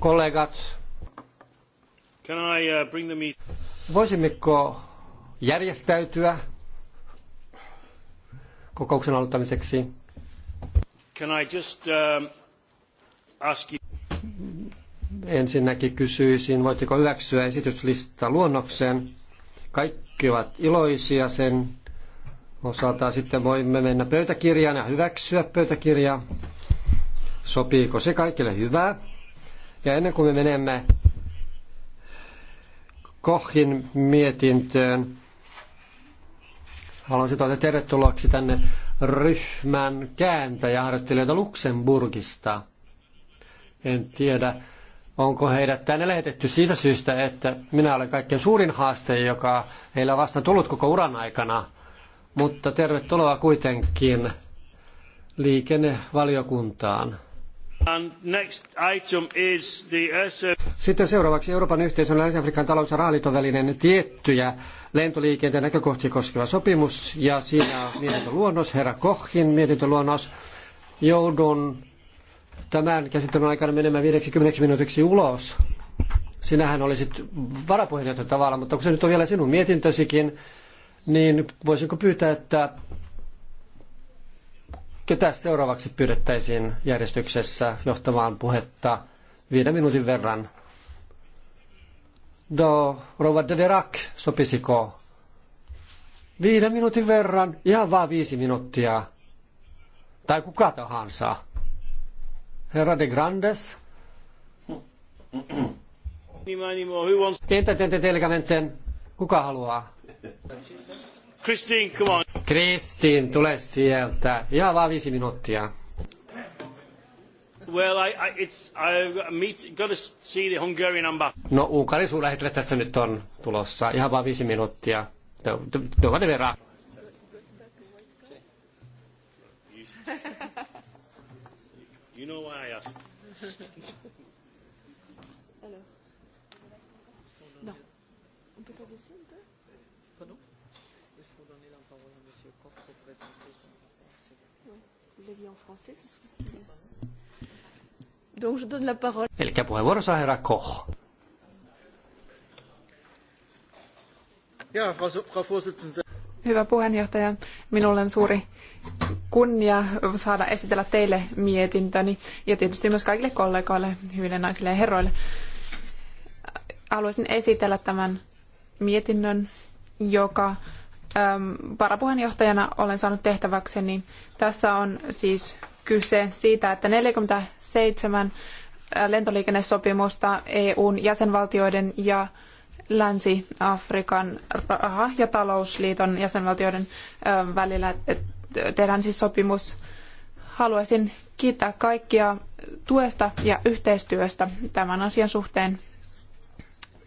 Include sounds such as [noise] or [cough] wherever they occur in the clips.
Kollegat. Uh, voisimmeko järjestäytyä kokouksen aloittamiseksi? Um, Ensinnäkin kysyisin, voitteko hyväksyä esityslista luonnokseen? Kaikki ovat iloisia sen osalta. Sitten voimme mennä pöytäkirjaan ja hyväksyä pöytäkirjaa. Sopiiko se kaikille hyvää? Ja ennen kuin me menemme Kohin mietintöön, haluaisin tuota tervetulleeksi tänne ryhmän kääntäjäharjoittelijoita Luxemburgista. En tiedä, onko heidät tänne lähetetty siitä syystä, että minä olen kaikkein suurin haaste, joka heillä on vasta tullut koko uran aikana. Mutta tervetuloa kuitenkin liikennevaliokuntaan. Sitten seuraavaksi Euroopan yhteisön ja Länsi-Afrikan talous- ja rahaliiton välinen tiettyjä lentoliikenteen näkökohtia koskeva sopimus ja siinä on mietintöluonnos, herra Kohin mietintöluonnos. Joudun tämän käsittelyn aikana menemään 50 minuutiksi ulos. Sinähän olisit varapuheenjohtaja tavalla, mutta kun se nyt on vielä sinun mietintösikin, niin voisinko pyytää, että ketä seuraavaksi pyydettäisiin järjestyksessä johtamaan puhetta viiden minuutin verran. Do, rouva de Verac, sopisiko? Viiden minuutin verran, ihan vaan viisi minuuttia. Tai kuka tahansa. Herra de Grandes. Entä te, te, te, te, te, te, te, te, te, Kristiin, come on. Kristiin, tule sieltä. Ihan vaan viisi minuuttia. Well, I, I, it's, I've meet, got to see the Hungarian ambassador. No, Unkarin suurlähettiläs tässä nyt on tulossa. Ihan vaan viisi minuuttia. No, no, no, no, You know why I asked. l'aviez en français, ce serait aussi bien. Donc je donne la parole. Eli puheenvuoro saa herra Koch. Ja, Frau, Frau Vorsitzende. Hyvä puheenjohtaja, minulle on suuri kunnia saada esitellä teille mietintöni ja tietysti myös kaikille kollegoille, hyville naisille ja herroille. Haluaisin esitellä tämän mietinnön, joka varapuheenjohtajana olen saanut tehtäväkseni. Tässä on siis kyse siitä, että 47 lentoliikennesopimusta EUn jäsenvaltioiden ja Länsi-Afrikan raha- ja talousliiton jäsenvaltioiden välillä tehdään siis sopimus. Haluaisin kiittää kaikkia tuesta ja yhteistyöstä tämän asian suhteen.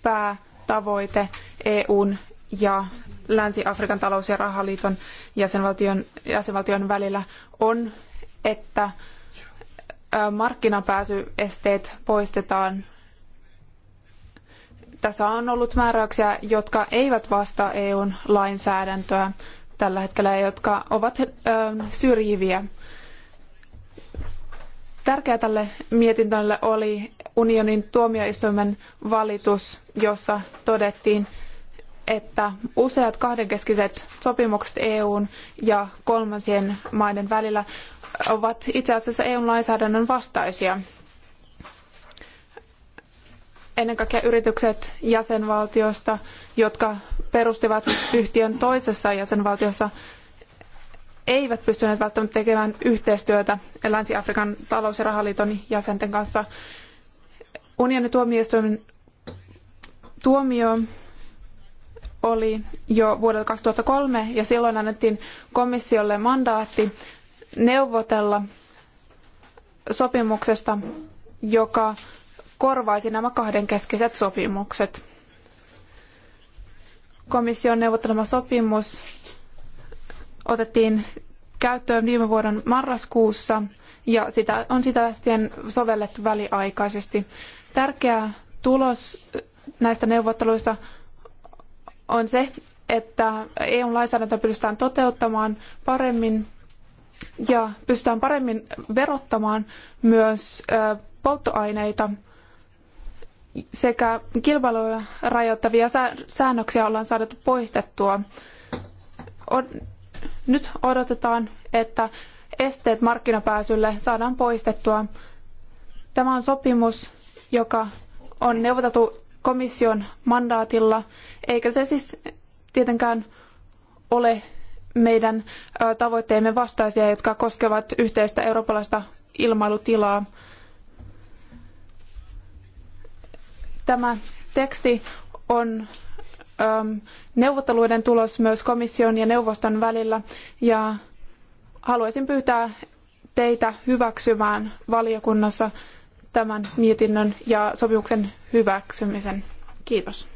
Päätavoite EUn ja Länsi-Afrikan talous- ja rahaliiton jäsenvaltion, jäsenvaltion välillä on, että markkinapääsyesteet poistetaan. Tässä on ollut määräyksiä, jotka eivät vastaa EUn lainsäädäntöä tällä hetkellä, jotka ovat syrjiviä. Tärkeää tälle mietinnölle oli unionin tuomioistuimen valitus, jossa todettiin, että useat kahdenkeskiset sopimukset EUn ja kolmansien maiden välillä ovat itse asiassa EUn lainsäädännön vastaisia. Ennen kaikkea yritykset jäsenvaltioista, jotka perustivat yhtiön toisessa jäsenvaltiossa, eivät pystyneet välttämättä tekemään yhteistyötä Länsi-Afrikan talous- ja rahaliiton jäsenten kanssa. Unionin tuomioistuimen tuomio oli jo vuodelta 2003 ja silloin annettiin komissiolle mandaatti neuvotella sopimuksesta, joka korvaisi nämä kahdenkeskiset sopimukset. Komission neuvottelema sopimus otettiin käyttöön viime vuoden marraskuussa ja sitä on sitä lähtien sovellettu väliaikaisesti. Tärkeä tulos näistä neuvotteluista on se, että EU-lainsäädäntö pystytään toteuttamaan paremmin ja pystytään paremmin verottamaan myös polttoaineita sekä kilpailuja rajoittavia säännöksiä ollaan saatu poistettua. Nyt odotetaan, että esteet markkinapääsylle saadaan poistettua. Tämä on sopimus, joka on neuvoteltu komission mandaatilla, eikä se siis tietenkään ole meidän tavoitteemme vastaisia, jotka koskevat yhteistä eurooppalaista ilmailutilaa. Tämä teksti on neuvotteluiden tulos myös komission ja neuvoston välillä ja haluaisin pyytää teitä hyväksymään valiokunnassa tämän mietinnön ja sopimuksen hyväksymisen. Kiitos.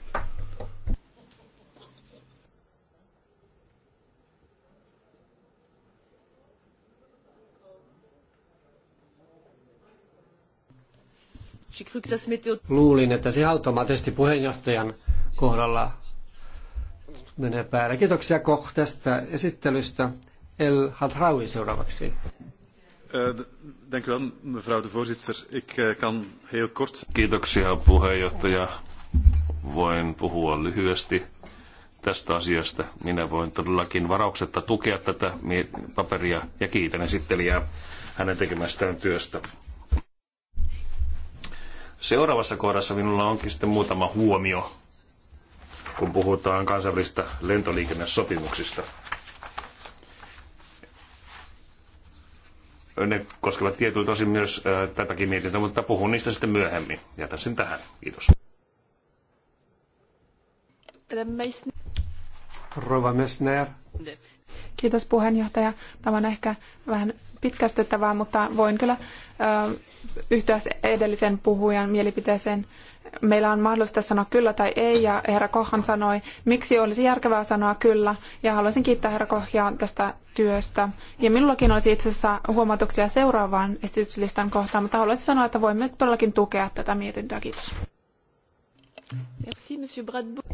Luulin, että se automaattisesti puheenjohtajan kohdalla menee päälle. Kiitoksia Koch tästä esittelystä. El Hadraui seuraavaksi. Eh, dank u wel, voorzitter. Ik eh, kan heel kort... Kiitoksia puheenjohtaja. Voin puhua lyhyesti tästä asiasta. Minä voin todellakin varauksetta tukea tätä paperia ja kiitän esittelijää hänen tekemästään työstä. Seuraavassa kohdassa minulla onkin sitten muutama huomio, kun puhutaan kansainvälistä lentoliikennesopimuksista. ne koskevat tietyiltä osin myös tätäkin mietintöä, mutta puhun niistä sitten myöhemmin. Jätän sen tähän. Kiitos. Rova Messner. Kiitos puheenjohtaja. Tämä on ehkä vähän pitkästyttävää, mutta voin kyllä ö, yhtyä edellisen puhujan mielipiteeseen. Meillä on mahdollista sanoa kyllä tai ei, ja herra Kohan sanoi, miksi olisi järkevää sanoa kyllä, ja haluaisin kiittää herra Kohjaa tästä työstä. Ja minullakin olisi itse asiassa huomautuksia seuraavaan esityslistan kohtaan, mutta haluaisin sanoa, että voimme todellakin tukea tätä mietintöä. Kiitos.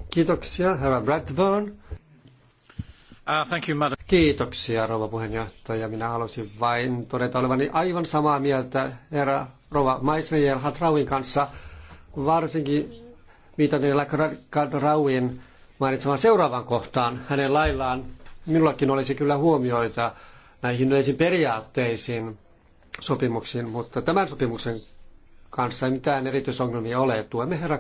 Kiitoksia, herra Bradburn. Uh, Kiitoksia, rouva puheenjohtaja. Minä halusin vain todeta olevani aivan samaa mieltä herra rouva Maismeyer Hatrauin kanssa, varsinkin viitaten Hatrauin mainitsemaan seuraavaan kohtaan. Hänen laillaan minullakin olisi kyllä huomioita näihin yleisiin periaatteisiin sopimuksiin, mutta tämän sopimuksen kanssa ei mitään erityisongelmia ole. Tuemme herra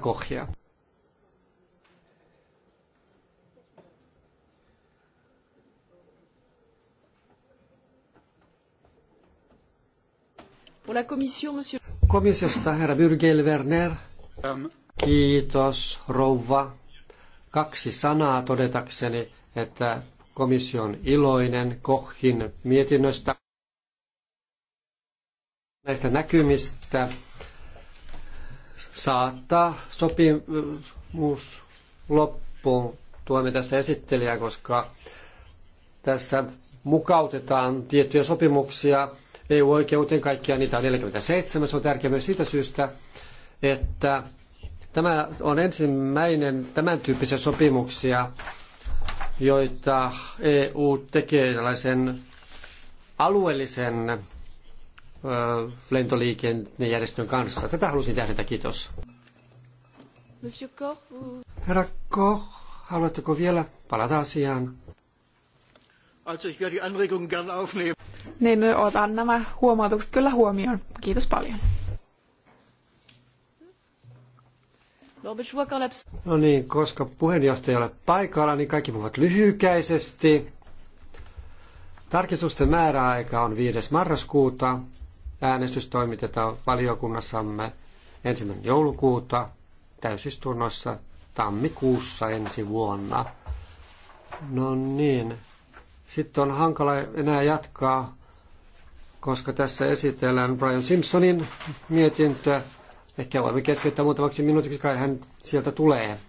Pour la commission, monsieur... Komissiosta herra Byrgel Werner. Kiitos, rouva. Kaksi sanaa todetakseni, että komission iloinen Kohin mietinnöstä näistä näkymistä saattaa sopimus loppuun. Tuomme tässä esittelijää, koska tässä mukautetaan tiettyjä sopimuksia EU-oikeuteen kaikkiaan niitä on 47. Se on tärkeä myös siitä syystä, että tämä on ensimmäinen tämän tyyppisiä sopimuksia, joita EU tekee tällaisen alueellisen lentoliikennejärjestön kanssa. Tätä halusin tähdentää, kiitos. Monsieur Koch, Herra Koch, haluatteko vielä palata asiaan? Also ich werde die Anregung gern aufnehmen niin no, otan nämä huomautukset kyllä huomioon. Kiitos paljon. No, no niin, koska puheenjohtaja ei ole paikalla, niin kaikki puhuvat lyhykäisesti. Tarkistusten määräaika on 5. marraskuuta. Äänestys toimitetaan valiokunnassamme ensimmäinen joulukuuta täysistunnossa tammikuussa ensi vuonna. No niin, sitten on hankala enää jatkaa koska tässä esitellään Brian Simpsonin mietintöä. Ehkä voimme keskeyttää muutamaksi minuutiksi, kai hän sieltä tulee.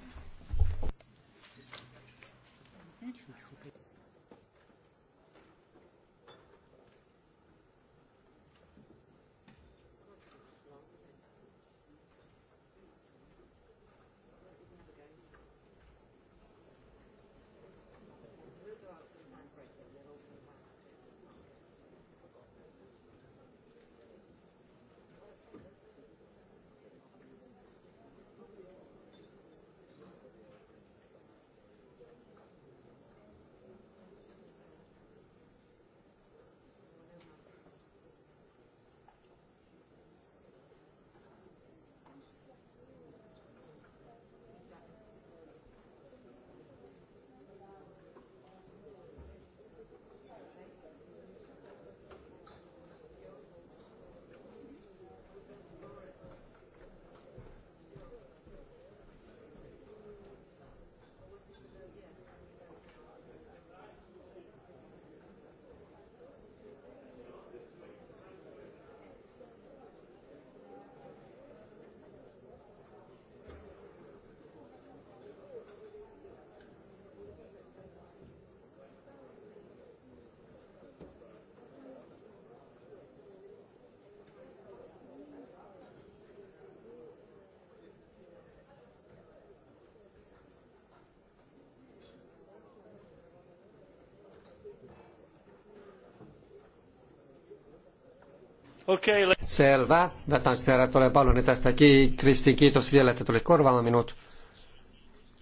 Okei. Okay, Selvä. Vätän sitä herrat, olen paljon tästä. Kristin, kiitos vielä, että tulit korvaamaan minut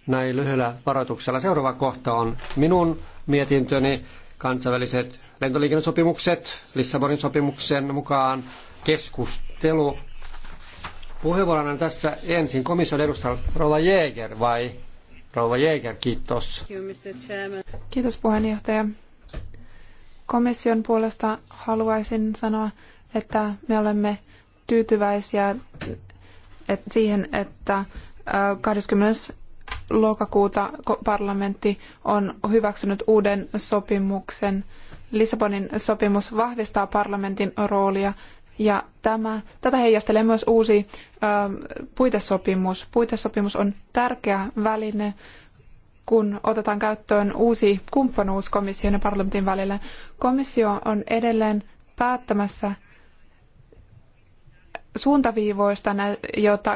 näin lyhyellä varoituksella. Seuraava kohta on minun mietintöni kansainväliset lentoliikennesopimukset Lissabonin sopimuksen mukaan keskustelu. Puheenvuorona tässä ensin komission edustaja Rova Jäger vai Rova Jäger, kiitos. Kiitos puheenjohtaja. Komission puolesta haluaisin sanoa, että me olemme tyytyväisiä siihen, että 20. lokakuuta parlamentti on hyväksynyt uuden sopimuksen. Lissabonin sopimus vahvistaa parlamentin roolia ja tämä, tätä heijastelee myös uusi ö, puitesopimus. Puitesopimus on tärkeä väline, kun otetaan käyttöön uusi kumppanuus komission ja parlamentin välillä. Komissio on edelleen päättämässä suuntaviivoista,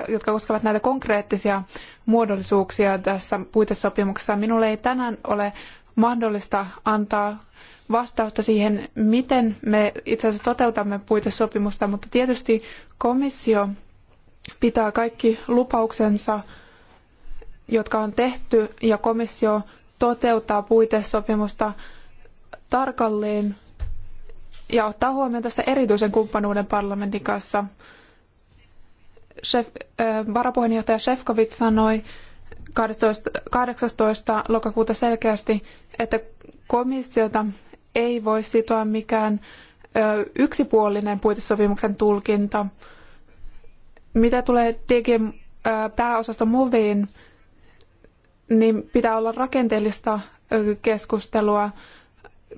jotka koskevat näitä konkreettisia muodollisuuksia tässä puitesopimuksessa. Minulle ei tänään ole mahdollista antaa vastausta siihen, miten me itse asiassa toteutamme puitesopimusta, mutta tietysti komissio pitää kaikki lupauksensa, jotka on tehty, ja komissio toteuttaa puitesopimusta tarkalleen ja ottaa huomioon tässä erityisen kumppanuuden parlamentin kanssa – Chef, äh, varapuheenjohtaja Shefkovic sanoi 12, 18. lokakuuta selkeästi, että komissiota ei voi sitoa mikään ö, yksipuolinen puitesopimuksen tulkinta. Mitä tulee digin pääosasto muviin, niin pitää olla rakenteellista keskustelua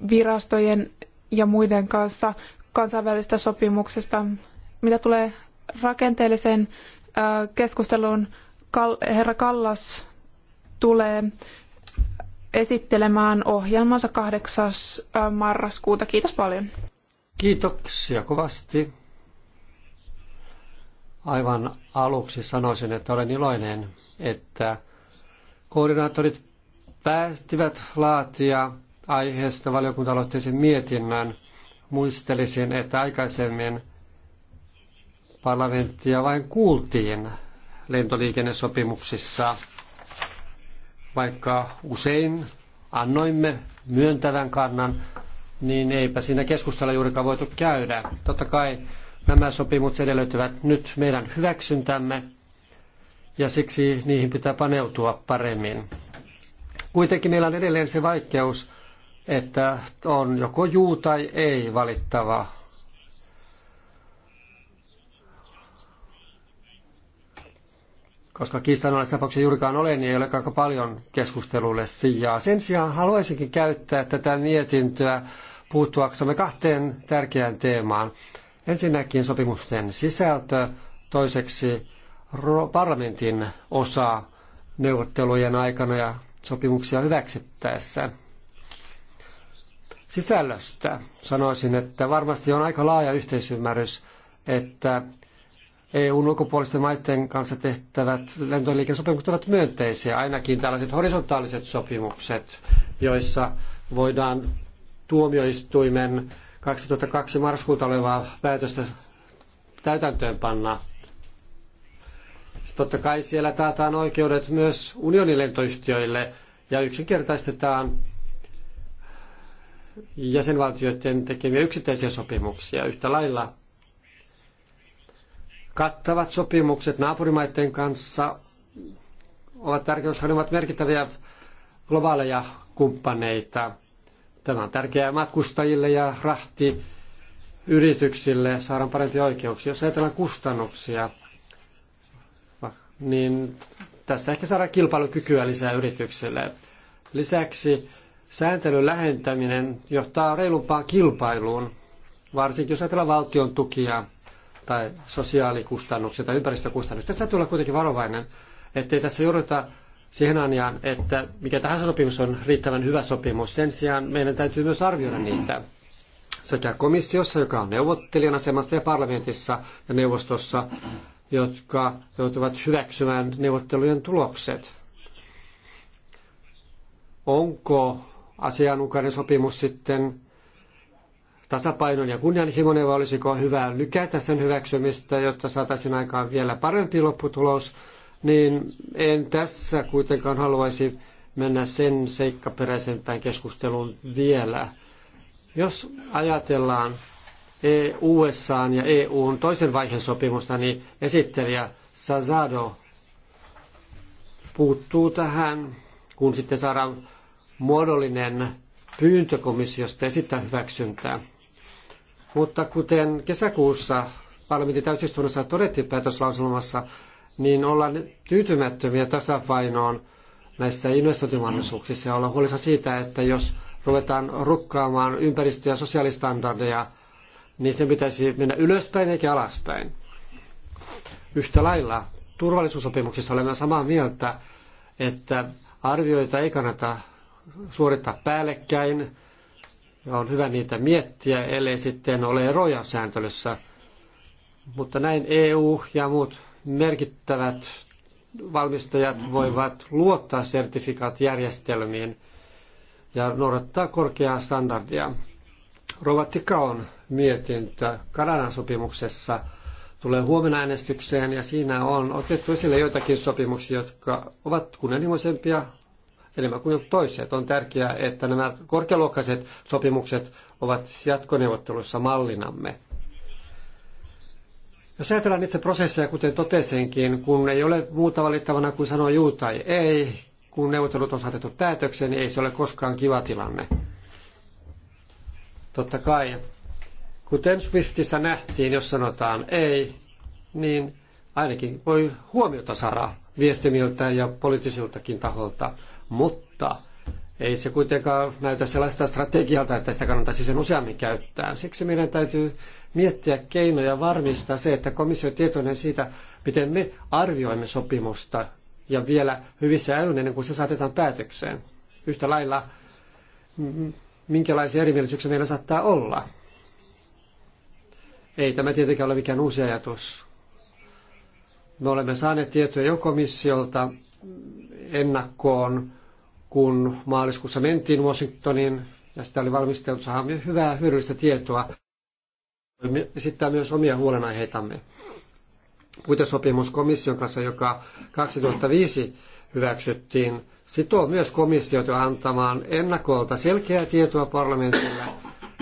virastojen ja muiden kanssa kansainvälisestä sopimuksesta. Mitä tulee rakenteelliseen keskusteluun herra Kallas tulee esittelemään ohjelmansa 8. marraskuuta. Kiitos paljon. Kiitoksia kovasti. Aivan aluksi sanoisin, että olen iloinen, että koordinaattorit päättivät laatia aiheesta valiokunta mietinnän. Muistelisin, että aikaisemmin Parlamenttia vain kuultiin lentoliikennesopimuksissa, vaikka usein annoimme myöntävän kannan, niin eipä siinä keskustella juurikaan voitu käydä. Totta kai nämä sopimukset edellyttävät nyt meidän hyväksyntämme ja siksi niihin pitää paneutua paremmin. Kuitenkin meillä on edelleen se vaikeus, että on joko juu tai ei valittava koska kiistanalaisessa tapauksessa juurikaan ole, niin ei ole aika paljon keskustelulle sijaa. Sen sijaan haluaisinkin käyttää tätä mietintöä puuttuaksemme kahteen tärkeään teemaan. Ensinnäkin sopimusten sisältö, toiseksi parlamentin osa neuvottelujen aikana ja sopimuksia hyväksyttäessä. Sisällöstä sanoisin, että varmasti on aika laaja yhteisymmärrys, että EUn ulkopuolisten maiden kanssa tehtävät lentoliikennesopimukset ovat myönteisiä, ainakin tällaiset horisontaaliset sopimukset, joissa voidaan tuomioistuimen 2002 marraskuuta olevaa päätöstä täytäntöönpanna. Totta kai siellä taataan oikeudet myös unionin lentoyhtiöille ja yksinkertaistetaan jäsenvaltioiden tekemiä yksittäisiä sopimuksia yhtä lailla Kattavat sopimukset naapurimaiden kanssa ovat tärkeitä, koska ne ovat merkittäviä globaaleja kumppaneita. Tämä on tärkeää matkustajille ja rahti yrityksille saada parempia oikeuksia. Jos ajatellaan kustannuksia, niin tässä ehkä saadaan kilpailukykyä lisää yrityksille. Lisäksi sääntelyn lähentäminen johtaa reilumpaan kilpailuun, varsinkin jos ajatellaan valtion tukia tai sosiaalikustannuksia tai ympäristökustannuksia. Tässä täytyy olla kuitenkin varovainen, ettei tässä jouduta siihen anjaan, että mikä tahansa sopimus on riittävän hyvä sopimus. Sen sijaan meidän täytyy myös arvioida niitä sekä komissiossa, joka on neuvottelijan asemassa, ja parlamentissa ja neuvostossa, jotka joutuvat hyväksymään neuvottelujen tulokset. Onko asianmukainen sopimus sitten tasapainon ja kunnianhimoinen, vai olisiko hyvä lykätä sen hyväksymistä, jotta saataisiin aikaan vielä parempi lopputulos, niin en tässä kuitenkaan haluaisi mennä sen seikkaperäisempään keskusteluun vielä. Jos ajatellaan e USA ja EUn toisen vaiheen sopimusta, niin esittelijä Sazado puuttuu tähän, kun sitten saadaan muodollinen pyyntö komissiosta esittää hyväksyntää. Mutta kuten kesäkuussa parlamentin täysistunnossa todettiin päätöslauselmassa, niin ollaan tyytymättömiä tasapainoon näissä investointimahdollisuuksissa ja ollaan huolissaan siitä, että jos ruvetaan rukkaamaan ympäristö- ja sosiaalistandardeja, niin sen pitäisi mennä ylöspäin eikä alaspäin. Yhtä lailla turvallisuussopimuksissa olemme samaa mieltä, että arvioita ei kannata suorittaa päällekkäin, ja on hyvä niitä miettiä, ellei sitten ole eroja sääntelyssä. Mutta näin EU ja muut merkittävät valmistajat voivat luottaa sertifikaatjärjestelmiin ja noudattaa korkeaa standardia. Rova on mietintö Kanadan sopimuksessa tulee huomenna äänestykseen ja siinä on otettu esille joitakin sopimuksia, jotka ovat kunnianhimoisempia enemmän kuin toiset. On tärkeää, että nämä korkealuokkaiset sopimukset ovat jatkoneuvotteluissa mallinamme. Jos ajatellaan itse prosesseja, kuten totesinkin, kun ei ole muuta valittavana kuin sanoa juu tai ei, kun neuvottelut on saatettu päätökseen, niin ei se ole koskaan kiva tilanne. Totta kai, kuten Swiftissä nähtiin, jos sanotaan ei, niin ainakin voi huomiota saada viestimiltä ja poliittisiltakin taholta mutta ei se kuitenkaan näytä sellaista strategialta, että sitä kannattaisi sen useammin käyttää. Siksi meidän täytyy miettiä keinoja varmistaa se, että komissio on tietoinen siitä, miten me arvioimme sopimusta ja vielä hyvissä ajoin ennen kuin se saatetaan päätökseen. Yhtä lailla, minkälaisia erimielisyyksiä meillä saattaa olla. Ei tämä tietenkään ole mikään uusi ajatus. Me olemme saaneet tietoja jo komissiolta ennakkoon, kun maaliskuussa mentiin Washingtoniin, ja sitä oli valmisteltu saada hyvää hyödyllistä tietoa. Voimme esittää myös omia huolenaiheitamme. Puitesopimus komission kanssa, joka 2005 hyväksyttiin, sitoo myös komissiota antamaan ennakolta selkeää tietoa parlamentille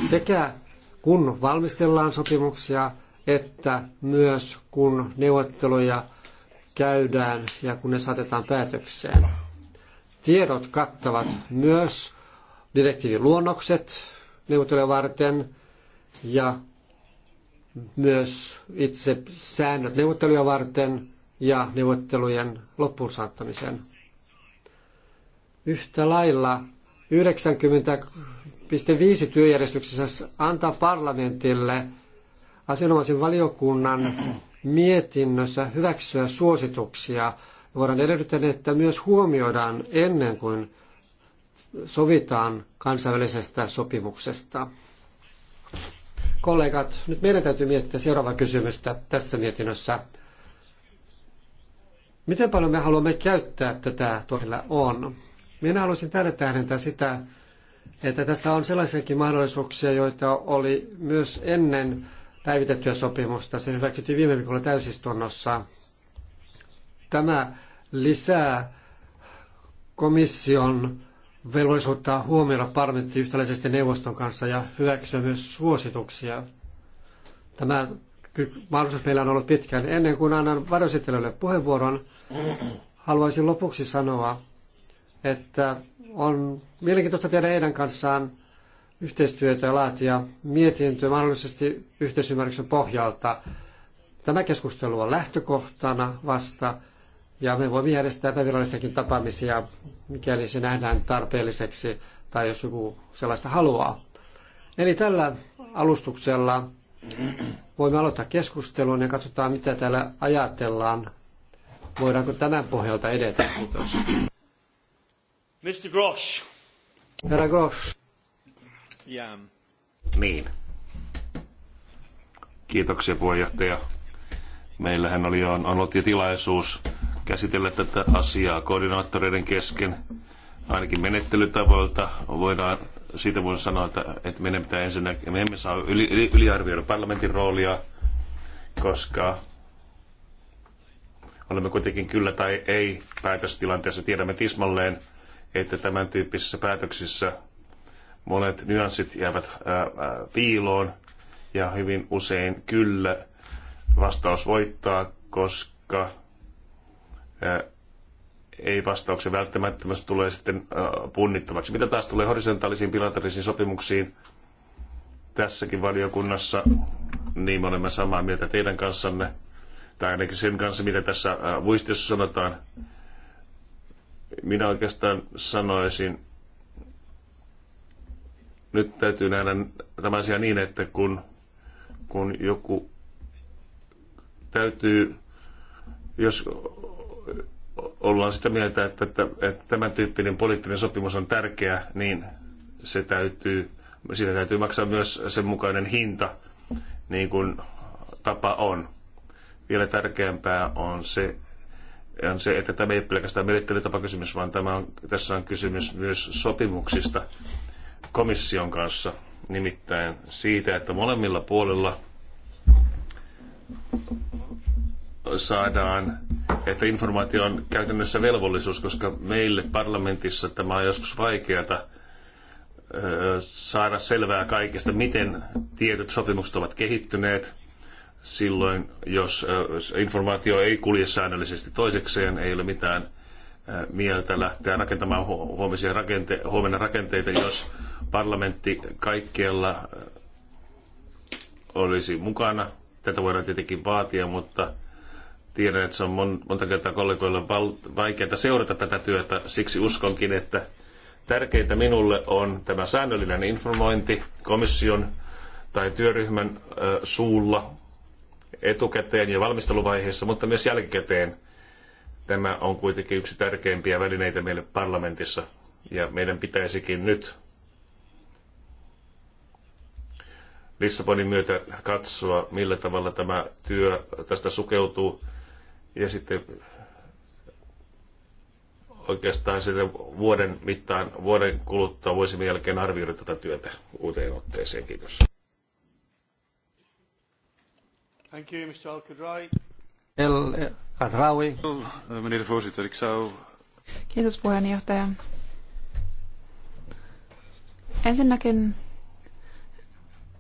sekä kun valmistellaan sopimuksia – että myös kun neuvotteluja käydään ja kun ne saatetaan päätökseen. Tiedot kattavat myös direktiivin luonnokset neuvotteluja varten ja myös itse säännöt neuvotteluja varten ja neuvottelujen loppuun saattamisen. Yhtä lailla 90.5 työjärjestyksessä antaa parlamentille asianomaisen valiokunnan mietinnössä hyväksyä suosituksia. Voidaan edellyttää, että myös huomioidaan ennen kuin sovitaan kansainvälisestä sopimuksesta. Kollegat, nyt meidän täytyy miettiä seuraavaa kysymystä tässä mietinnössä. Miten paljon me haluamme käyttää tätä todella on? Minä haluaisin täällä tähdentää sitä, että tässä on sellaisiakin mahdollisuuksia, joita oli myös ennen päivitettyä sopimusta. Se hyväksyttiin viime viikolla täysistunnossa. Tämä lisää komission velvollisuutta huomioida parlamentti yhtäläisesti neuvoston kanssa ja hyväksyä myös suosituksia. Tämä mahdollisuus meillä on ollut pitkään. Ennen kuin annan varoisittelijoille puheenvuoron, haluaisin lopuksi sanoa, että on mielenkiintoista tehdä heidän kanssaan yhteistyötä ja laatia mietintö mahdollisesti yhteisymmärryksen pohjalta. Tämä keskustelu on lähtökohtana vasta ja me voimme järjestää epävirallisiakin tapaamisia, mikäli se nähdään tarpeelliseksi tai jos joku sellaista haluaa. Eli tällä alustuksella voimme aloittaa keskustelun ja katsotaan, mitä täällä ajatellaan. Voidaanko tämän pohjalta edetä? Mr. Grosch. Herra Grosch. Yeah. Niin. Kiitoksia puheenjohtaja. Meillähän oli jo on tilaisuus käsitellä tätä asiaa koordinaattoreiden kesken. Ainakin menettelytavoilta voidaan, siitä voin sanoa, että, että meidän pitää ensinnäkin, me emme saa yli, yli, yliarvioida parlamentin roolia, koska olemme kuitenkin kyllä tai ei päätöstilanteessa. Tiedämme tismalleen, että tämän tyyppisissä päätöksissä monet nyanssit jäävät äh, äh, piiloon ja hyvin usein kyllä vastaus voittaa, koska äh, ei vastauksen välttämättömästi tulee sitten punnittavaksi. Mitä taas tulee horisontaalisiin bilateraalisiin sopimuksiin tässäkin valiokunnassa, niin me olemme samaa mieltä teidän kanssanne, tai ainakin sen kanssa, mitä tässä muistiossa sanotaan. Minä oikeastaan sanoisin, nyt täytyy nähdä tämä asia niin, että kun, kun joku täytyy, jos ollaan sitä mieltä, että, että, että tämän tyyppinen poliittinen sopimus on tärkeä, niin se täytyy, siitä täytyy maksaa myös sen mukainen hinta, niin kuin tapa on. Vielä tärkeämpää on se, on se, että tämä ei ole pelkästään menettelytapakysymys, vaan tämä on, tässä on kysymys myös sopimuksista, komission kanssa, nimittäin siitä, että molemmilla puolilla saadaan, että informaatio on käytännössä velvollisuus, koska meille parlamentissa tämä on joskus vaikeata saada selvää kaikesta, miten tietyt sopimukset ovat kehittyneet silloin, jos informaatio ei kulje säännöllisesti toisekseen, ei ole mitään mieltä lähteä rakentamaan huomisia rakente- huomenna rakenteita, jos parlamentti kaikkialla äh, olisi mukana. Tätä voidaan tietenkin vaatia, mutta tiedän, että se on monta kertaa kollegoille val- vaikeaa seurata tätä työtä. Siksi uskonkin, että tärkeintä minulle on tämä säännöllinen informointi komission tai työryhmän äh, suulla etukäteen ja valmisteluvaiheessa, mutta myös jälkikäteen. Tämä on kuitenkin yksi tärkeimpiä välineitä meille parlamentissa ja meidän pitäisikin nyt Lissabonin myötä katsoa, millä tavalla tämä työ tästä sukeutuu. Ja sitten oikeastaan sitten vuoden mittaan, vuoden kuluttua voisimme jälkeen arvioida tätä työtä uuteen otteeseen. Kiitos. Thank you, Mr. El. Kiitos puheenjohtaja. Ensinnäkin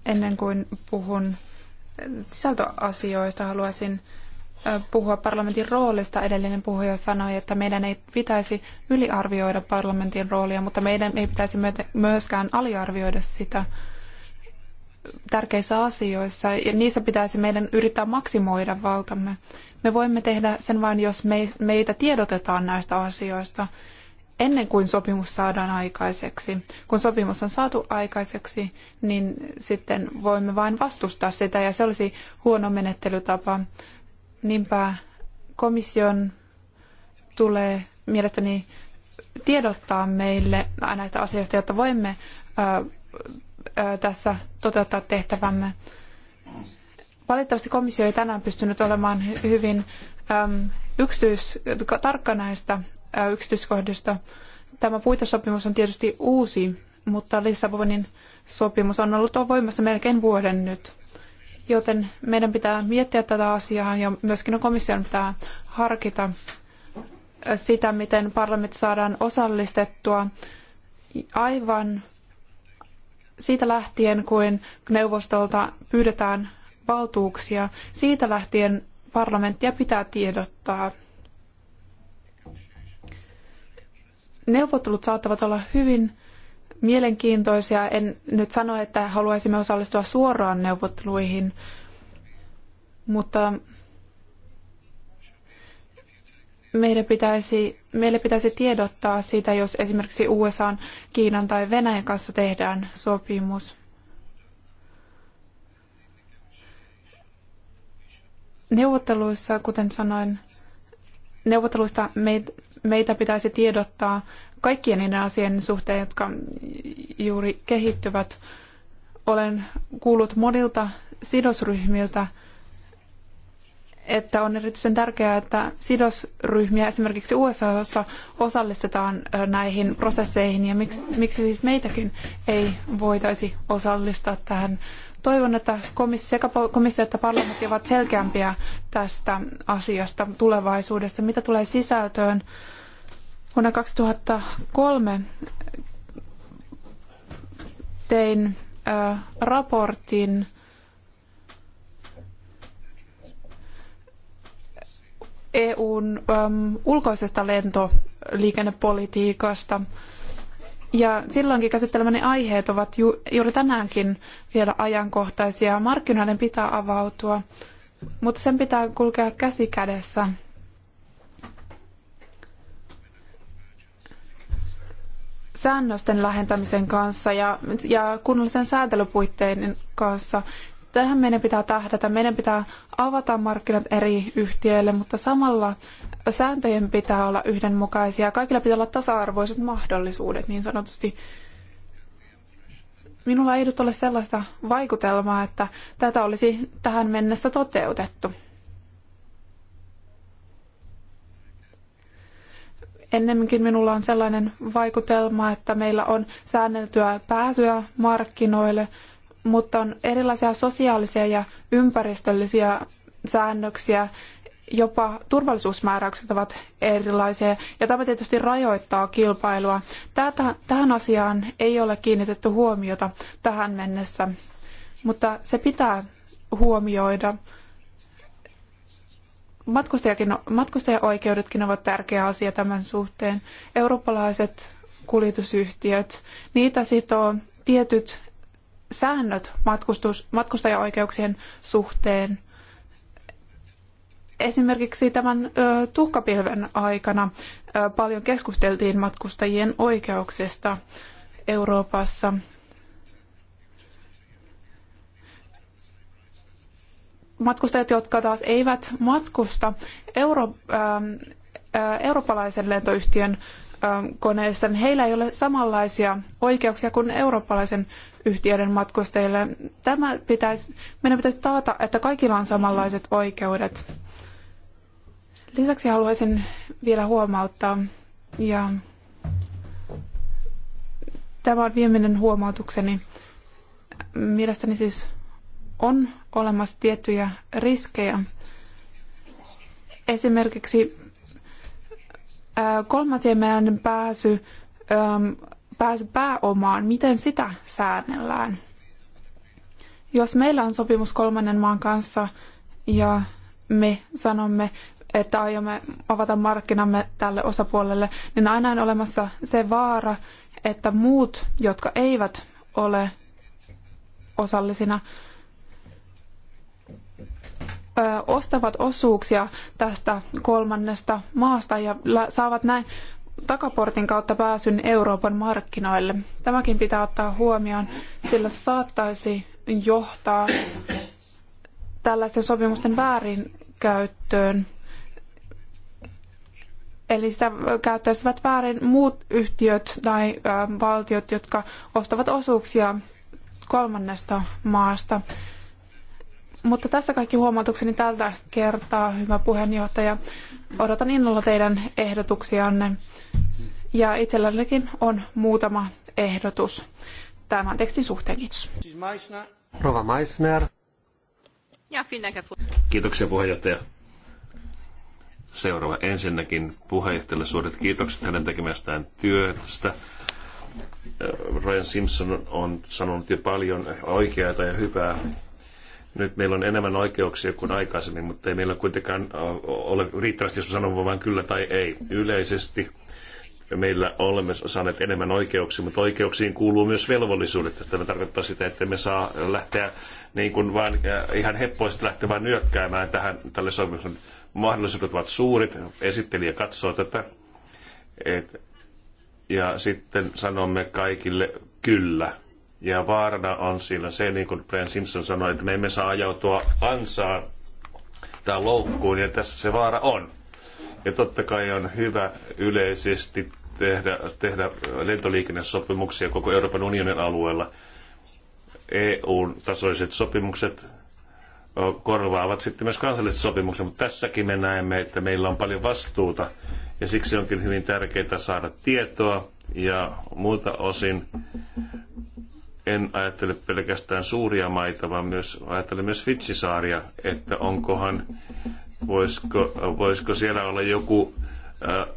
Ennen kuin puhun sisältöasioista, haluaisin puhua parlamentin roolista. Edellinen puhuja sanoi, että meidän ei pitäisi yliarvioida parlamentin roolia, mutta meidän ei pitäisi myöskään aliarvioida sitä tärkeissä asioissa. Ja niissä pitäisi meidän yrittää maksimoida valtamme. Me voimme tehdä sen vain, jos meitä tiedotetaan näistä asioista ennen kuin sopimus saadaan aikaiseksi. Kun sopimus on saatu aikaiseksi, niin sitten voimme vain vastustaa sitä ja se olisi huono menettelytapa. Niinpä komission tulee mielestäni tiedottaa meille näistä asioista, jotta voimme tässä toteuttaa tehtävämme. Valitettavasti komissio ei tänään pystynyt olemaan hyvin äm, yksityistarkka näistä yksityiskohdista. Tämä puitesopimus on tietysti uusi, mutta Lissabonin sopimus on ollut voimassa melkein vuoden nyt. Joten meidän pitää miettiä tätä asiaa ja myöskin no, komission pitää harkita sitä, miten parlamentti saadaan osallistettua aivan siitä lähtien, kun neuvostolta pyydetään valtuuksia, siitä lähtien parlamenttia pitää tiedottaa. neuvottelut saattavat olla hyvin mielenkiintoisia. En nyt sano, että haluaisimme osallistua suoraan neuvotteluihin, mutta meidän pitäisi, meille pitäisi tiedottaa siitä, jos esimerkiksi USA, Kiinan tai Venäjän kanssa tehdään sopimus. Neuvotteluissa, kuten sanoin, neuvotteluista meitä meitä pitäisi tiedottaa kaikkien niiden asioiden suhteen, jotka juuri kehittyvät. Olen kuullut monilta sidosryhmiltä, että on erityisen tärkeää, että sidosryhmiä esimerkiksi USAssa osallistetaan näihin prosesseihin ja miksi, miksi siis meitäkin ei voitaisi osallistaa tähän. Toivon, että komissio, sekä komissio että parlamentti ovat selkeämpiä tästä asiasta tulevaisuudesta, mitä tulee sisältöön. Vuonna 2003 tein raportin EUn äm, ulkoisesta lentoliikennepolitiikasta. Ja silloinkin käsittelemäni aiheet ovat ju, juuri tänäänkin vielä ajankohtaisia. Markkinoiden pitää avautua, mutta sen pitää kulkea käsi kädessä säännösten lähentämisen kanssa ja, ja kunnollisen sääntelypuitteiden kanssa. Tähän meidän pitää tähdätä. Meidän pitää avata markkinat eri yhtiöille, mutta samalla sääntöjen pitää olla yhdenmukaisia. Kaikilla pitää olla tasa-arvoiset mahdollisuudet niin sanotusti. Minulla ei nyt ole sellaista vaikutelmaa, että tätä olisi tähän mennessä toteutettu. ennemminkin minulla on sellainen vaikutelma, että meillä on säänneltyä pääsyä markkinoille, mutta on erilaisia sosiaalisia ja ympäristöllisiä säännöksiä, jopa turvallisuusmääräykset ovat erilaisia, ja tämä tietysti rajoittaa kilpailua. Tätä, tähän asiaan ei ole kiinnitetty huomiota tähän mennessä, mutta se pitää huomioida matkustajakin, matkustajaoikeudetkin ovat tärkeä asia tämän suhteen. Eurooppalaiset kuljetusyhtiöt, niitä sitoo tietyt säännöt matkustus, matkustajaoikeuksien suhteen. Esimerkiksi tämän ö, tuhkapilven aikana ö, paljon keskusteltiin matkustajien oikeuksista Euroopassa. matkustajat, jotka taas eivät matkusta euro, ää, ähm, äh, eurooppalaisen lentoyhtiön ähm, koneessa, niin heillä ei ole samanlaisia oikeuksia kuin eurooppalaisen yhtiöiden matkustajille. Tämä pitäisi, meidän pitäisi taata, että kaikilla on samanlaiset oikeudet. Lisäksi haluaisin vielä huomauttaa, ja tämä on viimeinen huomautukseni. Mielestäni siis on olemassa tiettyjä riskejä. Esimerkiksi kolmasiemen pääsy, pääsy pääomaan, miten sitä säännellään? Jos meillä on sopimus kolmannen maan kanssa ja me sanomme, että aiomme avata markkinamme tälle osapuolelle, niin aina on olemassa se vaara, että muut, jotka eivät ole osallisina, ostavat osuuksia tästä kolmannesta maasta ja saavat näin takaportin kautta pääsyn Euroopan markkinoille. Tämäkin pitää ottaa huomioon, sillä se saattaisi johtaa tällaisten sopimusten väärinkäyttöön. Eli sitä käyttäisivät väärin muut yhtiöt tai valtiot, jotka ostavat osuuksia kolmannesta maasta. Mutta tässä kaikki huomautukseni tältä kertaa, hyvä puheenjohtaja. Odotan innolla teidän ehdotuksianne. Ja itsellänikin on muutama ehdotus tämän tekstin suhteen. Kiitos. Rova Meissner. Kiitoksia puheenjohtaja. Seuraava. Ensinnäkin puheenjohtajalle suuret kiitokset hänen tekemästään työstä. Ryan Simpson on sanonut jo paljon oikeaa ja hyvää nyt meillä on enemmän oikeuksia kuin aikaisemmin, mutta ei meillä kuitenkaan ole riittävästi, jos sanon vain kyllä tai ei. Yleisesti meillä olemme saaneet enemmän oikeuksia, mutta oikeuksiin kuuluu myös velvollisuudet. Tämä tarkoittaa sitä, että me saa lähteä niin kuin vaan ihan heppoisesti lähtemään nyökkäämään tähän, tälle sopimuksen. Mahdollisuudet ovat suuret, esittelijä katsoo tätä. Et, ja sitten sanomme kaikille kyllä ja vaarana on siinä se, niin kuin Brian Simpson sanoi, että me emme saa ajautua ansaan tai loukkuun, ja tässä se vaara on. Ja totta kai on hyvä yleisesti tehdä, tehdä lentoliikennesopimuksia koko Euroopan unionin alueella. EU-tasoiset sopimukset korvaavat sitten myös kansalliset sopimukset, mutta tässäkin me näemme, että meillä on paljon vastuuta ja siksi onkin hyvin tärkeää saada tietoa ja muuta osin en ajattele pelkästään suuria maita, vaan myös, ajattelen myös Fitsisaaria, että onkohan, voisiko, voisiko siellä olla joku, ää,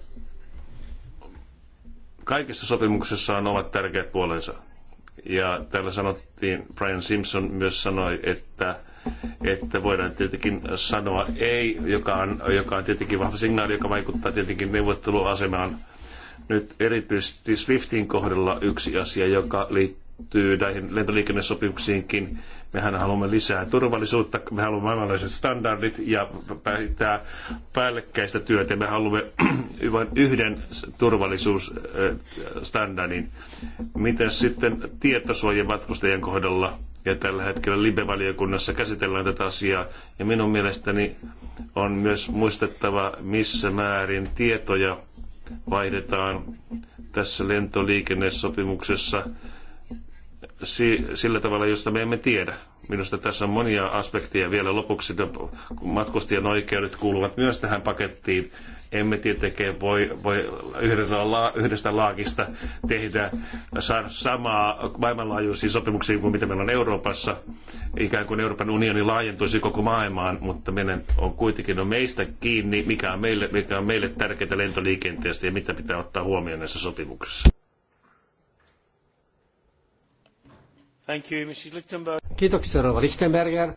kaikessa sopimuksessa on omat tärkeät puolensa. Ja täällä sanottiin, Brian Simpson myös sanoi, että, että voidaan tietenkin sanoa ei, joka on, joka on tietenkin vahva signaali, joka vaikuttaa tietenkin neuvotteluasemaan. Nyt erityisesti Swiftin kohdalla yksi asia, joka liittyy liittyy näihin lentoliikennesopimuksiinkin. Mehän haluamme lisää turvallisuutta, me haluamme maailmanlaiset standardit ja tämä päällekkäistä työtä. Me haluamme [clears throat] vain yhden turvallisuusstandardin. Miten sitten tietosuoja matkustajien kohdalla? Ja tällä hetkellä Libe-valiokunnassa käsitellään tätä asiaa. Ja minun mielestäni on myös muistettava, missä määrin tietoja vaihdetaan tässä lentoliikennesopimuksessa sillä tavalla, josta me emme tiedä. Minusta tässä on monia aspekteja vielä lopuksi. Matkustajan oikeudet kuuluvat myös tähän pakettiin. Emme tietenkään voi, voi yhdestä, la, yhdestä laakista tehdä samaa maailmanlaajuisia sopimuksia kuin mitä meillä on Euroopassa. Ikään kuin Euroopan unioni laajentuisi koko maailmaan, mutta meidän on kuitenkin on no meistä kiinni, mikä on meille, mikä on meille tärkeää lentoliikenteestä ja mitä pitää ottaa huomioon näissä sopimuksissa. Thank you, Mrs. Lichtenberg. Kiitoksia, Lichtenberger.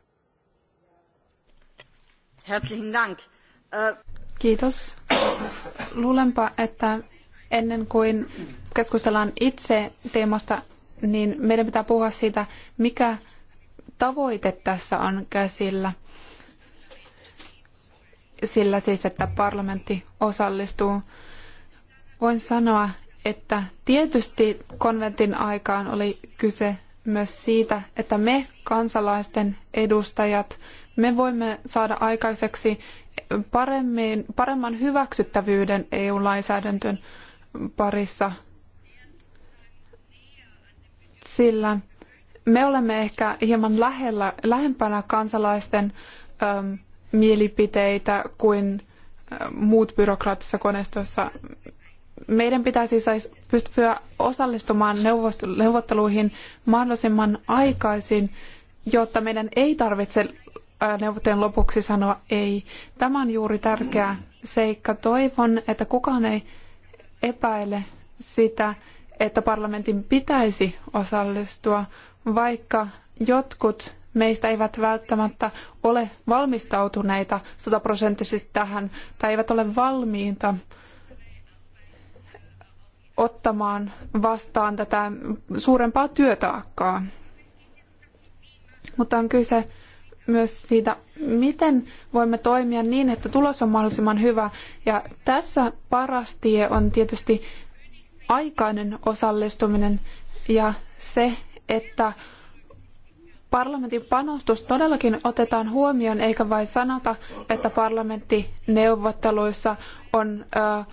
Herzlichen Dank. Äh, Kiitos. Luulenpa, että ennen kuin keskustellaan itse teemasta, niin meidän pitää puhua siitä, mikä tavoite tässä on käsillä. Sillä siis, että parlamentti osallistuu. Voin sanoa, että tietysti konventin aikaan oli kyse myös siitä, että me kansalaisten edustajat, me voimme saada aikaiseksi paremmin, paremman hyväksyttävyyden EU-lainsäädäntön parissa, sillä me olemme ehkä hieman lähellä, lähempänä kansalaisten ähm, mielipiteitä kuin äh, muut byrokraattisessa koneistossa meidän pitäisi siis pystyä osallistumaan neuvotteluihin mahdollisimman aikaisin, jotta meidän ei tarvitse neuvottelun lopuksi sanoa ei. Tämä on juuri tärkeä seikka. Toivon, että kukaan ei epäile sitä, että parlamentin pitäisi osallistua, vaikka jotkut meistä eivät välttämättä ole valmistautuneita sataprosenttisesti tähän tai eivät ole valmiita ottamaan vastaan tätä suurempaa työtaakkaa. Mutta on kyse myös siitä, miten voimme toimia niin, että tulos on mahdollisimman hyvä. Ja tässä paras tie on tietysti aikainen osallistuminen ja se, että parlamentin panostus todellakin otetaan huomioon, eikä vain sanota, että parlamentti neuvotteluissa on ö,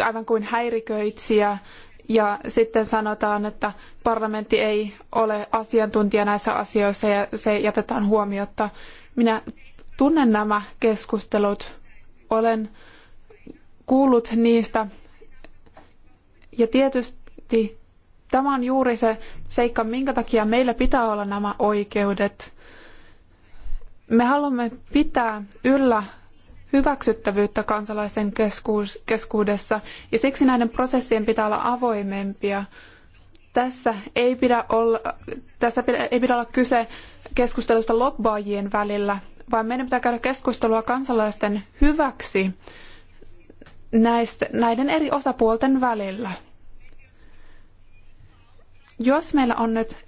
aivan kuin häiriköitsijä ja sitten sanotaan, että parlamentti ei ole asiantuntija näissä asioissa ja se jätetään huomiotta. Minä tunnen nämä keskustelut, olen kuullut niistä ja tietysti tämä on juuri se seikka, minkä takia meillä pitää olla nämä oikeudet. Me haluamme pitää yllä hyväksyttävyyttä kansalaisten keskuudessa, ja siksi näiden prosessien pitää olla avoimempia. Tässä ei pidä olla, tässä ei pidä olla kyse keskustelusta lobbaajien välillä, vaan meidän pitää käydä keskustelua kansalaisten hyväksi näistä, näiden eri osapuolten välillä. Jos meillä on nyt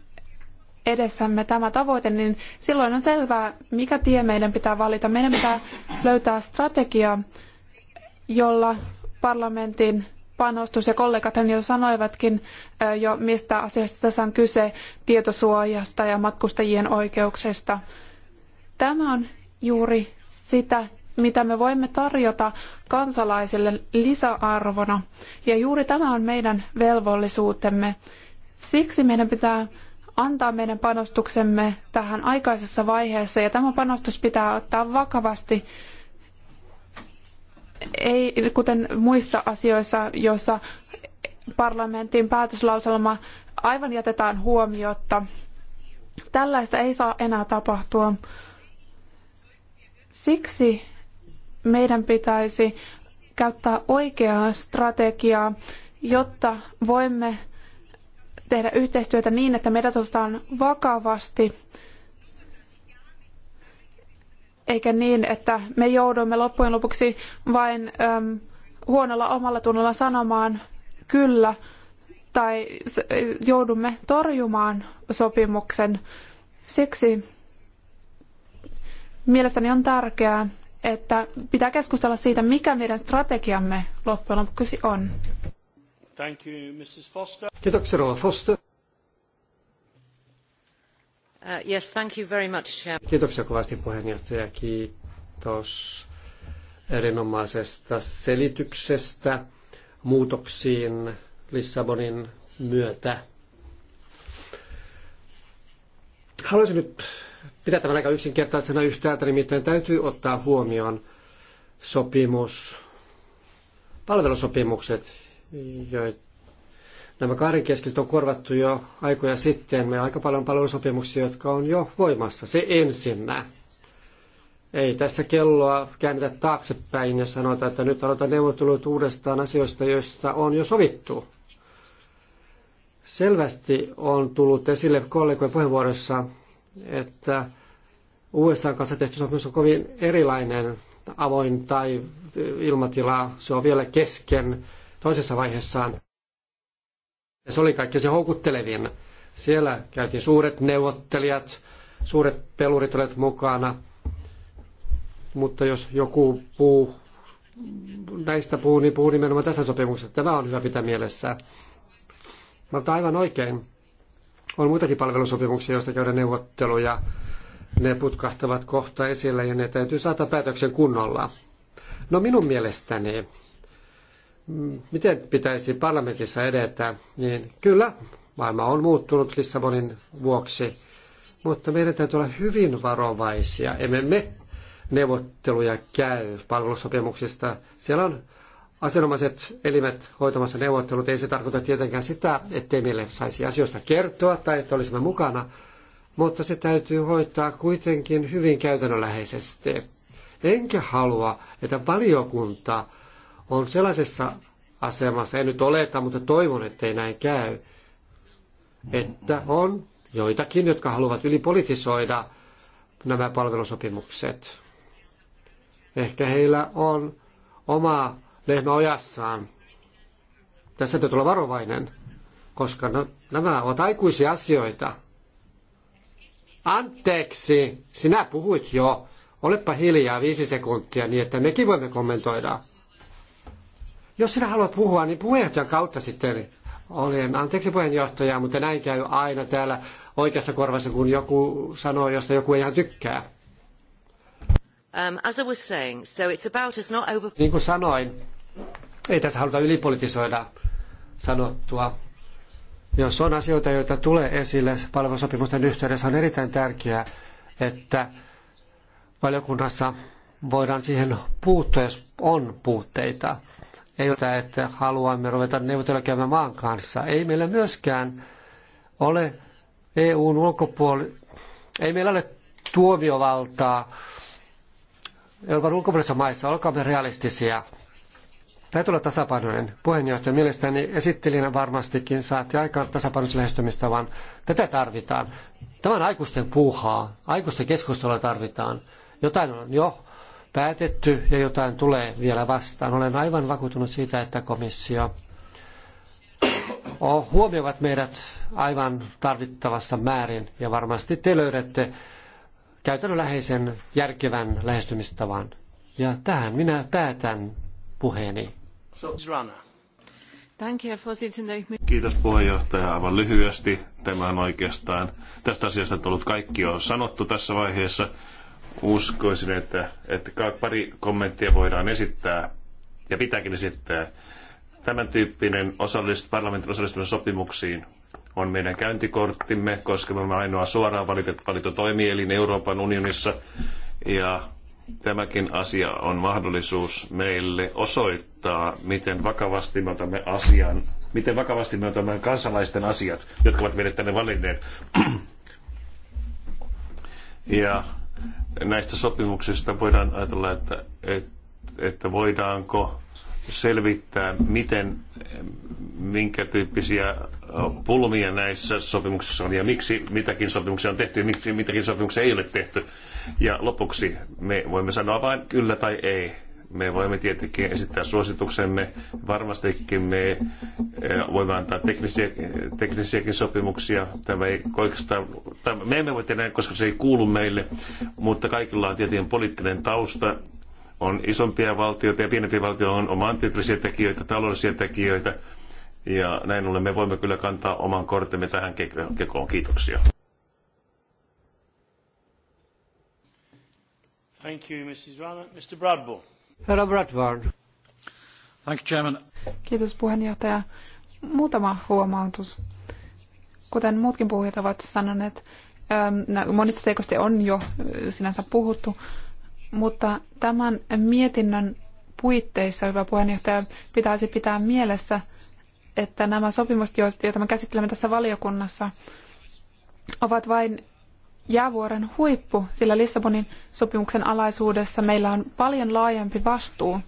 edessämme tämä tavoite, niin silloin on selvää, mikä tie meidän pitää valita. Meidän pitää löytää strategia, jolla parlamentin panostus ja kollegathan jo sanoivatkin jo, mistä asioista tässä on kyse, tietosuojasta ja matkustajien oikeuksista. Tämä on juuri sitä, mitä me voimme tarjota kansalaisille lisäarvona. Ja juuri tämä on meidän velvollisuutemme. Siksi meidän pitää antaa meidän panostuksemme tähän aikaisessa vaiheessa ja tämä panostus pitää ottaa vakavasti. Ei kuten muissa asioissa, joissa parlamentin päätöslauselma aivan jätetään huomiotta. Tällaista ei saa enää tapahtua. Siksi meidän pitäisi käyttää oikeaa strategiaa, jotta voimme tehdä yhteistyötä niin, että meidät otetaan vakavasti, eikä niin, että me joudumme loppujen lopuksi vain äm, huonolla omalla tunnolla sanomaan kyllä tai joudumme torjumaan sopimuksen. Siksi mielestäni on tärkeää, että pitää keskustella siitä, mikä meidän strategiamme loppujen lopuksi on. Thank you, Mrs. Foster. Kiitoksia, Foster. Uh, yes, thank you very much, Chair. Kiitoksia kovasti puheenjohtaja. Kiitos erinomaisesta selityksestä muutoksiin Lissabonin myötä. Haluaisin nyt pitää tämän aika yksinkertaisena yhtäältä, nimittäin täytyy ottaa huomioon sopimus, palvelusopimukset, joita nämä kahdenkeskiset on korvattu jo aikoja sitten. Meillä on aika paljon palvelusopimuksia, jotka on jo voimassa. Se ensinnä. Ei tässä kelloa käännetä taaksepäin ja sanota, että nyt aloitetaan neuvottelut uudestaan asioista, joista on jo sovittu. Selvästi on tullut esille kollegojen puheenvuorossa, että USA kanssa tehty sopimus on kovin erilainen avoin tai ilmatila. Se on vielä kesken toisessa vaiheessaan. Ja se oli kaikki se houkuttelevin. Siellä käytiin suuret neuvottelijat, suuret pelurit olivat mukana. Mutta jos joku puu näistä puu, niin puu nimenomaan tässä sopimuksessa. Tämä on hyvä pitää mielessä. Mutta aivan oikein. On muitakin palvelusopimuksia, joista käydään neuvotteluja. Ne putkahtavat kohta esille ja ne täytyy saada päätöksen kunnolla. No minun mielestäni Mm, miten pitäisi parlamentissa edetä, niin kyllä maailma on muuttunut Lissabonin vuoksi, mutta meidän täytyy olla hyvin varovaisia. Emme me neuvotteluja käy palvelusopimuksista. Siellä on asianomaiset elimet hoitamassa neuvottelut. Ei se tarkoita tietenkään sitä, ettei meille saisi asioista kertoa tai että olisimme mukana, mutta se täytyy hoitaa kuitenkin hyvin käytännönläheisesti. Enkä halua, että valiokunta on sellaisessa asemassa, en nyt oleta, mutta toivon, että ei näin käy, että on joitakin, jotka haluavat ylipolitisoida nämä palvelusopimukset. Ehkä heillä on oma lehmä ojassaan. Tässä täytyy olla varovainen, koska no, nämä ovat aikuisia asioita. Anteeksi, sinä puhuit jo. Olepa hiljaa viisi sekuntia niin, että mekin voimme kommentoida. Jos sinä haluat puhua, niin puheenjohtajan kautta sitten olen. Anteeksi puheenjohtaja, mutta näin käy aina täällä oikeassa korvassa, kun joku sanoo, josta joku ei ihan tykkää. Um, as I was saying, so it's about us not over... Niin kuin sanoin, ei tässä haluta ylipolitisoida sanottua. Jos on asioita, joita tulee esille palvelusopimusten yhteydessä, on erittäin tärkeää, että valiokunnassa voidaan siihen puuttua, jos on puutteita ei ota, että haluamme ruveta neuvotella käymään maan kanssa. Ei meillä myöskään ole EUn ulkopuoli, ei meillä ole tuomiovaltaa Euroopan ulkopuolisissa maissa, olkaamme realistisia. Täytyy olla tasapainoinen puheenjohtaja. Mielestäni esittelijänä varmastikin saatte aikaan tasapainoisen lähestymistä, vaan tätä tarvitaan. Tämä on aikuisten puuhaa. Aikuisten keskustelua tarvitaan. Jotain on jo päätetty ja jotain tulee vielä vastaan. Olen aivan vakuutunut siitä, että komissio huomioivat meidät aivan tarvittavassa määrin ja varmasti te löydätte käytännönläheisen järkevän lähestymistavan. Ja tähän minä päätän puheeni. Kiitos puheenjohtaja. Aivan lyhyesti. Tämä on oikeastaan, tästä asiasta on tullut kaikki on sanottu tässä vaiheessa uskoisin, että, että pari kommenttia voidaan esittää ja pitääkin esittää. Tämän tyyppinen osallist, parlamentin osallistuminen sopimuksiin on meidän käyntikorttimme, koska me olemme ainoa suoraan valittu, valittu toimielin Euroopan unionissa. Ja tämäkin asia on mahdollisuus meille osoittaa, miten vakavasti me otamme asian, miten vakavasti me otamme kansalaisten asiat, jotka ovat meidät tänne valinneet. ja näistä sopimuksista voidaan ajatella, että, että, että voidaanko selvittää, miten, minkä tyyppisiä pulmia näissä sopimuksissa on ja miksi mitäkin sopimuksia on tehty ja miksi mitäkin sopimuksia ei ole tehty. Ja lopuksi me voimme sanoa vain kyllä tai ei. Me voimme tietenkin esittää suosituksemme. Varmastikin me eh, voimme antaa teknisiä, teknisiäkin sopimuksia. Tämä ei oikeastaan, tai me emme voi tehdä, koska se ei kuulu meille, mutta kaikilla on tietenkin poliittinen tausta on isompia valtioita ja pienempiä valtioita on omantieteellisiä tekijöitä, taloudellisia tekijöitä. Ja näin ollen me voimme kyllä kantaa oman kortemme tähän kekoon. Kiitoksia. Thank you, Mrs. Rana. Mr. Bradbourne. Herra Bradford. Thank you, Chairman. Kiitos puheenjohtaja. Muutama huomautus. Kuten muutkin puhujat ovat sanoneet, ähm, monista seikoista on jo äh, sinänsä puhuttu, mutta tämän mietinnön puitteissa, hyvä puheenjohtaja, pitäisi pitää mielessä, että nämä sopimukset, joita me käsittelemme tässä valiokunnassa, ovat vain jäävuoren huippu, sillä Lissabonin sopimuksen alaisuudessa meillä on paljon laajempi vastuu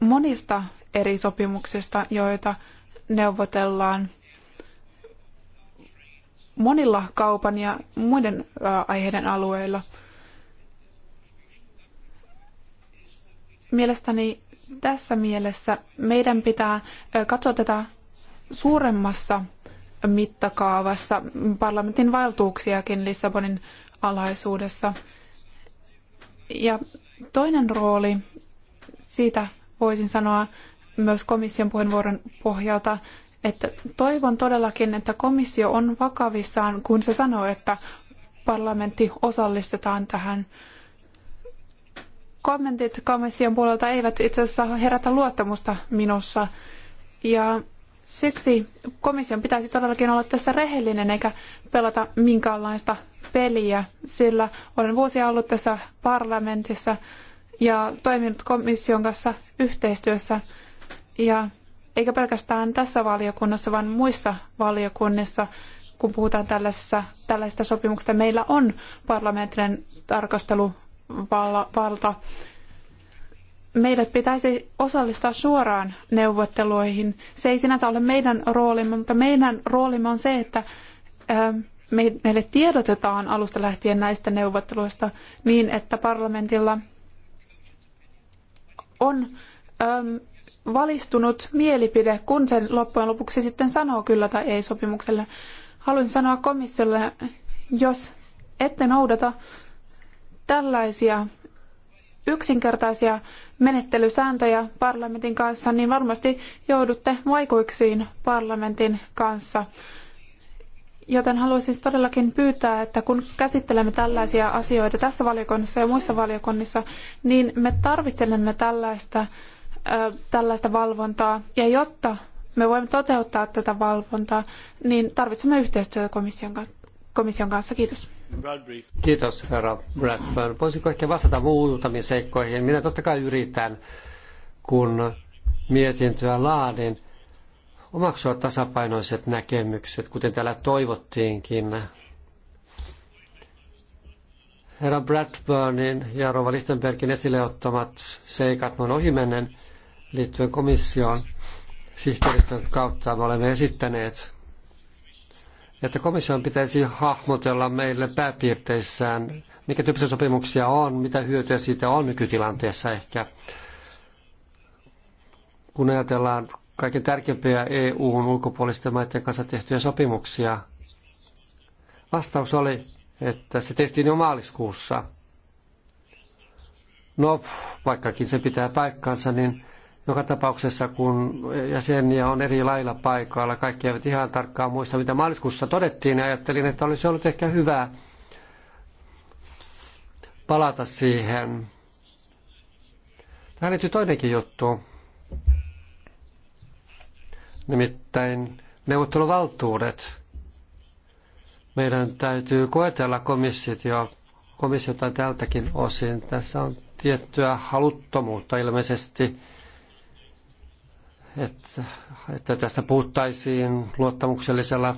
monista eri sopimuksista, joita neuvotellaan monilla kaupan ja muiden aiheiden alueilla. Mielestäni tässä mielessä meidän pitää katsoa tätä suuremmassa mittakaavassa parlamentin valtuuksiakin Lissabonin alaisuudessa. Ja toinen rooli, siitä voisin sanoa myös komission puheenvuoron pohjalta, että toivon todellakin, että komissio on vakavissaan, kun se sanoo, että parlamentti osallistetaan tähän. Kommentit komission puolelta eivät itse asiassa herätä luottamusta minussa. Ja Siksi komission pitäisi todellakin olla tässä rehellinen eikä pelata minkäänlaista peliä, sillä olen vuosia ollut tässä parlamentissa ja toiminut komission kanssa yhteistyössä ja eikä pelkästään tässä valiokunnassa, vaan muissa valiokunnissa, kun puhutaan tällaisista tällaisesta sopimuksesta, meillä on parlamenttinen tarkasteluvalta meidät pitäisi osallistaa suoraan neuvotteluihin. Se ei sinänsä ole meidän roolimme, mutta meidän roolimme on se, että meille tiedotetaan alusta lähtien näistä neuvotteluista niin, että parlamentilla on valistunut mielipide, kun se loppujen lopuksi sitten sanoo kyllä tai ei sopimukselle. Haluan sanoa komissiolle, jos ette noudata tällaisia yksinkertaisia menettelysääntöjä parlamentin kanssa, niin varmasti joudutte vaikuiksiin parlamentin kanssa. Joten haluaisin todellakin pyytää, että kun käsittelemme tällaisia asioita tässä valiokunnassa ja muissa valiokunnissa, niin me tarvitsemme tällaista, äh, tällaista valvontaa. Ja jotta me voimme toteuttaa tätä valvontaa, niin tarvitsemme yhteistyötä komission, komission kanssa. Kiitos. Kiitos, herra Bradburn. Voisiko ehkä vastata muutamiin seikkoihin? Minä totta kai yritän, kun mietintöä laadin, omaksua tasapainoiset näkemykset, kuten täällä toivottiinkin. Herra Bradburnin ja Rova Lichtenbergin esille ottamat seikat on ohimennen liittyen komission sihteeristön kautta me olemme esittäneet että komission pitäisi hahmotella meille pääpiirteissään, mikä tyyppisiä sopimuksia on, mitä hyötyä siitä on nykytilanteessa ehkä. Kun ajatellaan kaiken tärkeimpiä EUn ulkopuolisten maiden kanssa tehtyjä sopimuksia, vastaus oli, että se tehtiin jo maaliskuussa. No, vaikkakin se pitää paikkansa, niin joka tapauksessa, kun jäseniä on eri lailla paikoilla, kaikki eivät ihan tarkkaan muista, mitä maaliskuussa todettiin, ja ajattelin, että olisi ollut ehkä hyvä palata siihen. Tähän liittyy toinenkin juttu. Nimittäin neuvotteluvaltuudet. Meidän täytyy koetella ja komissiota tältäkin osin. Tässä on tiettyä haluttomuutta ilmeisesti että, että tästä puhuttaisiin luottamuksellisella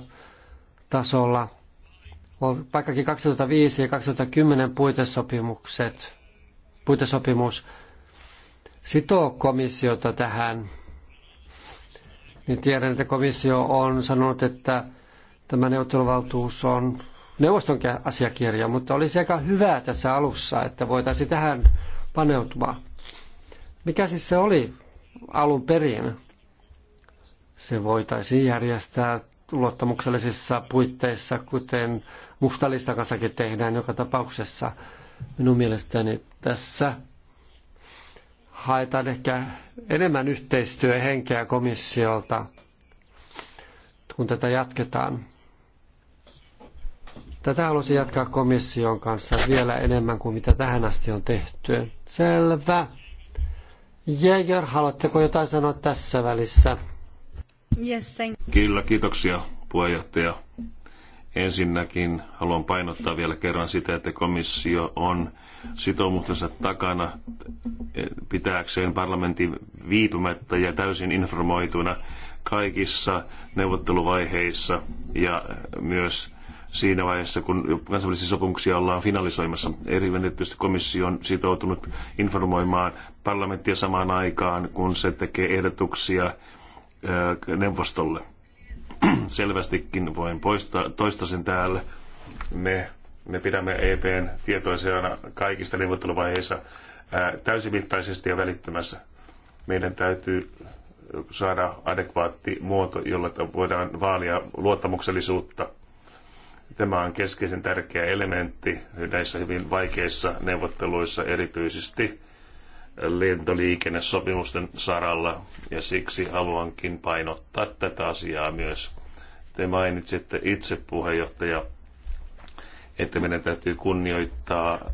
tasolla. Vaikkakin 2005 ja 2010 puitesopimukset, puitesopimus sitoo komissiota tähän, niin tiedän, että komissio on sanonut, että tämä neuvotteluvaltuus on neuvoston asiakirja, mutta olisi aika hyvää tässä alussa, että voitaisiin tähän paneutua. Mikä siis se oli alun perin? Se voitaisiin järjestää luottamuksellisissa puitteissa, kuten kanssakin tehdään joka tapauksessa. Minun mielestäni tässä haetaan ehkä enemmän yhteistyöhenkeä komissiolta, kun tätä jatketaan. Tätä haluaisin jatkaa komission kanssa vielä enemmän kuin mitä tähän asti on tehty. Selvä. Jäger, haluatteko jotain sanoa tässä välissä? Yes, thank you. Kyllä, kiitoksia puheenjohtaja. Ensinnäkin haluan painottaa vielä kerran sitä, että komissio on sitoumustensa takana e, pitääkseen parlamentin viipymättä ja täysin informoituna kaikissa neuvotteluvaiheissa ja myös siinä vaiheessa, kun kansainvälisiä sopimuksia ollaan finalisoimassa. Erityisesti komissio on sitoutunut informoimaan parlamenttia samaan aikaan, kun se tekee ehdotuksia neuvostolle. [clears throat] Selvästikin voin poistaa, toista sen täällä. Me, me pidämme EPn tietoisena kaikista neuvotteluvaiheissa täysimittaisesti ja välittömässä. Meidän täytyy saada adekvaatti muoto, jolla voidaan vaalia luottamuksellisuutta. Tämä on keskeisen tärkeä elementti näissä hyvin vaikeissa neuvotteluissa erityisesti lentoliikennesopimusten saralla, ja siksi haluankin painottaa tätä asiaa myös. Te mainitsitte itse, puheenjohtaja, että meidän täytyy kunnioittaa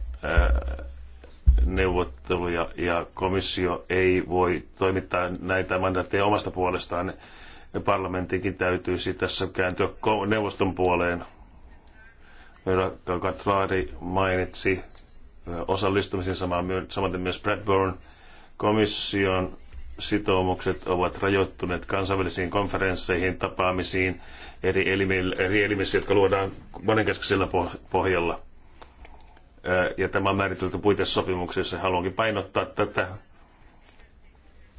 neuvotteluja, ja komissio ei voi toimittaa näitä mandaatteja omasta puolestaan. Parlamentinkin täytyisi tässä kääntyä neuvoston puoleen. Katlaari mainitsi osallistumisen, samaten myös Bradburn komission sitoumukset ovat rajoittuneet kansainvälisiin konferensseihin, tapaamisiin eri, elimille, eri elimissä, jotka luodaan monenkeskisellä pohjalla. Ja tämä on määritelty puitesopimuksessa. Haluankin painottaa tätä.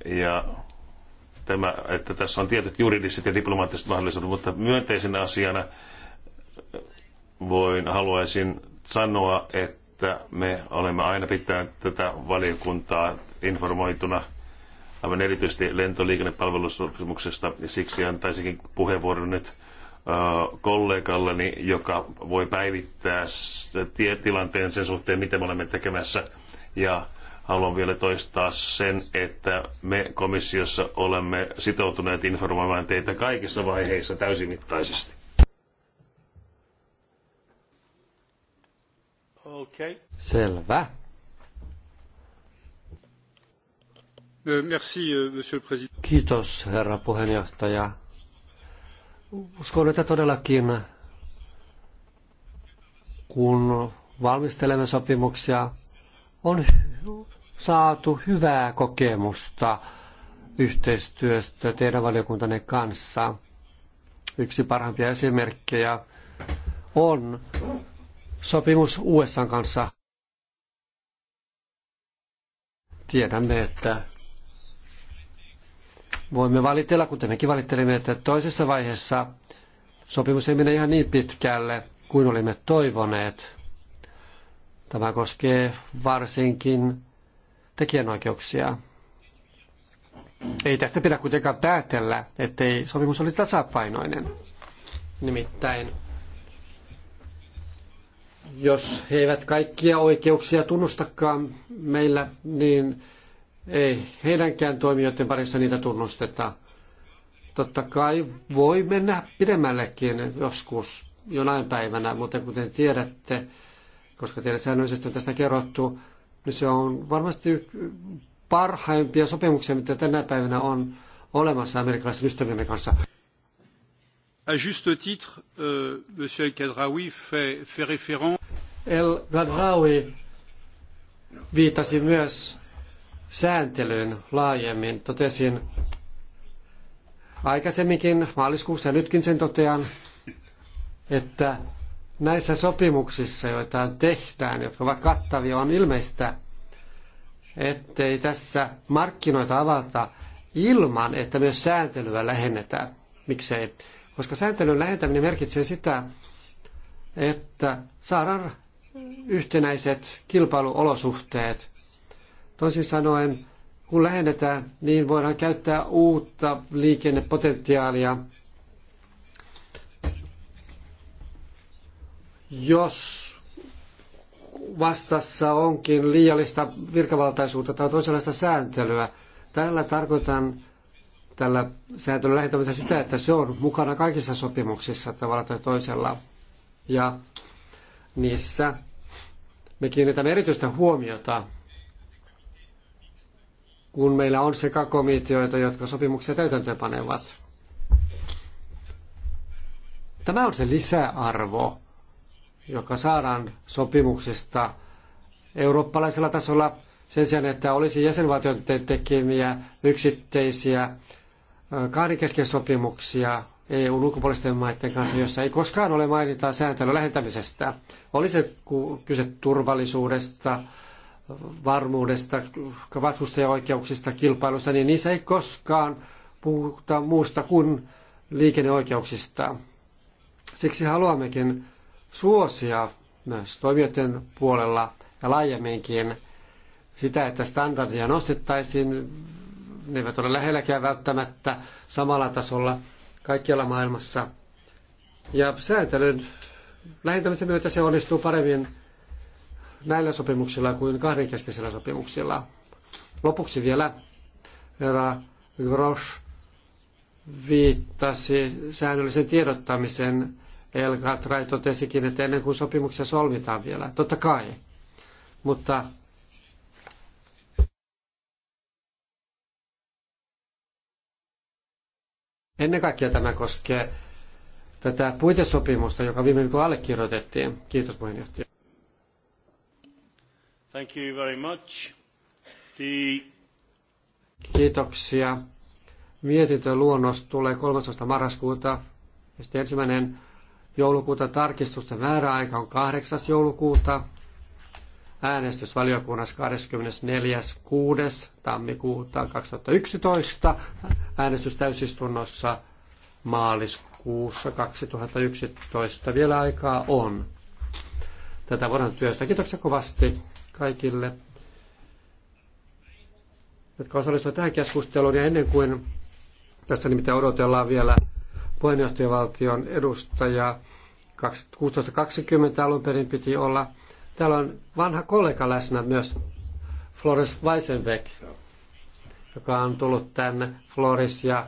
Ja tämä, että tässä on tietyt juridiset ja diplomaattiset mahdollisuudet, mutta myönteisenä asiana voin, haluaisin sanoa, että että me olemme aina pitäneet tätä valiokuntaa informoituna aivan erityisesti lentoliikennepalvelusopimuksesta, ja siksi antaisinkin puheenvuoron nyt kollegalleni, joka voi päivittää tilanteen sen suhteen, mitä me olemme tekemässä. Ja haluan vielä toistaa sen, että me komissiossa olemme sitoutuneet informoimaan teitä kaikissa vaiheissa täysimittaisesti. Okay. Selvä. Euh, merci, euh, monsieur le président. Kiitos, herra puheenjohtaja. Uskon, että todellakin kun valmistelemme sopimuksia, on saatu hyvää kokemusta yhteistyöstä teidän valiokuntanne kanssa. Yksi parhaimpia esimerkkejä on sopimus USA kanssa. Tiedämme, että voimme valitella, kuten mekin valittelimme, että toisessa vaiheessa sopimus ei mene ihan niin pitkälle kuin olimme toivoneet. Tämä koskee varsinkin tekijänoikeuksia. Ei tästä pidä kuitenkaan päätellä, ettei sopimus olisi tasapainoinen. Nimittäin jos he eivät kaikkia oikeuksia tunnustakaan meillä, niin ei heidänkään toimijoiden parissa niitä tunnusteta. Totta kai voi mennä pidemmällekin joskus jonain päivänä, mutta kuten tiedätte, koska teille säännöllisesti on tästä kerrottu, niin se on varmasti parhaimpia sopimuksia, mitä tänä päivänä on olemassa amerikkalaisten ystäviemme kanssa. À juste titre, euh, M. El-Kadraoui fait, fait référence. El-Kadraoui viittasi myös sääntelyyn laajemmin. Totesin aikaisemminkin maaliskuussa ja nytkin sen totean, että näissä sopimuksissa, joita tehdään, jotka ovat kattavia, on ilmeistä, ettei tässä markkinoita avata ilman, että myös sääntelyä lähennetään. Miksei? koska sääntelyn lähentäminen merkitsee sitä, että saadaan yhtenäiset kilpailuolosuhteet. Toisin sanoen, kun lähennetään, niin voidaan käyttää uutta liikennepotentiaalia. Jos vastassa onkin liiallista virkavaltaisuutta tai toisenlaista sääntelyä, tällä tarkoitan tällä sääntelyllä lähetämättä sitä, että se on mukana kaikissa sopimuksissa tavalla tai toisella. Ja niissä me kiinnitämme erityistä huomiota, kun meillä on sekä komitioita, jotka sopimuksia täytäntöönpanevat. Tämä on se lisäarvo, joka saadaan sopimuksesta eurooppalaisella tasolla sen sijaan, että olisi jäsenvaltioiden tekemiä yksittäisiä kahdenkeskeisiä sopimuksia EU-ulkopuolisten maiden kanssa, jossa ei koskaan ole mainintaa sääntelyn lähentämisestä. Oli se kyse turvallisuudesta, varmuudesta, oikeuksista kilpailusta, niin niissä ei koskaan puhuta muusta kuin liikenneoikeuksista. Siksi haluammekin suosia myös toimijoiden puolella ja laajemminkin sitä, että standardia nostettaisiin ne eivät ole lähelläkään välttämättä samalla tasolla kaikkialla maailmassa. Ja sääntelyn lähentämisen myötä se onnistuu paremmin näillä sopimuksilla kuin kahdenkeskeisillä sopimuksilla. Lopuksi vielä herra Grosch viittasi säännöllisen tiedottamisen. Elgatrai totesikin, että ennen kuin sopimuksia solmitaan vielä, totta kai. Mutta Ennen kaikkea tämä koskee tätä puitesopimusta, joka viime viikolla allekirjoitettiin. Kiitos puheenjohtaja. Thank you very much. The... Kiitoksia. Mietintöluonnos tulee 13. marraskuuta ja sitten ensimmäinen joulukuuta tarkistusten määräaika on 8. joulukuuta äänestys valiokunnassa 24.6. tammikuuta 2011, äänestys täysistunnossa maaliskuussa 2011. Vielä aikaa on. Tätä voidaan työstä Kiitoksia kovasti kaikille, jotka osallistuivat tähän keskusteluun. Ja ennen kuin tässä nimittäin odotellaan vielä puheenjohtajavaltion edustajaa, 16.20 alun perin piti olla – Täällä on vanha kollega läsnä myös, Floris Weisenbeck, joka on tullut tänne, Floris, ja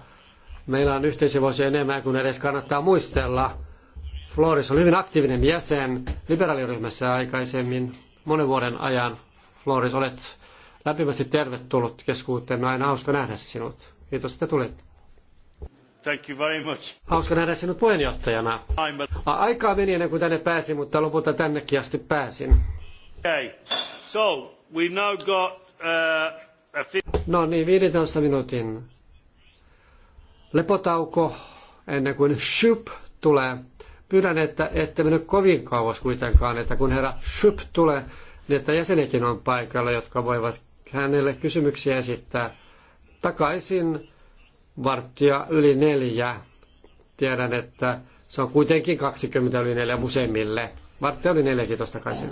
meillä on yhteisiä vuosia enemmän kuin edes kannattaa muistella. Floris on hyvin aktiivinen jäsen liberaaliryhmässä aikaisemmin monen vuoden ajan. Floris, olet lämpimästi tervetullut keskuuteen. Aina hauska nähdä sinut. Kiitos, että tulit. Thank you very much. Hauska nähdä sinut puheenjohtajana. Aikaa meni ennen kuin tänne pääsin, mutta lopulta tännekin asti pääsin. Okay. So, we now got, uh, a... No niin, 15 minuutin lepotauko ennen kuin Shup tulee. Pyydän, että ette mene kovin kauas kuitenkaan, että kun herra Shup tulee, niin että jäsenekin on paikalla, jotka voivat hänelle kysymyksiä esittää. Takaisin varttia yli neljä. Tiedän, että se on kuitenkin 20 yli neljä useimmille. Varttia yli neljä, kai takaisin.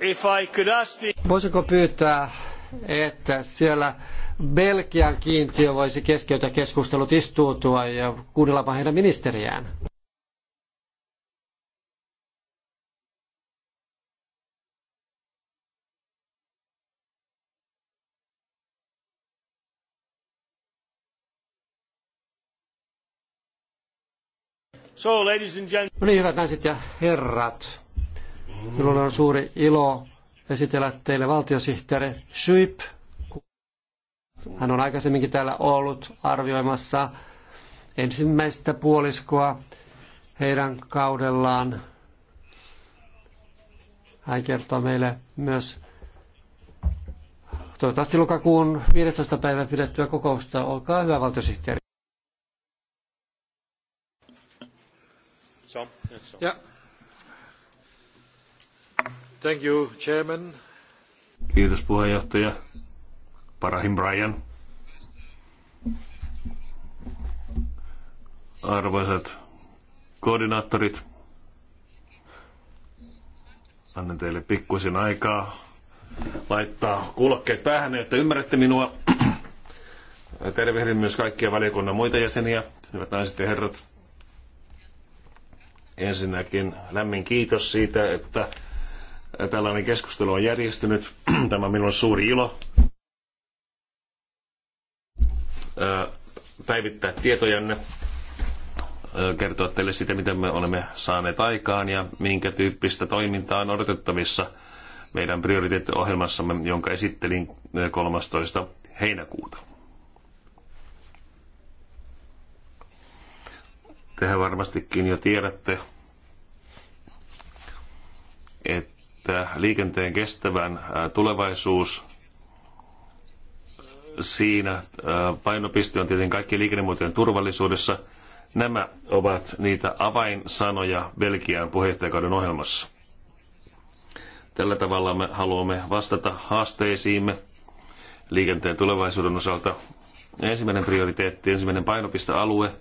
If I Voisiko pyytää, että siellä Belgian kiintiö voisi keskeyttää keskustelut istuutua ja kuunnellaanpa heidän ministeriään? So, ladies and gentlemen. No niin, hyvät naiset ja herrat. Minulla on suuri ilo esitellä teille valtiosihteeri Schuip. Hän on aikaisemminkin täällä ollut arvioimassa ensimmäistä puoliskoa heidän kaudellaan. Hän kertoo meille myös toivottavasti lokakuun 15. päivä pidettyä kokousta. Olkaa hyvä valtiosihteeri. So, so. Thank you, Chairman. Kiitos puheenjohtaja. Parahim Brian. Arvoisat koordinaattorit, annan teille pikkuisen aikaa laittaa kuulokkeet päähän, jotta ymmärrätte minua. Tervehdin myös kaikkia valiokunnan muita jäseniä, hyvät naiset ja herrat. Ensinnäkin lämmin kiitos siitä, että tällainen keskustelu on järjestynyt. [clears throat] Tämä on minulle suuri ilo päivittää tietojanne, kertoa teille sitä, miten me olemme saaneet aikaan ja minkä tyyppistä toimintaa on odotettavissa meidän prioriteettiohjelmassamme, jonka esittelin 13. heinäkuuta. Tehän varmastikin jo tiedätte, että että liikenteen kestävän äh, tulevaisuus siinä äh, painopiste on tietenkin kaikkien liikennemuotojen turvallisuudessa. Nämä ovat niitä avainsanoja Belgian puheenjohtajakauden ohjelmassa. Tällä tavalla me haluamme vastata haasteisiimme liikenteen tulevaisuuden osalta. Ensimmäinen prioriteetti, ensimmäinen painopistealue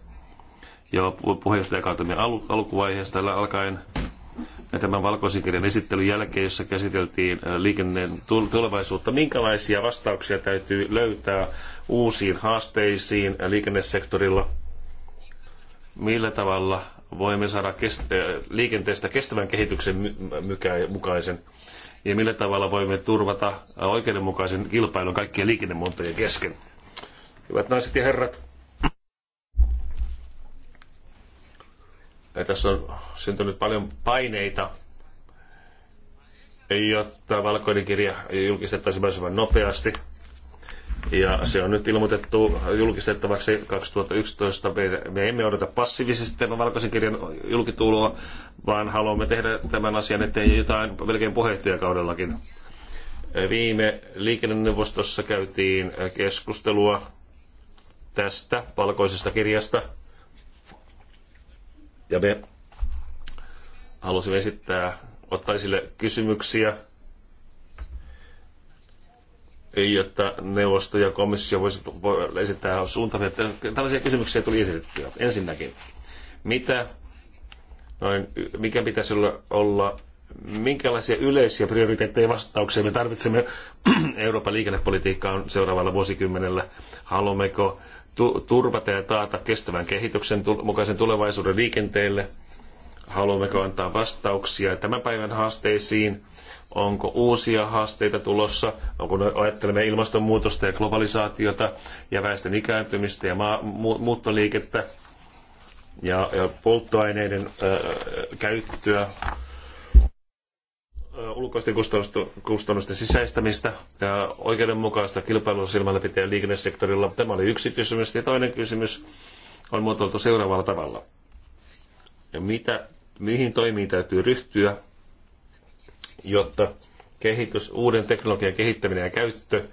ja puheenjohtajakautemme alkuvaiheesta alkaen tämän valkoisen kirjan esittelyn jälkeen, jossa käsiteltiin äh, liikenteen tulevaisuutta. Minkälaisia vastauksia täytyy löytää uusiin haasteisiin äh, liikennesektorilla? Millä tavalla voimme saada äh, liikenteestä kestävän kehityksen mukaisen? Ja millä tavalla voimme turvata oikeudenmukaisen kilpailun kaikkien liikennemuotojen kesken? Hyvät naiset ja herrat, Ja tässä on syntynyt paljon paineita, jotta valkoinen kirja julkistettaisiin mahdollisimman nopeasti. Ja se on nyt ilmoitettu julkistettavaksi 2011. Me emme odota passiivisesti tämän valkoisen kirjan julkituuloa, vaan haluamme tehdä tämän asian eteen jotain melkein puheenjohtajakaudellakin. Viime liikenneneuvostossa käytiin keskustelua tästä valkoisesta kirjasta – ja me halusimme esittää, ottaa sille kysymyksiä, että neuvosto ja komissio voisi esittää suuntaan. Tällaisia kysymyksiä tuli esitettyä. Ensinnäkin, mitä, noin, mikä pitäisi olla, olla minkälaisia yleisiä prioriteetteja vastauksia me tarvitsemme [clears throat] Euroopan liikennepolitiikkaan seuraavalla vuosikymmenellä? Haluammeko turvata ja taata kestävän kehityksen mukaisen tulevaisuuden liikenteelle? Haluammeko antaa vastauksia tämän päivän haasteisiin? Onko uusia haasteita tulossa? No, kun ajattelemme ilmastonmuutosta ja globalisaatiota ja väestön ikääntymistä ja maa- mu- muuttoliikettä ja, ja polttoaineiden ö, käyttöä, ulkoisten kustannusten sisäistämistä ja oikeudenmukaista kilpailua silmällä pitää liikennesektorilla. Tämä oli yksi kysymys. Ja toinen kysymys on muotoiltu seuraavalla tavalla. Ja mitä, mihin toimiin täytyy ryhtyä, jotta kehitys, uuden teknologian kehittäminen ja käyttö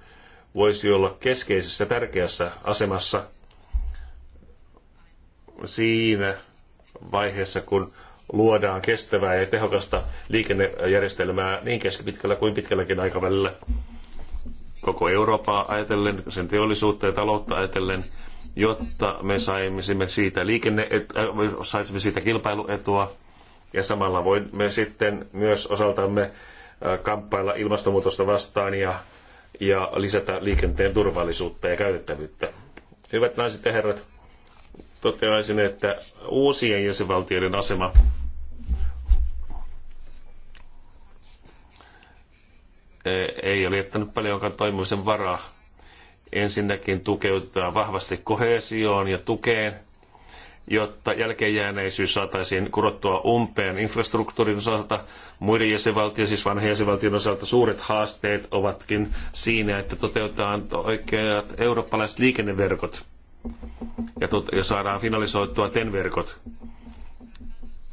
voisi olla keskeisessä tärkeässä asemassa siinä vaiheessa, kun luodaan kestävää ja tehokasta liikennejärjestelmää niin keskipitkällä kuin pitkälläkin aikavälillä. Koko Eurooppaa ajatellen, sen teollisuutta ja taloutta ajatellen, jotta me saisimme siitä, liikenne, äh, saisimme siitä kilpailuetua ja samalla voimme sitten myös osaltamme äh, kamppailla ilmastonmuutosta vastaan ja, ja lisätä liikenteen turvallisuutta ja käytettävyyttä. Hyvät naiset ja herrat, toteaisin, että uusien jäsenvaltioiden asema eh, ei ole jättänyt paljonkaan toimimisen varaa. Ensinnäkin tukeutetaan vahvasti kohesioon ja tukeen, jotta jälkeenjääneisyys saataisiin kurottua umpeen infrastruktuurin osalta. Muiden jäsenvaltioiden, siis vanhan jäsenvaltioiden osalta suuret haasteet ovatkin siinä, että toteutetaan oikeat eurooppalaiset liikenneverkot – ja, tot, ja saadaan finalisoitua TEN-verkot.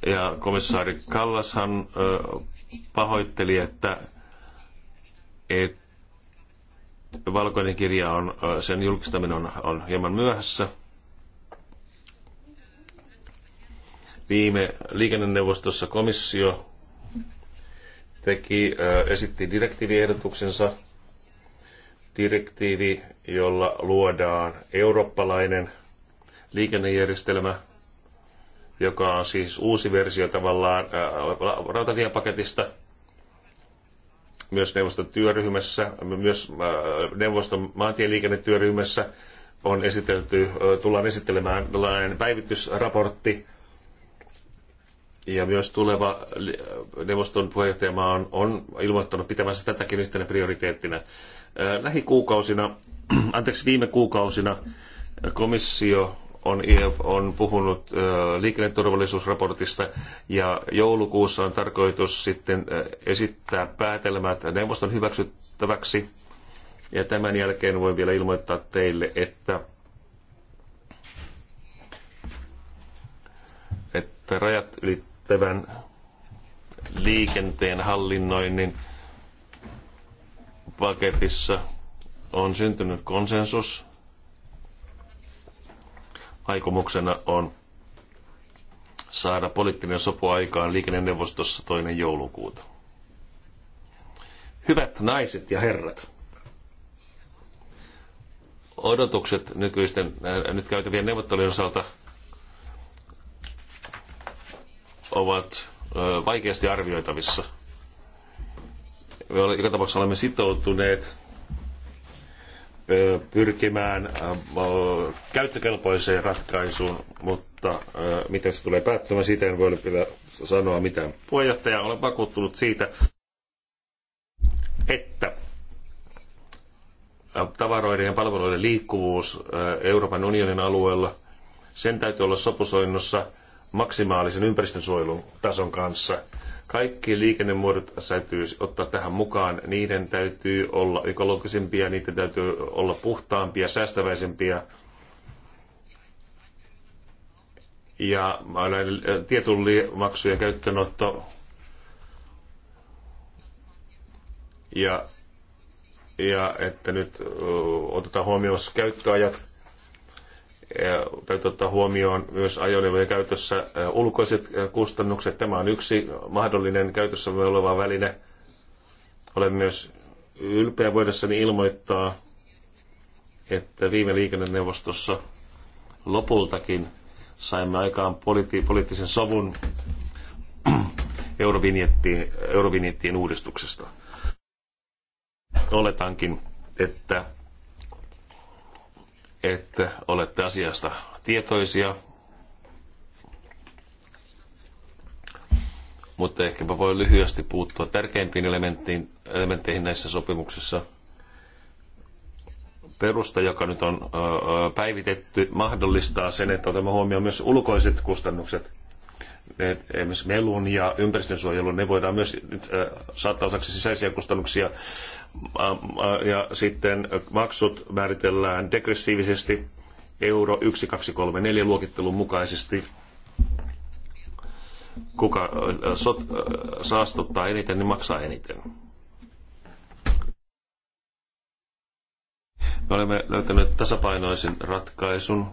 Ja komissaari Kallashan ö, pahoitteli, että et, valkoinen kirja on, sen julkistaminen on, on hieman myöhässä. Viime liikenneneuvostossa komissio teki, ö, esitti direktiiviehdotuksensa, direktiivi, jolla luodaan eurooppalainen – liikennejärjestelmä, joka on siis uusi versio tavallaan ää, äh, rautatiepaketista. Myös neuvoston työryhmässä, myös ää, äh, neuvoston maantieliikennetyöryhmässä on esitelty, ää, äh, tullaan esittelemään tällainen päivitysraportti. Ja myös tuleva neuvoston puheenjohtajamaa on, on ilmoittanut pitävänsä tätäkin yhtenä prioriteettina. Lähikuukausina, [clears throat] anteeksi viime kuukausina, komissio on, on puhunut liikenneturvallisuusraportista ja joulukuussa on tarkoitus sitten esittää päätelmät neuvoston hyväksyttäväksi. Ja tämän jälkeen voin vielä ilmoittaa teille, että, että rajat ylittävän liikenteen hallinnoinnin paketissa on syntynyt konsensus aikomuksena on saada poliittinen sopu aikaan liikenneneuvostossa toinen joulukuuta. Hyvät naiset ja herrat, odotukset nykyisten, äh, nyt käytävien neuvottelujen osalta ovat äh, vaikeasti arvioitavissa. Me ole, joka tapauksessa olemme sitoutuneet pyrkimään käyttökelpoiseen ratkaisuun, mutta miten se tulee päättymään, siitä en voi vielä sanoa mitään. Puheenjohtaja, olen vakuuttunut siitä, että tavaroiden ja palveluiden liikkuvuus Euroopan unionin alueella, sen täytyy olla sopusoinnossa maksimaalisen ympäristönsuojelun tason kanssa. Kaikki liikennemuodot täytyy ottaa tähän mukaan. Niiden täytyy olla ekologisempia, niiden täytyy olla puhtaampia, säästäväisempiä. Ja äh, tietullimaksujen käyttöönotto ja, ja että nyt otetaan huomioon käyttöajat täytyy ottaa huomioon myös ajoneuvojen käytössä ulkoiset kustannukset. Tämä on yksi mahdollinen käytössä voi oleva väline. Olen myös ylpeä voidessani ilmoittaa, että viime liikenneneuvostossa lopultakin saimme aikaan politi- poliittisen sovun eurovinjettien, eurovinjettien uudistuksesta. Oletankin, että että olette asiasta tietoisia. Mutta mä voin lyhyesti puuttua tärkeimpiin elementteihin näissä sopimuksissa. Perusta, joka nyt on päivitetty, mahdollistaa sen, että otamme huomioon myös ulkoiset kustannukset esimerkiksi melun ja ympäristönsuojelun, ne voidaan myös saattaa osaksi sisäisiä kustannuksia. Ja sitten maksut määritellään degressiivisesti euro 1234 luokittelun mukaisesti. Kuka sot, saastuttaa eniten, niin maksaa eniten. Me olemme löytäneet tasapainoisen ratkaisun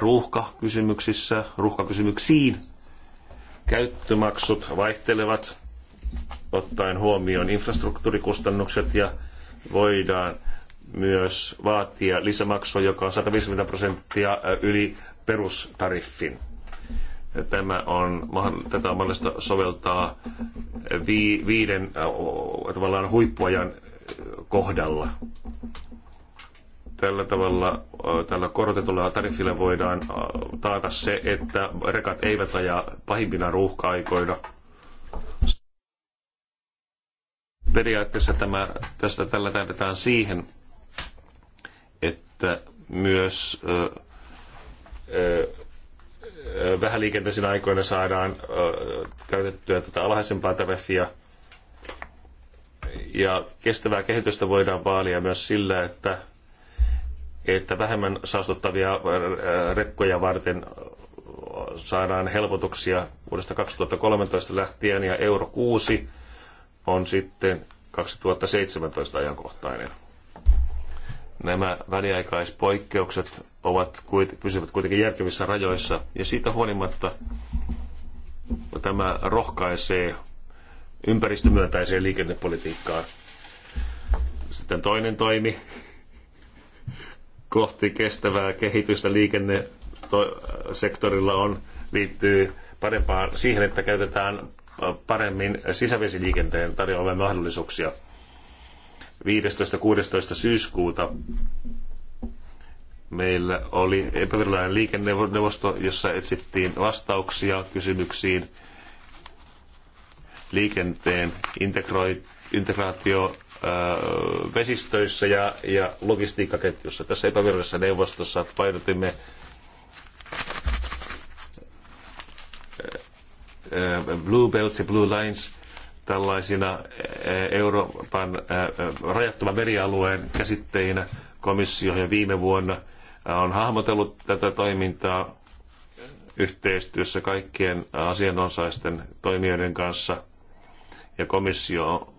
ruuhkakysymyksissä, ruuhkakysymyksiin Käyttömaksut vaihtelevat ottaen huomioon infrastruktuurikustannukset ja voidaan myös vaatia lisämaksua, joka on 150 prosenttia yli perustariffin. Tämä on, tätä on mahdollista soveltaa viiden tavallaan huippuajan kohdalla. Tällä tavalla tällä korotetulla tariffilla voidaan taata se, että rekat eivät aja pahimpina ruuhka-aikoina. Periaatteessa tämä, tästä tällä tähdetään siihen, että myös ö, ö, vähäliikenteisinä aikoina saadaan ö, käytettyä tätä alhaisempaa tariffia. Ja kestävää kehitystä voidaan vaalia myös sillä, että että vähemmän saastuttavia äh, äh, rekkoja varten saadaan helpotuksia vuodesta 2013 lähtien ja euro 6 on sitten 2017 ajankohtainen. Nämä väliaikaispoikkeukset ovat, pysyvät kuitenkin järkevissä rajoissa ja siitä huolimatta tämä rohkaisee ympäristömyöntäiseen liikennepolitiikkaan. Sitten toinen toimi, kohti kestävää kehitystä liikennesektorilla on, liittyy parempaan siihen, että käytetään paremmin sisävesiliikenteen tarjoamia mahdollisuuksia. 15.16. syyskuuta meillä oli epävirallinen liikenneneuvosto, jossa etsittiin vastauksia kysymyksiin liikenteen integraatio Äh, vesistöissä ja, ja logistiikkaketjussa. Tässä epävirallisessa neuvostossa painotimme äh, äh, Blue Belts ja Blue Lines tällaisina Euroopan rajattoman merialueen käsitteinä komissio ja viime vuonna on hahmotellut tätä toimintaa yhteistyössä kaikkien asianosaisten toimijoiden kanssa ja komissio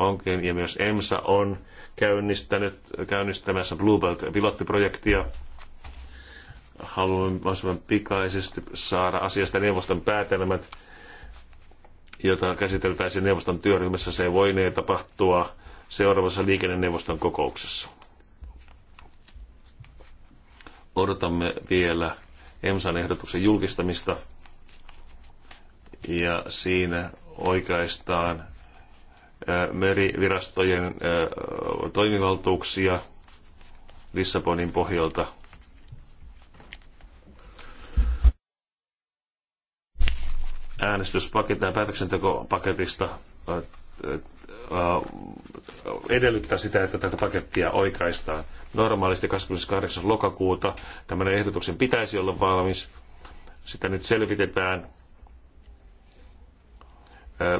onkin, ja myös EMSA on käynnistänyt, käynnistämässä Bluebelt-pilottiprojektia. Haluan mahdollisimman pikaisesti saada asiasta neuvoston päätelmät, jota käsiteltäisiin neuvoston työryhmässä. Se voi ne tapahtua seuraavassa liikenneneuvoston kokouksessa. Odotamme vielä EMSAn ehdotuksen julkistamista ja siinä oikeastaan merivirastojen toimivaltuuksia Lissabonin pohjalta. Äänestyspaketista ja päätöksentekopaketista edellyttää sitä, että tätä pakettia oikaistaan. Normaalisti 28. lokakuuta tämmöinen ehdotuksen pitäisi olla valmis. Sitä nyt selvitetään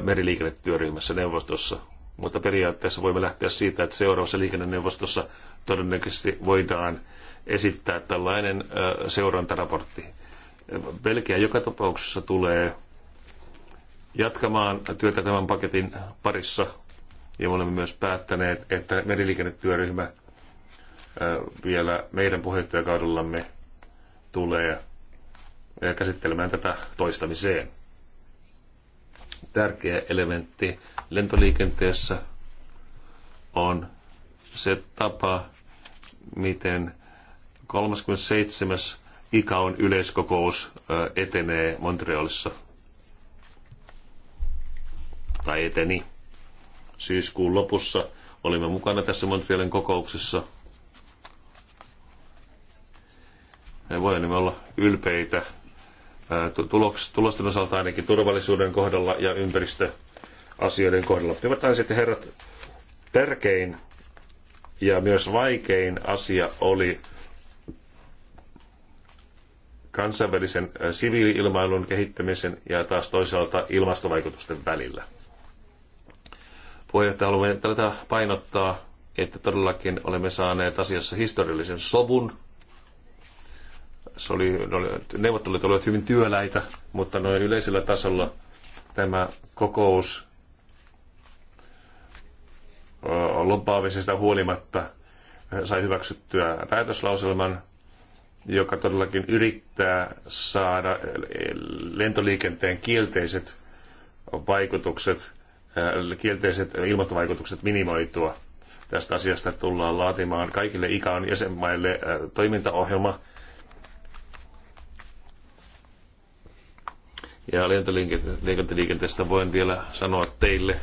meriliikennetyöryhmässä neuvostossa. Mutta periaatteessa voimme lähteä siitä, että seuraavassa liikenneneuvostossa todennäköisesti voidaan esittää tällainen seurantaraportti. Belgia joka tapauksessa tulee jatkamaan työtä tämän paketin parissa. Ja me olemme myös päättäneet, että meriliikennetyöryhmä vielä meidän puheenjohtajakaudellamme tulee käsittelemään tätä toistamiseen tärkeä elementti lentoliikenteessä on se tapa, miten 37. ICAOn yleiskokous etenee Montrealissa. Tai eteni. Syyskuun lopussa olimme mukana tässä Montrealin kokouksessa. Me voimme olla ylpeitä tulosten osalta ainakin turvallisuuden kohdalla ja ympäristöasioiden kohdalla. Hyvät naiset ja herrat, tärkein ja myös vaikein asia oli kansainvälisen siviiliilmailun kehittämisen ja taas toisaalta ilmastovaikutusten välillä. Puheenjohtaja, haluamme tätä painottaa, että todellakin olemme saaneet asiassa historiallisen sovun se oli, neuvottelut olivat hyvin työläitä, mutta noin yleisellä tasolla tämä kokous lompaamisesta huolimatta sai hyväksyttyä päätöslauselman, joka todellakin yrittää saada e, lentoliikenteen kielteiset vaikutukset, kielteiset ilmastovaikutukset minimoitua. Tästä asiasta tullaan laatimaan kaikille ikan jäsenmaille toimintaohjelma, Ja lentoliikenteestä voin vielä sanoa teille,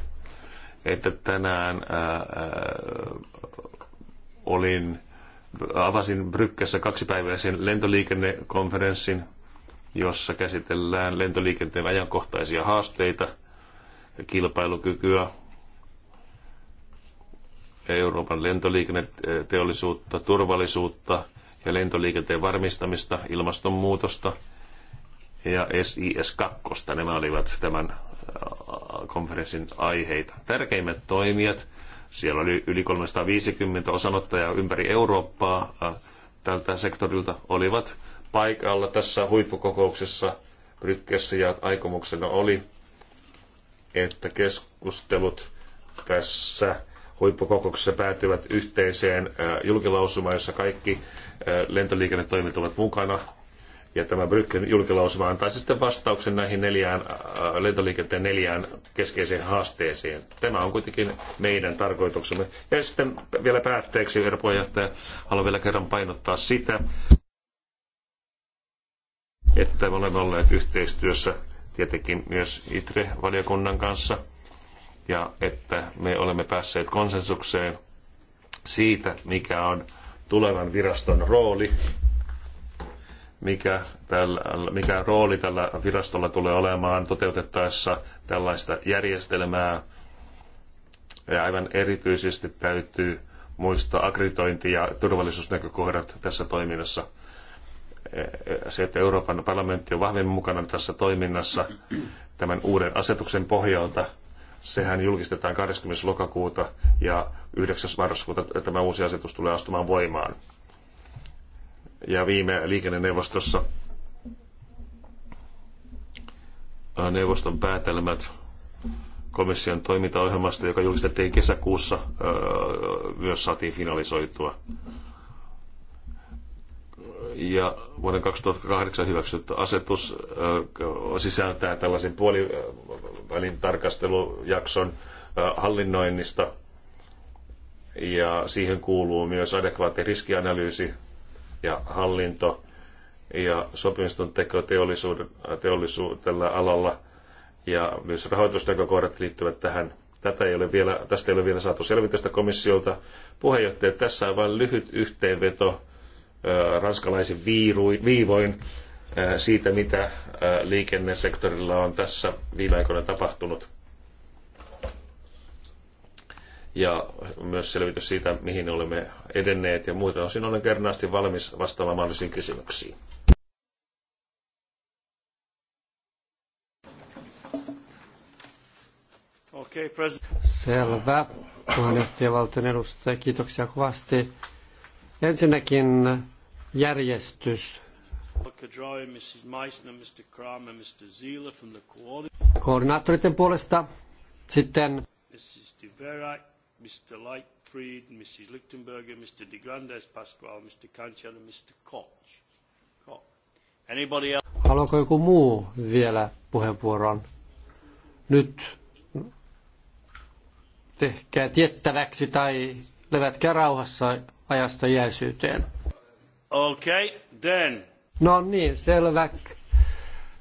että tänään ää, olin, avasin Brykkässä kaksipäiväisen lentoliikennekonferenssin, jossa käsitellään lentoliikenteen ajankohtaisia haasteita, kilpailukykyä, Euroopan lentoliikenneteollisuutta, turvallisuutta ja lentoliikenteen varmistamista, ilmastonmuutosta – ja SIS-2. Nämä olivat tämän äh, konferenssin aiheita. Tärkeimmät toimijat, siellä oli yli 350 osanottajaa ympäri Eurooppaa äh, tältä sektorilta, olivat paikalla tässä huippukokouksessa Rykkessä ja aikomuksena oli, että keskustelut tässä huippukokouksessa päätyvät yhteiseen äh, julkilausumaan, jossa kaikki lentoliikennetoimet ovat mukana ja tämä Bryggen julkilausuma antaisi sitten vastauksen näihin neljään, äh, lentoliikenteen neljään keskeiseen haasteeseen. Tämä on kuitenkin meidän tarkoituksemme. Ja sitten vielä päätteeksi, herra puheenjohtaja, haluan vielä kerran painottaa sitä, että me olemme olleet yhteistyössä tietenkin myös ITRE-valiokunnan kanssa ja että me olemme päässeet konsensukseen siitä, mikä on tulevan viraston rooli mikä, tällä, mikä rooli tällä virastolla tulee olemaan toteutettaessa tällaista järjestelmää. Ja aivan erityisesti täytyy muistaa akkreditointi- ja turvallisuusnäkökohdat tässä toiminnassa. E, e, se, että Euroopan parlamentti on vahvemmin mukana tässä toiminnassa tämän uuden asetuksen pohjalta, sehän julkistetaan 20. lokakuuta ja 9. marraskuuta tämä uusi asetus tulee astumaan voimaan ja viime liikenneneuvostossa äh, neuvoston päätelmät komission toimintaohjelmasta, joka julkistettiin kesäkuussa, äh, myös saatiin finalisoitua. Ja vuoden 2008 hyväksytty asetus äh, sisältää tällaisen puolivälin tarkastelujakson hallinnoinnista, ja siihen kuuluu myös adekvaatti riskianalyysi ja hallinto ja sopimusten teko teollisuudella alalla ja myös rahoitusnäkökohdat liittyvät tähän. Tätä ei ole vielä, tästä ei ole vielä saatu selvitystä komissiolta. Puheenjohtaja, tässä on vain lyhyt yhteenveto ranskalaisen viivoin siitä, mitä liikennesektorilla on tässä viime aikoina tapahtunut ja myös selvitys siitä, mihin olemme edenneet ja muuten osin olen kernaasti valmis vastaamaan mahdollisiin kysymyksiin. Okay, Selvä. Puheenjohtaja valtion edustaja, kiitoksia kovasti. Ensinnäkin järjestys. Koordinaattoriten puolesta sitten Mrs. De Mr. Lightfried, Mrs. Lichtenberger, Mr. De Grandes Pascual, Mr. Kanchan ja Mr. Koch. Koch. Anybody else? Haluaako joku muu vielä puheenvuoron? Nyt tehkää tiettäväksi tai levätkää rauhassa ajasta jäisyyteen. okay, then. No niin, selvä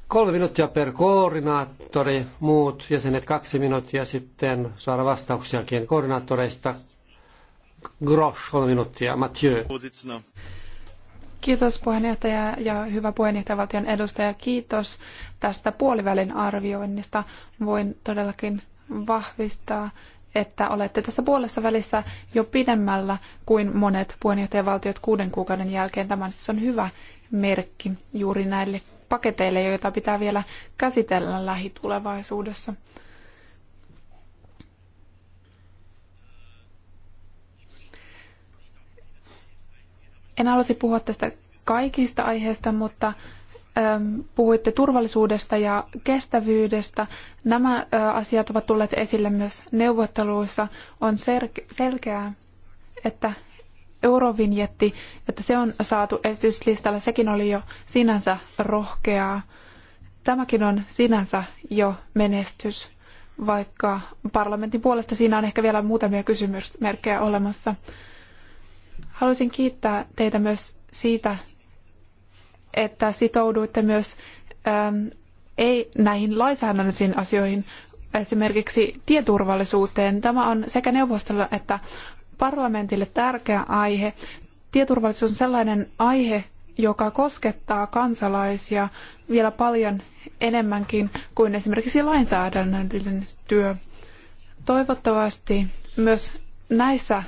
kolme minuuttia per koordinaattori, muut jäsenet kaksi minuuttia sitten saada vastauksiakin koordinaattoreista. Grosch kolme minuuttia, Mathieu. Kiitos puheenjohtaja ja hyvä puheenjohtajavaltion edustaja. Kiitos tästä puolivälin arvioinnista. Voin todellakin vahvistaa, että olette tässä puolessa välissä jo pidemmällä kuin monet puheenjohtajavaltiot kuuden kuukauden jälkeen. Tämä siis on hyvä merkki juuri näille paketeille, joita pitää vielä käsitellä lähitulevaisuudessa. En halusi puhua tästä kaikista aiheista, mutta ähm, puhuitte turvallisuudesta ja kestävyydestä. Nämä asiat ovat tulleet esille myös neuvotteluissa. On selkeää, että eurovinjetti, että se on saatu esityslistalla, sekin oli jo sinänsä rohkeaa. Tämäkin on sinänsä jo menestys, vaikka parlamentin puolesta siinä on ehkä vielä muutamia kysymysmerkkejä olemassa. Haluaisin kiittää teitä myös siitä, että sitouduitte myös ähm, ei näihin lainsäädännöllisiin asioihin, esimerkiksi tieturvallisuuteen. Tämä on sekä neuvostolla että parlamentille tärkeä aihe. Tieturvallisuus on sellainen aihe, joka koskettaa kansalaisia vielä paljon enemmänkin kuin esimerkiksi lainsäädännöllinen työ. Toivottavasti myös näissä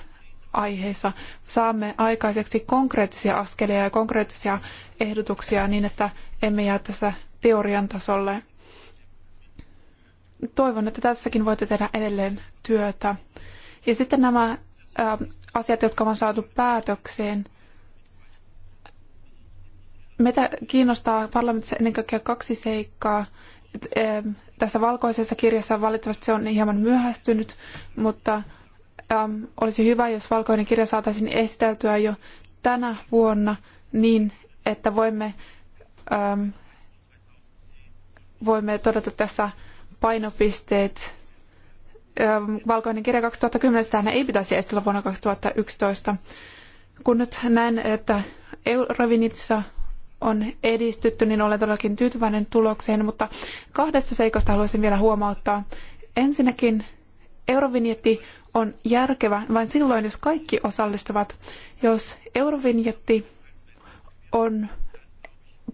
aiheissa saamme aikaiseksi konkreettisia askelia ja konkreettisia ehdotuksia niin, että emme jää tässä teorian tasolle. Toivon, että tässäkin voitte tehdä edelleen työtä. Ja sitten nämä asiat, jotka on saatu päätökseen. Meitä kiinnostaa parlamentissa ennen kaikkea kaksi seikkaa. Tässä valkoisessa kirjassa valitettavasti se on hieman myöhästynyt, mutta olisi hyvä, jos valkoinen kirja saataisiin esiteltyä jo tänä vuonna niin, että voimme, voimme todeta tässä painopisteet valkoinen kirja 2010, sitähän ei pitäisi estellä vuonna 2011. Kun nyt näen, että Eurovinitsa on edistytty, niin olen todellakin tyytyväinen tulokseen, mutta kahdesta seikasta haluaisin vielä huomauttaa. Ensinnäkin Eurovinjetti on järkevä vain silloin, jos kaikki osallistuvat. Jos Eurovinjetti on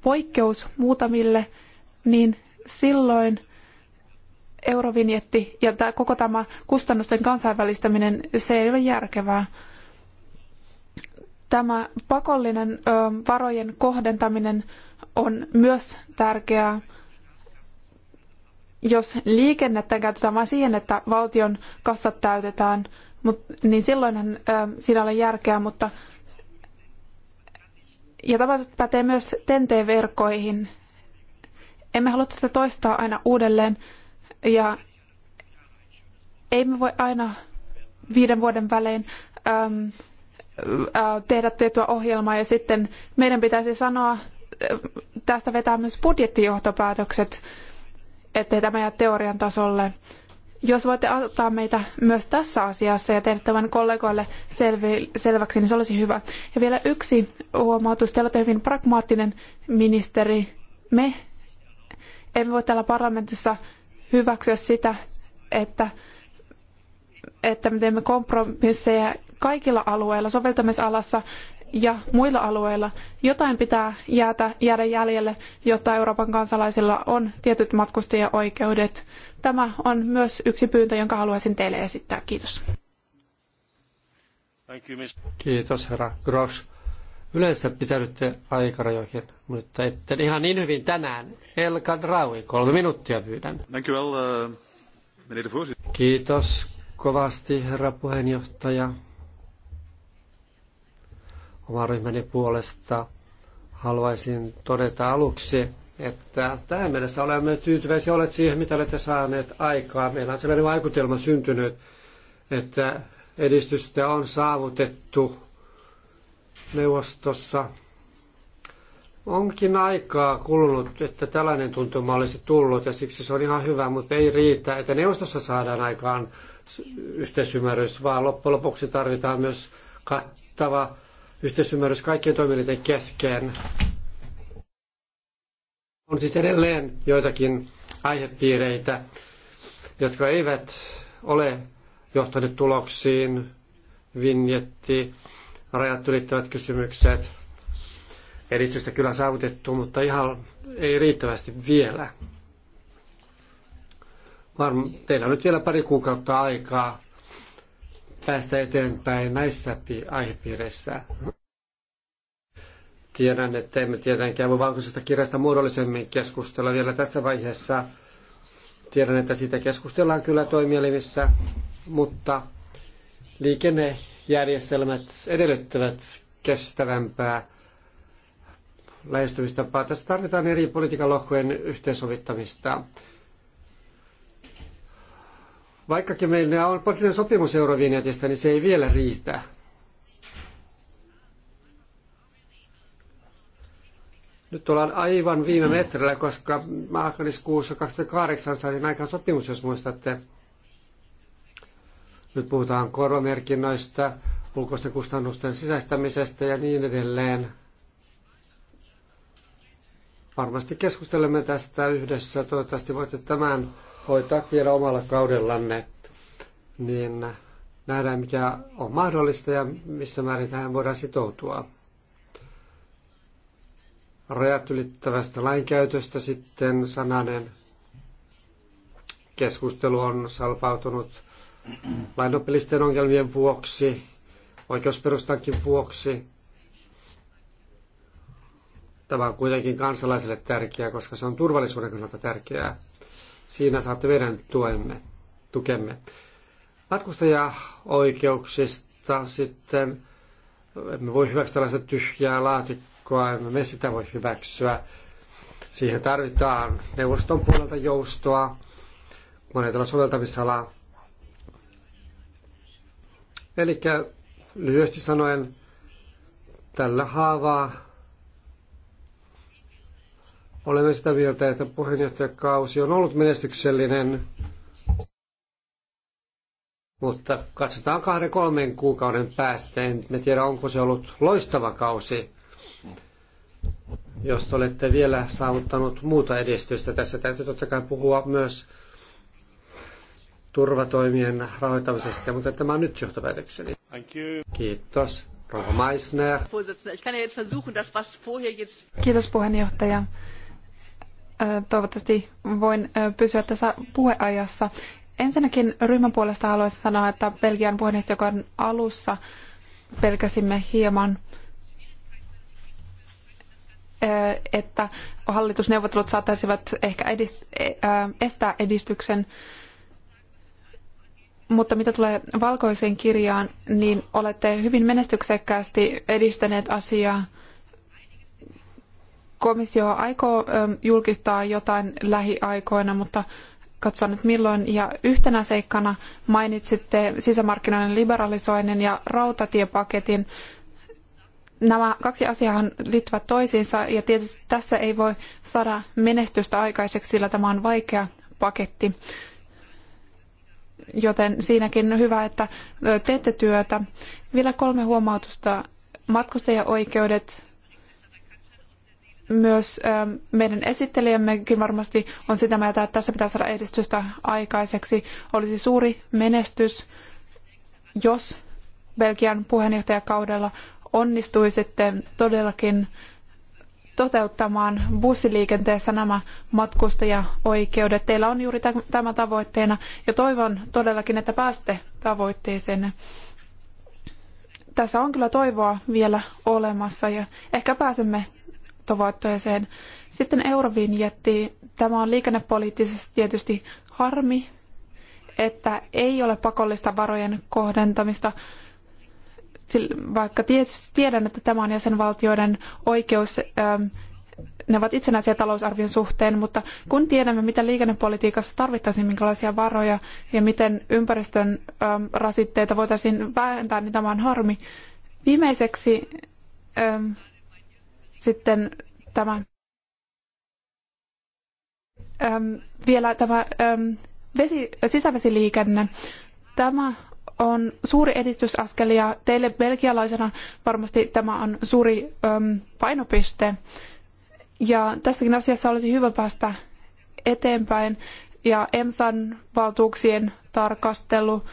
poikkeus muutamille, niin silloin eurovinjetti ja tämä, koko tämä kustannusten kansainvälistäminen, se ei ole järkevää. Tämä pakollinen ö, varojen kohdentaminen on myös tärkeää jos liikennettä käytetään vain siihen, että valtion kassat täytetään, mut, niin silloinhan ä, siinä ole järkeä, mutta ja tämä pätee myös TNT-verkkoihin. Emme halua tätä toistaa aina uudelleen, ja ei me voi aina viiden vuoden välein ähm, äh, tehdä tiettyä ohjelmaa ja sitten meidän pitäisi sanoa, äh, tästä vetää myös budjettijohtopäätökset, ettei tämä jää teorian tasolle. Jos voitte auttaa meitä myös tässä asiassa ja tehdä tämän kollegoille selvi, selväksi, niin se olisi hyvä. Ja vielä yksi huomautus. Te olette hyvin pragmaattinen ministeri. Me emme voi täällä parlamentissa hyväksyä sitä, että, että me teemme kompromisseja kaikilla alueilla, soveltamisalassa ja muilla alueilla. Jotain pitää jäätä, jäädä jäljelle, jotta Euroopan kansalaisilla on tietyt matkustajaoikeudet. Tämä on myös yksi pyyntö, jonka haluaisin teille esittää. Kiitos. Kiitos herra Grosch. Yleensä pitäydytte aikarajoihin, mutta ette ihan niin hyvin tänään. Elkan Raui, kolme minuuttia pyydän. Uh, Kiitos kovasti, herra puheenjohtaja. Oman ryhmäni puolesta haluaisin todeta aluksi, että tähän mennessä olemme tyytyväisiä olet siihen, mitä olette saaneet aikaa. Meillä on sellainen vaikutelma syntynyt, että edistystä on saavutettu neuvostossa. Onkin aikaa kulunut, että tällainen tuntuma olisi tullut ja siksi se on ihan hyvä, mutta ei riitä, että neuvostossa saadaan aikaan yhteisymmärrys, vaan loppujen lopuksi tarvitaan myös kattava yhteisymmärrys kaikkien toimijoiden kesken. On siis edelleen joitakin aihepiireitä, jotka eivät ole johtaneet tuloksiin. Vinjetti, rajat ylittävät kysymykset. Edistystä kyllä saavutettu, mutta ihan ei riittävästi vielä. Varm- teillä on nyt vielä pari kuukautta aikaa päästä eteenpäin näissä aihepiireissä. Tiedän, että emme tietenkään voi valkoisesta kirjasta muodollisemmin keskustella vielä tässä vaiheessa. Tiedän, että siitä keskustellaan kyllä toimielimissä, mutta liikenne- järjestelmät edellyttävät kestävämpää lähestymistapaa. Tässä tarvitaan eri politiikan lohkojen yhteensovittamista. Vaikkakin meillä on poliittinen sopimus eurovinjetistä, niin se ei vielä riitä. Nyt ollaan aivan viime metrillä, koska maaliskuussa 2008 saatiin aikaan sopimus, jos muistatte. Nyt puhutaan korvamerkinnöistä, ulkoisten kustannusten sisäistämisestä ja niin edelleen. Varmasti keskustelemme tästä yhdessä. Toivottavasti voitte tämän hoitaa vielä omalla kaudellanne. Niin nähdään, mikä on mahdollista ja missä määrin tähän voidaan sitoutua. Rajat ylittävästä lainkäytöstä sitten sananen keskustelu on salpautunut lainopillisten ongelmien vuoksi, oikeusperustankin vuoksi. Tämä on kuitenkin kansalaisille tärkeää, koska se on turvallisuuden kannalta tärkeää. Siinä saatte meidän tuemme, tukemme. Matkustajaoikeuksista sitten emme voi hyväksyä tällaista tyhjää laatikkoa, emme me sitä voi hyväksyä. Siihen tarvitaan neuvoston puolelta joustoa, monetella soveltamisalaa Eli lyhyesti sanoen, tällä haavaa olemme sitä mieltä, että puheenjohtajakausi on ollut menestyksellinen, mutta katsotaan kahden kolmen kuukauden päästä. En tiedä, onko se ollut loistava kausi. Jos olette vielä saavuttanut muuta edistystä, tässä täytyy totta kai puhua myös turvatoimien rahoittamisesta, mutta tämä on nyt johtopäätökseni. Kiitos. Rouva Meissner. Kiitos puheenjohtaja. Toivottavasti voin pysyä tässä puheajassa. Ensinnäkin ryhmän puolesta haluaisin sanoa, että Belgian puheenjohtajakauden alussa pelkäsimme hieman, että hallitusneuvottelut saattaisivat ehkä edist- e- estää edistyksen mutta mitä tulee valkoiseen kirjaan, niin olette hyvin menestyksekkäästi edistäneet asiaa. Komissio aikoo julkistaa jotain lähiaikoina, mutta katsoa nyt milloin. Ja yhtenä seikkana mainitsitte sisämarkkinoiden liberalisoinnin ja rautatiepaketin. Nämä kaksi asiaa liittyvät toisiinsa ja tietysti tässä ei voi saada menestystä aikaiseksi, sillä tämä on vaikea paketti joten siinäkin on hyvä, että teette työtä. Vielä kolme huomautusta. Matkustajaoikeudet, myös ähm, meidän esittelijämmekin varmasti on sitä mieltä, että tässä pitää saada edistystä aikaiseksi. Olisi suuri menestys, jos Belgian puheenjohtajakaudella onnistuisitte todellakin toteuttamaan bussiliikenteessä nämä matkustajaoikeudet. Teillä on juuri tämä tavoitteena ja toivon todellakin, että pääsette tavoitteeseen. Tässä on kyllä toivoa vielä olemassa ja ehkä pääsemme tavoitteeseen. Sitten Eurovinjetti. Tämä on liikennepoliittisesti tietysti harmi, että ei ole pakollista varojen kohdentamista vaikka tietysti tiedän, että tämä on jäsenvaltioiden oikeus, ähm, ne ovat itsenäisiä talousarvion suhteen, mutta kun tiedämme, mitä liikennepolitiikassa tarvittaisiin, minkälaisia varoja ja miten ympäristön ähm, rasitteita voitaisiin vähentää, niin tämä on harmi. Viimeiseksi ähm, sitten tämä vielä tämä vesi, sisävesiliikenne. Tämä on suuri edistysaskel ja teille belgialaisena varmasti tämä on suuri painopiste. Ja tässäkin asiassa olisi hyvä päästä eteenpäin. Ja EMSAn valtuuksien tarkastelu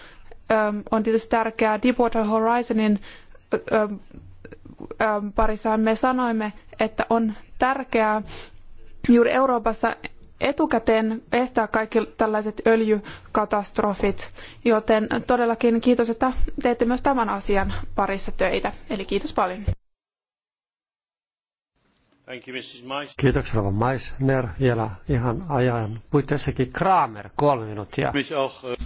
on tietysti tärkeää. Deepwater Horizonin parissa me sanoimme, että on tärkeää juuri Euroopassa etukäteen estää kaikki tällaiset öljykatastrofit, joten todellakin kiitos, että teette myös tämän asian parissa töitä. Eli kiitos paljon. Kiitoksia, Rova Meissner. Vielä ihan ajan puitteissakin Kramer, kolme minuuttia.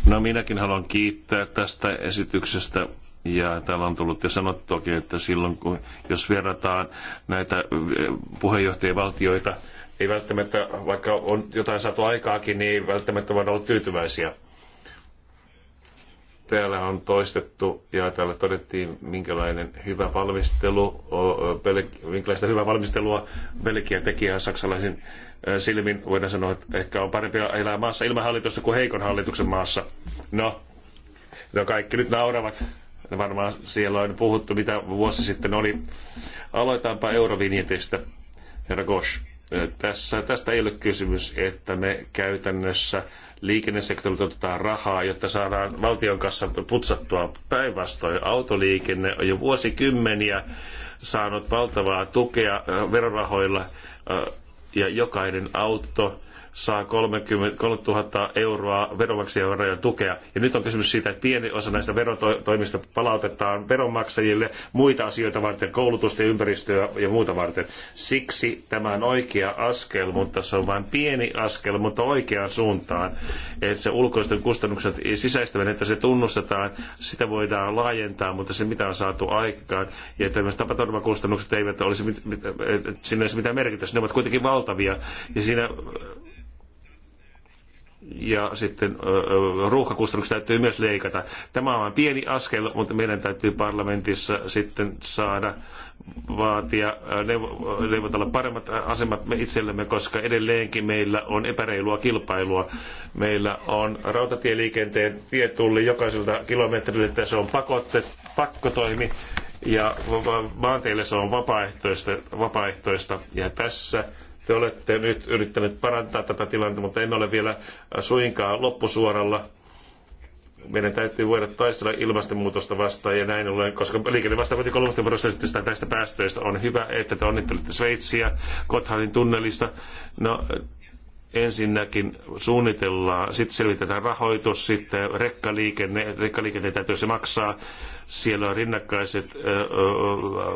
No minäkin haluan kiittää tästä esityksestä. Ja täällä on tullut jo sanottuakin, että silloin kun, jos verrataan näitä puheenjohtajavaltioita, ei välttämättä, vaikka on jotain saatu aikaakin, niin ei välttämättä voida olla tyytyväisiä. Täällä on toistettu ja täällä todettiin, minkälainen hyvä valmistelu, minkälaista hyvää valmistelua Belgia teki ja saksalaisin silmin voidaan sanoa, että ehkä on parempi elää maassa ilman hallitusta kuin heikon hallituksen maassa. No, no kaikki nyt nauravat. Varmaan siellä on puhuttu, mitä vuosi sitten oli. Aloitaanpa Eurovinjetistä, herra Gosh tässä, tästä ei ole kysymys, että me käytännössä liikennesektorilta otetaan rahaa, jotta saadaan valtion kanssa putsattua päinvastoin. Autoliikenne on jo vuosikymmeniä saanut valtavaa tukea verorahoilla ja jokainen auto saa 30 3000 euroa veronmaksajien tukea. Ja nyt on kysymys siitä, että pieni osa näistä verotoimista palautetaan veronmaksajille muita asioita varten, koulutusta ja ympäristöä ja muuta varten. Siksi tämä on oikea askel, mutta se on vain pieni askel, mutta oikeaan suuntaan. Että se ulkoisten kustannukset sisäistäminen, että se tunnustetaan, sitä voidaan laajentaa, mutta se mitä on saatu aikaan. Ja tämmöiset tapaturmakustannukset eivät olisi, sinne olisi mitään merkitystä, ne ovat kuitenkin valtavia. Ja siinä ja sitten ruuhkakustannukset täytyy myös leikata. Tämä on vain pieni askel, mutta meidän täytyy parlamentissa sitten saada vaatia, neuvotella paremmat asemat me itsellemme, koska edelleenkin meillä on epäreilua kilpailua. Meillä on rautatieliikenteen tietulli jokaiselta kilometrille, että se on pakotte, pakkotoimi, ja maanteille se on vapaaehtoista, vapaaehtoista. Ja tässä te olette nyt yrittäneet parantaa tätä tilannetta, mutta emme ole vielä suinkaan loppusuoralla. Meidän täytyy voida taistella ilmastonmuutosta vastaan ja näin ollen, koska liikenne vastaa 30 prosentista näistä päästöistä. On hyvä, että te onnittelette Sveitsiä Kothanin tunnelista. No, ensinnäkin suunnitellaan, sitten selvitetään rahoitus, sitten rekkaliikenne, rekkaliikenne täytyy se maksaa, siellä on rinnakkaiset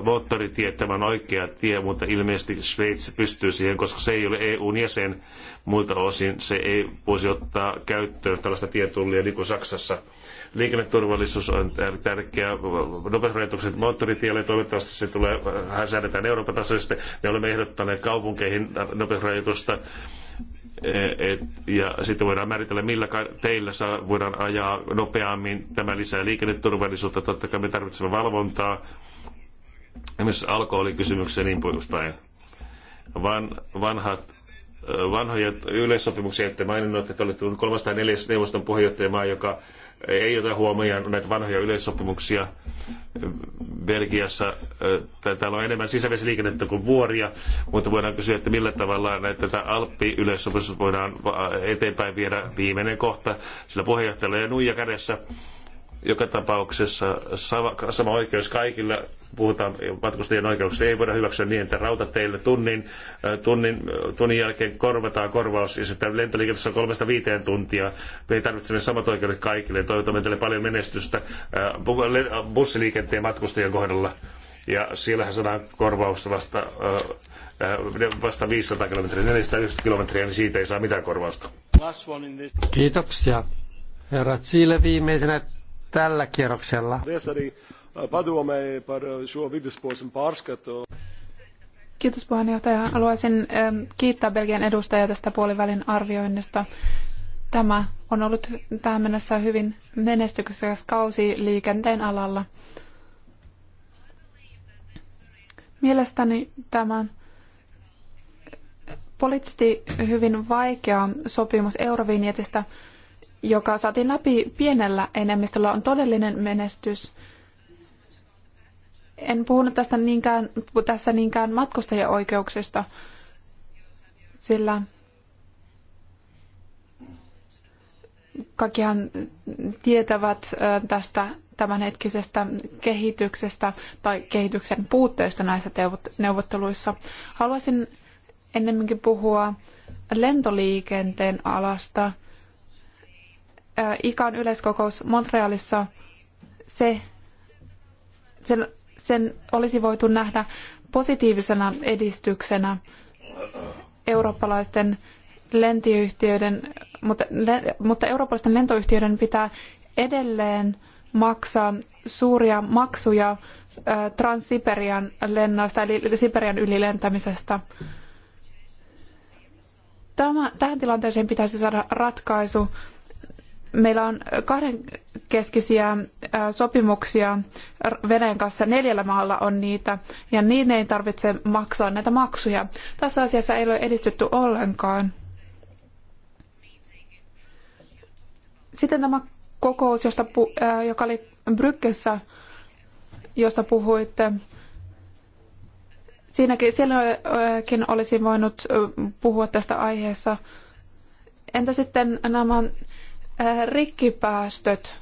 moottoritiet, tämä on oikea tie, mutta ilmeisesti Sveitsi pystyy siihen, koska se ei ole EUn jäsen, muilta osin se ei voisi ottaa käyttöön tällaista tietullia niin kuin Saksassa. Liikenneturvallisuus on tärkeä, nopeusrajoitukset moottoritielle, toivottavasti se tulee, äh, säädetään Euroopan tasoisesti, me olemme ehdottaneet kaupunkeihin nopeusrajoitusta, E, ja sitten voidaan määritellä, millä teillä saa, voidaan ajaa nopeammin. Tämä lisää liikenneturvallisuutta. Totta kai me tarvitsemme valvontaa, myös alkoholikysymyksiä ja niin poispäin. Van, vanhat vanhoja yleissopimuksia, että maininnut, että olette 304. neuvoston puheenjohtajamaa, joka ei ota huomioon näitä vanhoja yleissopimuksia. Belgiassa täällä on enemmän sisävesiliikennettä kuin vuoria, mutta voidaan kysyä, että millä tavalla näitä tätä alppi voidaan eteenpäin viedä viimeinen kohta, sillä puheenjohtajalla ja nuija kädessä joka tapauksessa sama, sama oikeus kaikilla puhutaan matkustajien oikeuksista, ei voida hyväksyä niin, että rautateille tunnin, tunnin, tunnin jälkeen korvataan korvaus, ja sitten lentoliikenteessä on kolmesta viiteen tuntia. Me tarvitsemme samat oikeudet kaikille. Toivotamme teille paljon menestystä bussiliikenteen matkustajien kohdalla. Ja siellähän saadaan korvausta vasta, vasta 500 kilometriä, 490 kilometriä, niin siitä ei saa mitään korvausta. Kiitoksia. Herra Chile viimeisenä tällä kierroksella padomēji par šo vidusposmu pārskatu. Kiitos puheenjohtaja. Haluaisin kiittää Belgian edustajia tästä puolivälin arvioinnista. Tämä on ollut tähän mennessä hyvin menestyksekäs kausi liikenteen alalla. Mielestäni tämä poliittisesti hyvin vaikea sopimus Eurovinjetistä, joka saatiin läpi pienellä enemmistöllä, on todellinen menestys – en puhunut tästä niinkään, tässä niinkään matkustajaoikeuksista, oikeuksista, sillä kaikkihan tietävät tästä tämänhetkisestä kehityksestä tai kehityksen puutteesta näissä neuvotteluissa. Haluaisin ennemminkin puhua lentoliikenteen alasta. Ikan yleiskokous Montrealissa, se, sen sen olisi voitu nähdä positiivisena edistyksenä eurooppalaisten lentiyhtiöiden, mutta, mutta eurooppalaisten lentoyhtiöiden pitää edelleen maksaa suuria maksuja Transsiperian lennoista, eli Siperian ylilentämisestä. Tämä, tähän tilanteeseen pitäisi saada ratkaisu meillä on kahdenkeskisiä sopimuksia Venäjän kanssa, neljällä maalla on niitä, ja niin ei tarvitse maksaa näitä maksuja. Tässä asiassa ei ole edistytty ollenkaan. Sitten tämä kokous, josta joka oli Brykkessä, josta puhuitte. Siinäkin, sielläkin olisin voinut puhua tästä aiheesta. Entä sitten nämä Äh, rikkipäästöt.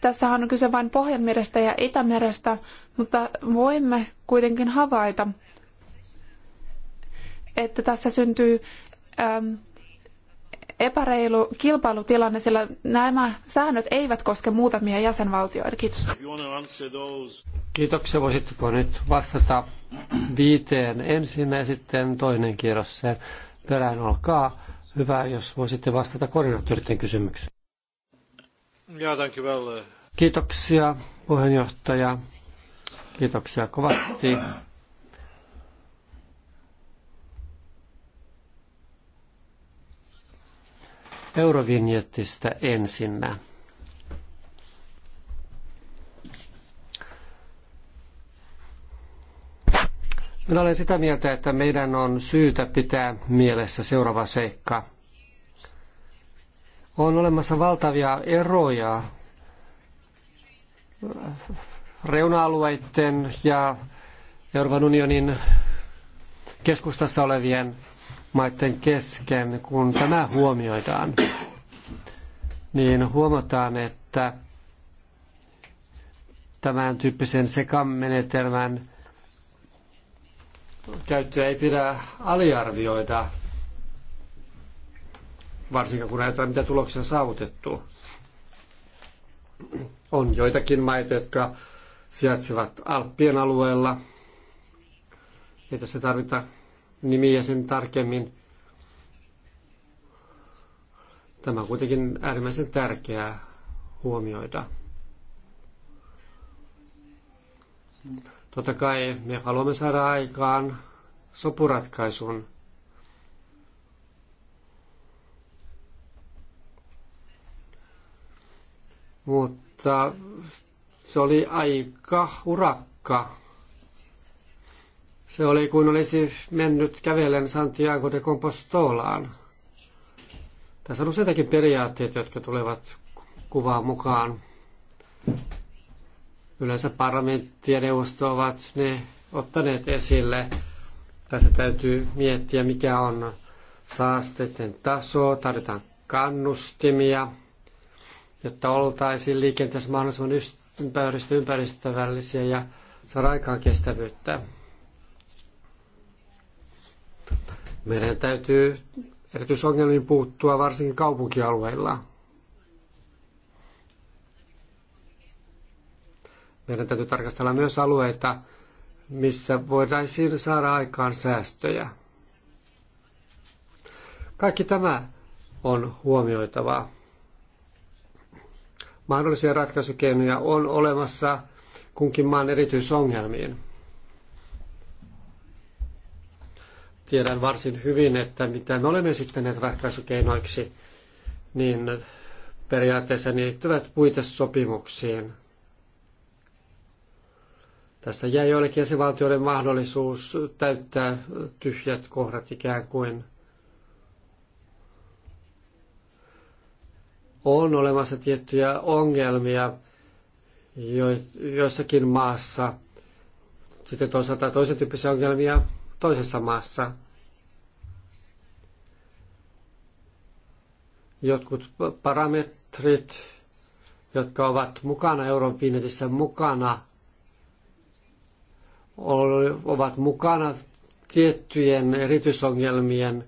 Tässä on kyse vain Pohjanmerestä ja Itämerestä, mutta voimme kuitenkin havaita, että tässä syntyy ähm, epäreilu kilpailutilanne, sillä nämä säännöt eivät koske muutamia jäsenvaltioita. Kiitos. Kiitoksia. Voisitteko nyt vastata viiteen ensin ja sitten toinen kierros sen perään. Olkaa Hyvä, jos voisitte vastata koordinaattoritten kysymykseen. Ja, thank you well. Uh, Kiitoksia puheenjohtaja. Kiitoksia kovasti. Eurovinjettistä ensinnä. Minä olen sitä mieltä, että meidän on syytä pitää mielessä seuraava seikka. On olemassa valtavia eroja reuna-alueiden ja Euroopan unionin keskustassa olevien maiden kesken, kun tämä huomioidaan, niin huomataan, että tämän tyyppisen sekamenetelmän käyttöä ei pidä aliarvioida, varsinkin kun ajatellaan, mitä tuloksia on saavutettu. On joitakin maita, jotka sijaitsevat Alppien alueella. Ei tässä tarvita nimiä sen tarkemmin. Tämä on kuitenkin äärimmäisen tärkeää huomioida. Totta kai me haluamme saada aikaan sopuratkaisun. Mutta se oli aika urakka. Se oli kuin olisi mennyt kävellen Santiago de Compostolaan. Tässä on useitakin periaatteita, jotka tulevat kuvaan mukaan. Yleensä parlamentti ja neuvosto ovat ne ottaneet esille. Tässä täytyy miettiä, mikä on saasteiden taso, tarvitaan kannustimia, jotta oltaisiin liikenteessä mahdollisimman ympäristö ympäristövällisiä ja saada aikaan kestävyyttä. Meidän täytyy erityisongelmiin puuttua varsinkin kaupunkialueilla. Meidän täytyy tarkastella myös alueita, missä voitaisiin saada aikaan säästöjä. Kaikki tämä on huomioitavaa. Mahdollisia ratkaisukeinoja on olemassa kunkin maan erityisongelmiin. Tiedän varsin hyvin, että mitä me olemme esittäneet ratkaisukeinoiksi, niin periaatteessa ne liittyvät puitesopimuksiin – tässä jäi joillekin jäsenvaltioiden mahdollisuus täyttää tyhjät kohdat ikään kuin. On olemassa tiettyjä ongelmia joissakin maassa, sitten toisaalta toisen tyyppisiä ongelmia toisessa maassa. Jotkut parametrit, jotka ovat mukana Euroopan mukana, ovat mukana tiettyjen erityisongelmien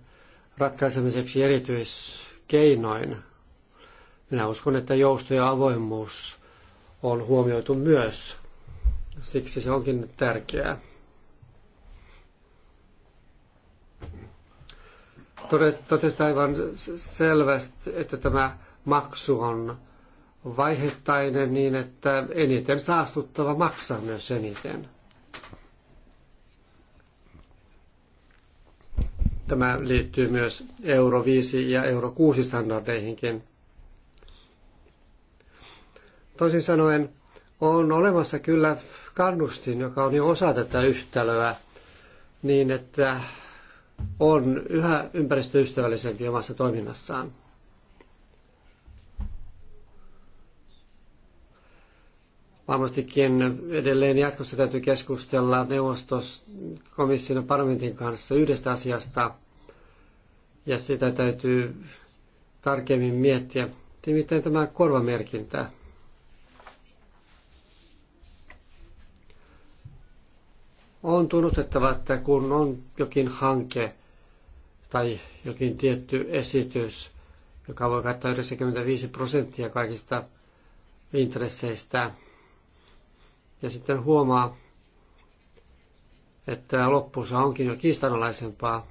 ratkaisemiseksi erityiskeinoin. Minä uskon, että jousto ja avoimuus on huomioitu myös. Siksi se onkin tärkeää. Totesit aivan selvästi, että tämä maksu on vaihettainen niin, että eniten saastuttava maksaa myös eniten. Tämä liittyy myös Euro 5 ja Euro 6 standardeihinkin. Toisin sanoen, on olemassa kyllä kannustin, joka on jo osa tätä yhtälöä, niin että on yhä ympäristöystävällisempi omassa toiminnassaan. Varmastikin edelleen jatkossa täytyy keskustella neuvostos komission ja parlamentin kanssa yhdestä asiasta, ja sitä täytyy tarkemmin miettiä. Nimittäin tämä korvamerkintä. On tunnustettava, että kun on jokin hanke tai jokin tietty esitys, joka voi kattaa 95 prosenttia kaikista intresseistä, ja sitten huomaa, että loppuosa onkin jo kiistanalaisempaa.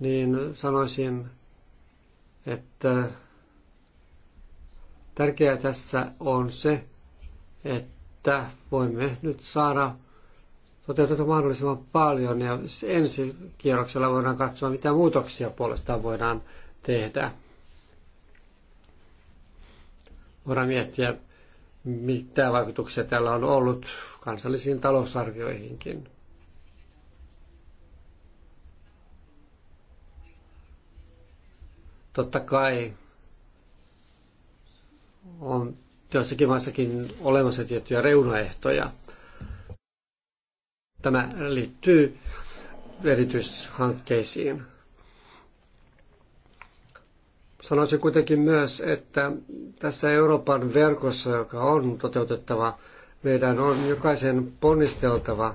Niin sanoisin, että tärkeää tässä on se, että voimme nyt saada toteutettu mahdollisimman paljon ja ensi kierroksella voidaan katsoa, mitä muutoksia puolestaan voidaan tehdä. Voidaan miettiä, mitä vaikutuksia tällä on ollut kansallisiin talousarvioihinkin. Totta kai on joissakin maissakin olemassa tiettyjä reunaehtoja. Tämä liittyy erityishankkeisiin. Sanoisin kuitenkin myös, että tässä Euroopan verkossa, joka on toteutettava, meidän on jokaisen ponnisteltava,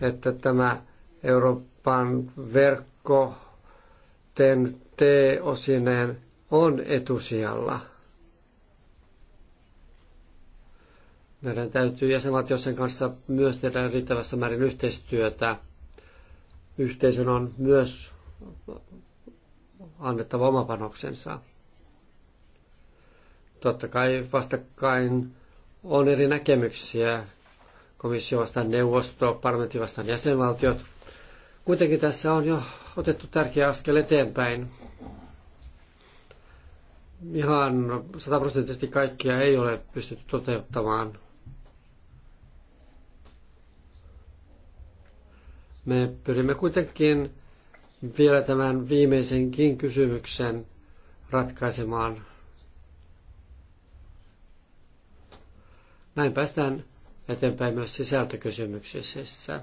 että tämä Euroopan verkko t osineen on etusijalla. Meidän täytyy jäsenvaltioiden kanssa myös tehdä riittävässä määrin yhteistyötä. Yhteisön on myös annettava oma panoksensa. Totta kai vastakkain on eri näkemyksiä, komissio vastaan neuvosto, parlamentti vastaan jäsenvaltiot. Kuitenkin tässä on jo otettu tärkeä askel eteenpäin. Ihan sataprosenttisesti kaikkia ei ole pystytty toteuttamaan. Me pyrimme kuitenkin vielä tämän viimeisenkin kysymyksen ratkaisemaan. Näin päästään eteenpäin myös sisältökysymyksissä.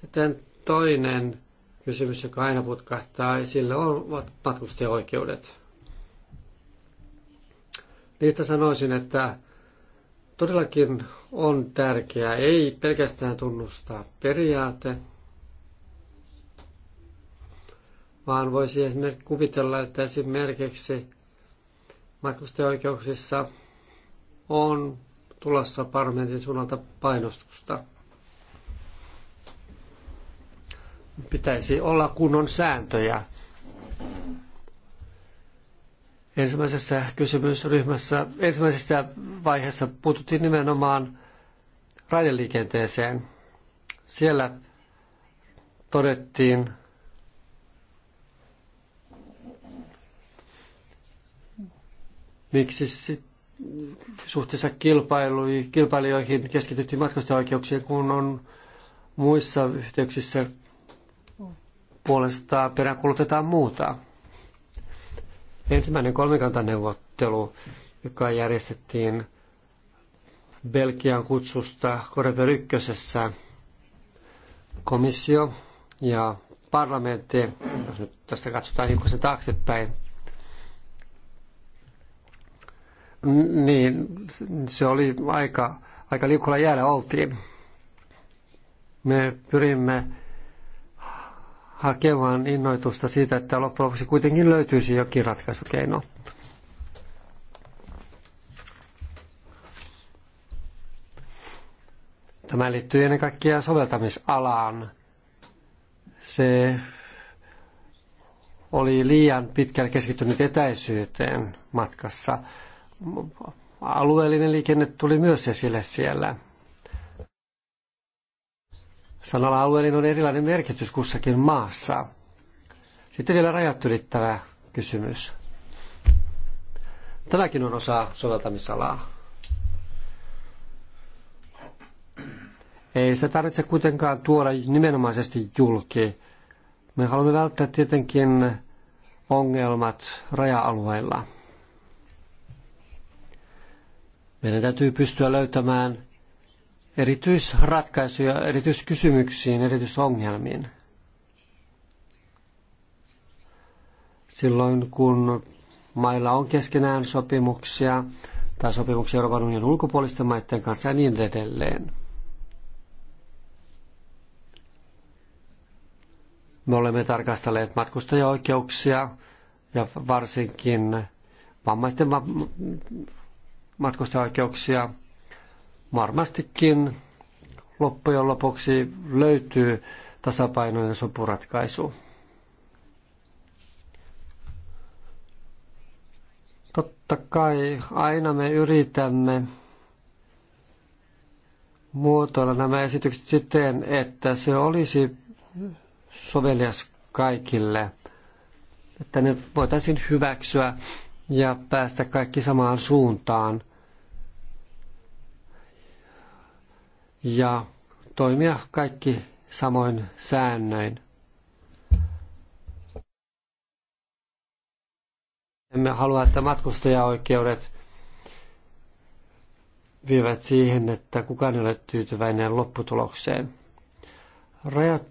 Sitten toinen kysymys, joka aina putkahtaa esille, ovat matkustajaoikeudet. Niistä sanoisin, että todellakin on tärkeää ei pelkästään tunnustaa periaate, vaan voisi esimerkiksi kuvitella, että esimerkiksi matkustajoikeuksissa on tulossa parlamentin suunnalta painostusta. Pitäisi olla kunnon sääntöjä. Ensimmäisessä kysymysryhmässä, ensimmäisessä vaiheessa puututtiin nimenomaan raideliikenteeseen. Siellä todettiin, miksi suhteessa kilpailijoihin keskityttiin matkustajaoikeuksiin, kun on muissa yhteyksissä puolestaan peräänkulutetaan muuta. Ensimmäinen kolmikantaneuvottelu, joka järjestettiin Belgian kutsusta Korever ykkösessä, komissio ja parlamentti, jos nyt tässä katsotaan hiukan taaksepäin, niin se oli aika, aika liukulla jäällä oltiin. Me pyrimme hakemaan innoitusta siitä, että loppujen lopuksi kuitenkin löytyisi jokin ratkaisukeino. Tämä liittyy ennen kaikkea soveltamisalaan. Se oli liian pitkälle keskittynyt etäisyyteen matkassa alueellinen liikenne tuli myös esille siellä. Sanalla alueellinen on erilainen merkitys kussakin maassa. Sitten vielä rajat ylittävä kysymys. Tämäkin on osa soveltamisalaa. Ei sitä tarvitse kuitenkaan tuoda nimenomaisesti julki. Me haluamme välttää tietenkin ongelmat raja-alueilla. Meidän täytyy pystyä löytämään erityisratkaisuja erityiskysymyksiin, erityisongelmiin. Silloin kun mailla on keskenään sopimuksia tai sopimuksia Euroopan unionin ulkopuolisten maiden kanssa ja niin edelleen. Me olemme tarkastelleet matkustajaoikeuksia ja varsinkin vammaisten matkustajaoikeuksia. Varmastikin loppujen lopuksi löytyy tasapainoinen sopuratkaisu. Totta kai aina me yritämme muotoilla nämä esitykset siten, että se olisi sovelias kaikille, että ne voitaisiin hyväksyä ja päästä kaikki samaan suuntaan. ja toimia kaikki samoin säännöin. Emme halua, että matkustajaoikeudet vievät siihen, että kukaan ei ole tyytyväinen lopputulokseen. Rajat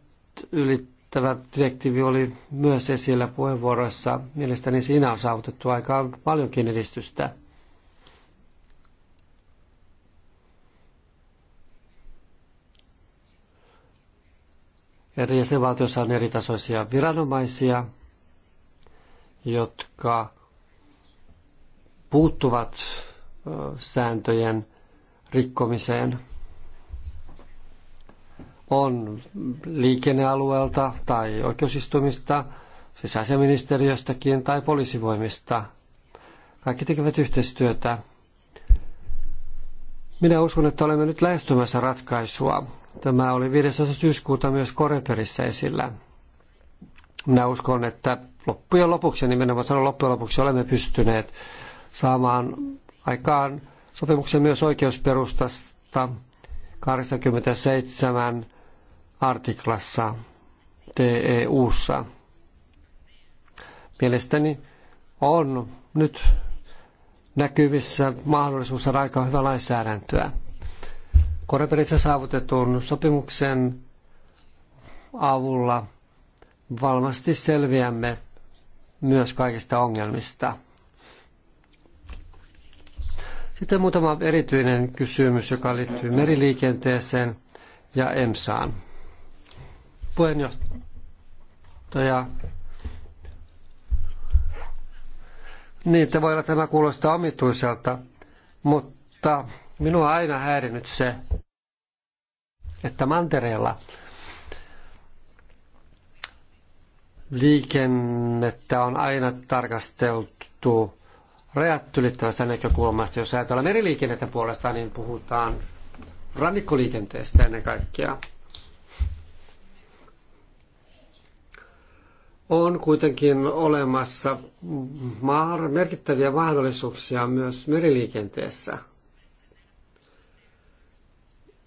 ylittävä direktiivi oli myös esillä puheenvuoroissa. Mielestäni siinä on saavutettu aika paljonkin edistystä. Eri jäsenvaltioissa on eri tasoisia viranomaisia, jotka puuttuvat sääntöjen rikkomiseen. On liikennealueelta tai oikeusistumista, sisäasiaministeriöstäkin siis tai poliisivoimista. Kaikki tekevät yhteistyötä. Minä uskon, että olemme nyt lähestymässä ratkaisua. Tämä oli 15. syyskuuta myös Koreperissä esillä. Minä uskon, että loppujen lopuksi, nimenomaan sanon loppujen lopuksi, olemme pystyneet saamaan aikaan sopimuksen myös oikeusperustasta 87 artiklassa TEUssa. Mielestäni on nyt näkyvissä mahdollisuus saada aika hyvää lainsäädäntöä. Koreperissä saavutetun sopimuksen avulla varmasti selviämme myös kaikista ongelmista. Sitten muutama erityinen kysymys, joka liittyy meriliikenteeseen ja EMSAan. Puheenjohtaja. Niin, voi olla tämä kuulostaa omituiselta, mutta Minua on aina häirinyt se, että mantereella liikennettä on aina tarkasteltu rajat ylittävästä näkökulmasta. Jos ajatellaan meriliikennettä puolestaan, niin puhutaan rannikkoliikenteestä ennen kaikkea. On kuitenkin olemassa merkittäviä mahdollisuuksia myös meriliikenteessä –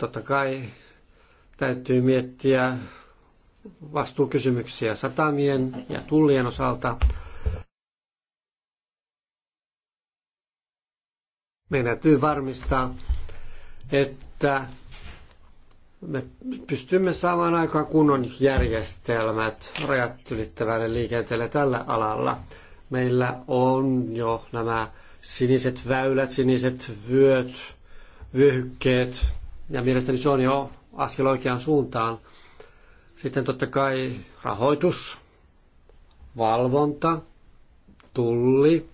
Totta kai täytyy miettiä vastuukysymyksiä satamien ja tullien osalta. Meidän täytyy varmistaa, että me pystymme saamaan aikaan kunnon järjestelmät rajat ylittävälle liikenteelle tällä alalla. Meillä on jo nämä siniset väylät, siniset vyöt, vyöhykkeet, ja mielestäni se on jo askel oikeaan suuntaan. Sitten totta kai rahoitus, valvonta, tulli.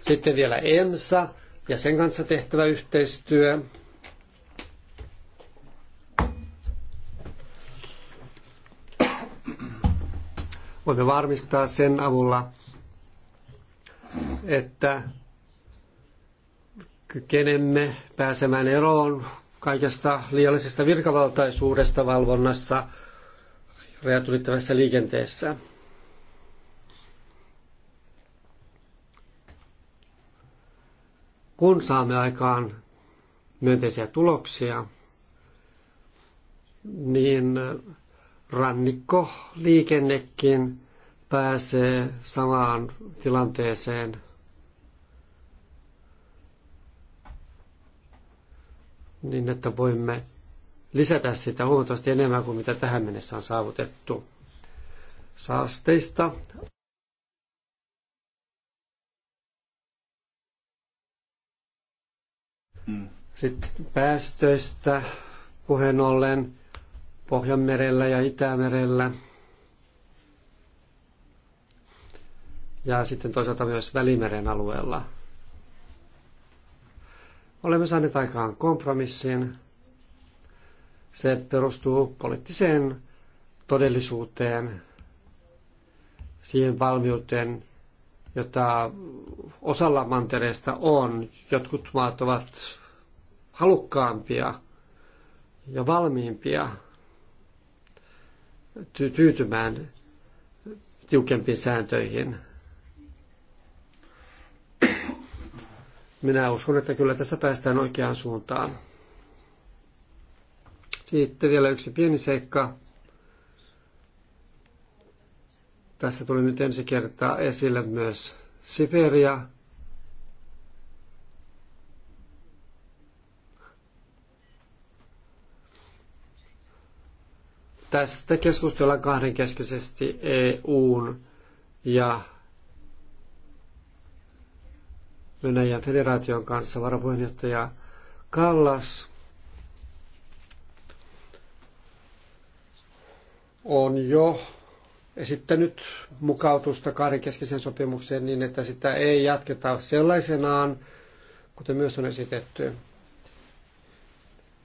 Sitten vielä ENSA ja sen kanssa tehtävä yhteistyö. Voimme varmistaa sen avulla, että kykenemme pääsemään eroon kaikesta liiallisesta virkavaltaisuudesta valvonnassa rajat ylittävässä liikenteessä. Kun saamme aikaan myönteisiä tuloksia, niin rannikkoliikennekin pääsee samaan tilanteeseen. niin että voimme lisätä sitä huomattavasti enemmän kuin mitä tähän mennessä on saavutettu. Saasteista Sitten päästöistä puheen ollen Pohjanmerellä ja Itämerellä – ja sitten toisaalta myös Välimeren alueella. Olemme saaneet aikaan kompromissin. Se perustuu poliittiseen todellisuuteen, siihen valmiuteen, jota osalla mantereesta on. Jotkut maat ovat halukkaampia ja valmiimpia tyytymään tiukempiin sääntöihin – minä uskon, että kyllä tässä päästään oikeaan suuntaan. Sitten vielä yksi pieni seikka. Tässä tuli nyt ensi kertaa esille myös Siberia. Tästä keskustellaan kahdenkeskeisesti EUn ja Venäjän federaation kanssa varapuheenjohtaja Kallas on jo esittänyt mukautusta kahdenkeskisen sopimukseen niin, että sitä ei jatketa sellaisenaan, kuten myös on esitetty.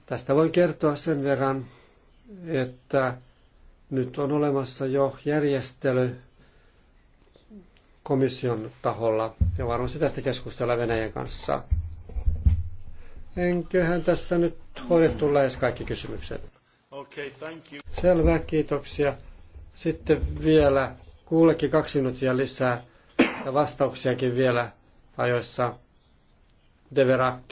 Tästä voin kertoa sen verran, että nyt on olemassa jo järjestely komission taholla ja varmasti tästä keskustella Venäjän kanssa. Enköhän tästä nyt hoidettu lähes kaikki kysymykset. Okay, thank you. Selvä, kiitoksia. Sitten vielä kuullekin kaksi minuuttia lisää ja vastauksiakin vielä ajoissa. Deverak.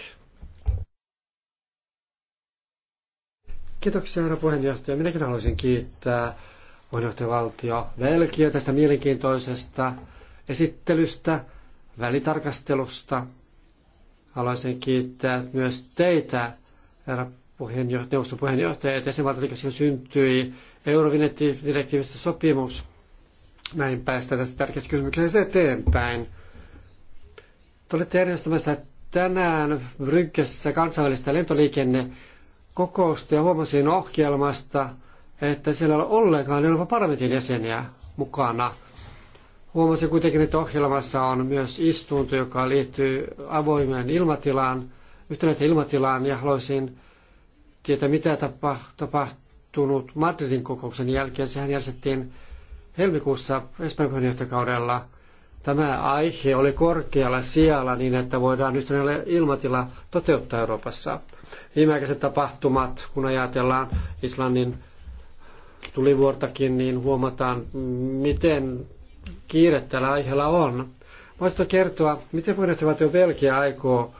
Kiitoksia, herra puheenjohtaja. Minäkin haluaisin kiittää puheenjohtajavaltio velkiä tästä mielenkiintoisesta esittelystä, välitarkastelusta. Haluaisin kiittää myös teitä, herra puheenjohtaja, neuvoston puheenjohtaja, että jäsenvaltioiden syntyi Eurovinetti-direktiivistä sopimus. Näin päästään tästä tärkeästä kysymyksestä eteenpäin. Te olette järjestämässä tänään Brynkessä kansainvälistä lentoliikennekokousta ja huomasin ohjelmasta, että siellä ei ole ollenkaan Euroopan parlamentin jäseniä mukana – Huomasin kuitenkin, että ohjelmassa on myös istunto, joka liittyy avoimeen ilmatilaan, yhtenäiseen ilmatilaan, ja haluaisin tietää, mitä tapa, tapahtunut Madridin kokouksen jälkeen. Sehän järjestettiin helmikuussa Espanjan puheenjohtajakaudella. Tämä aihe oli korkealla sijalla niin, että voidaan yhtenäinen ilmatila toteuttaa Euroopassa. Viimeaikaiset tapahtumat, kun ajatellaan Islannin tulivuortakin, niin huomataan, miten kiire tällä aiheella on. Voisitko kertoa, miten puheenjohtajavaltio Belgia aikoo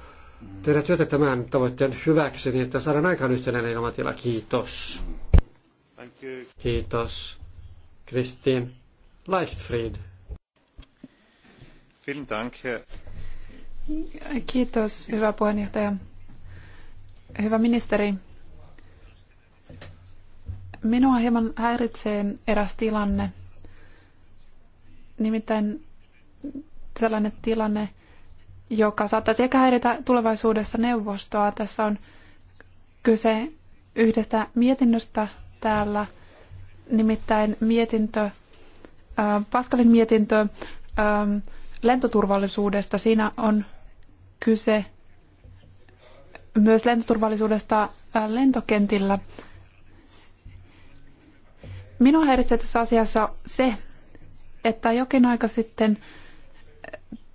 tehdä työtä tämän tavoitteen hyväksi, niin että saadaan aikaan yhtenäinen ilmatila? Kiitos. Kiitos. Kristin Leichtfried. Vielen Dank, Kiitos, hyvä puheenjohtaja. Hyvä ministeri. Minua hieman häiritsee eräs tilanne, Nimittäin sellainen tilanne, joka saattaisi ehkä häiritä tulevaisuudessa neuvostoa. Tässä on kyse yhdestä mietinnöstä täällä, nimittäin mietintö, Pascalin mietintö lentoturvallisuudesta. Siinä on kyse myös lentoturvallisuudesta lentokentillä. Minua häiritsee tässä asiassa se, että jokin aika sitten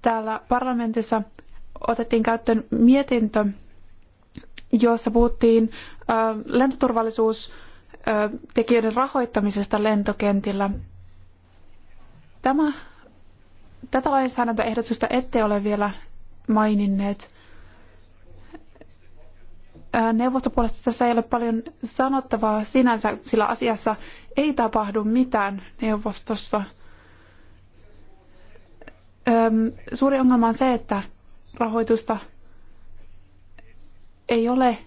täällä parlamentissa otettiin käyttöön mietintö, jossa puhuttiin lentoturvallisuustekijöiden rahoittamisesta lentokentillä. Tämä, tätä lainsäädäntöehdotusta ette ole vielä maininneet. Neuvostopuolesta tässä ei ole paljon sanottavaa sinänsä, sillä asiassa ei tapahdu mitään neuvostossa – suuri ongelma on se, että rahoitusta ei ole.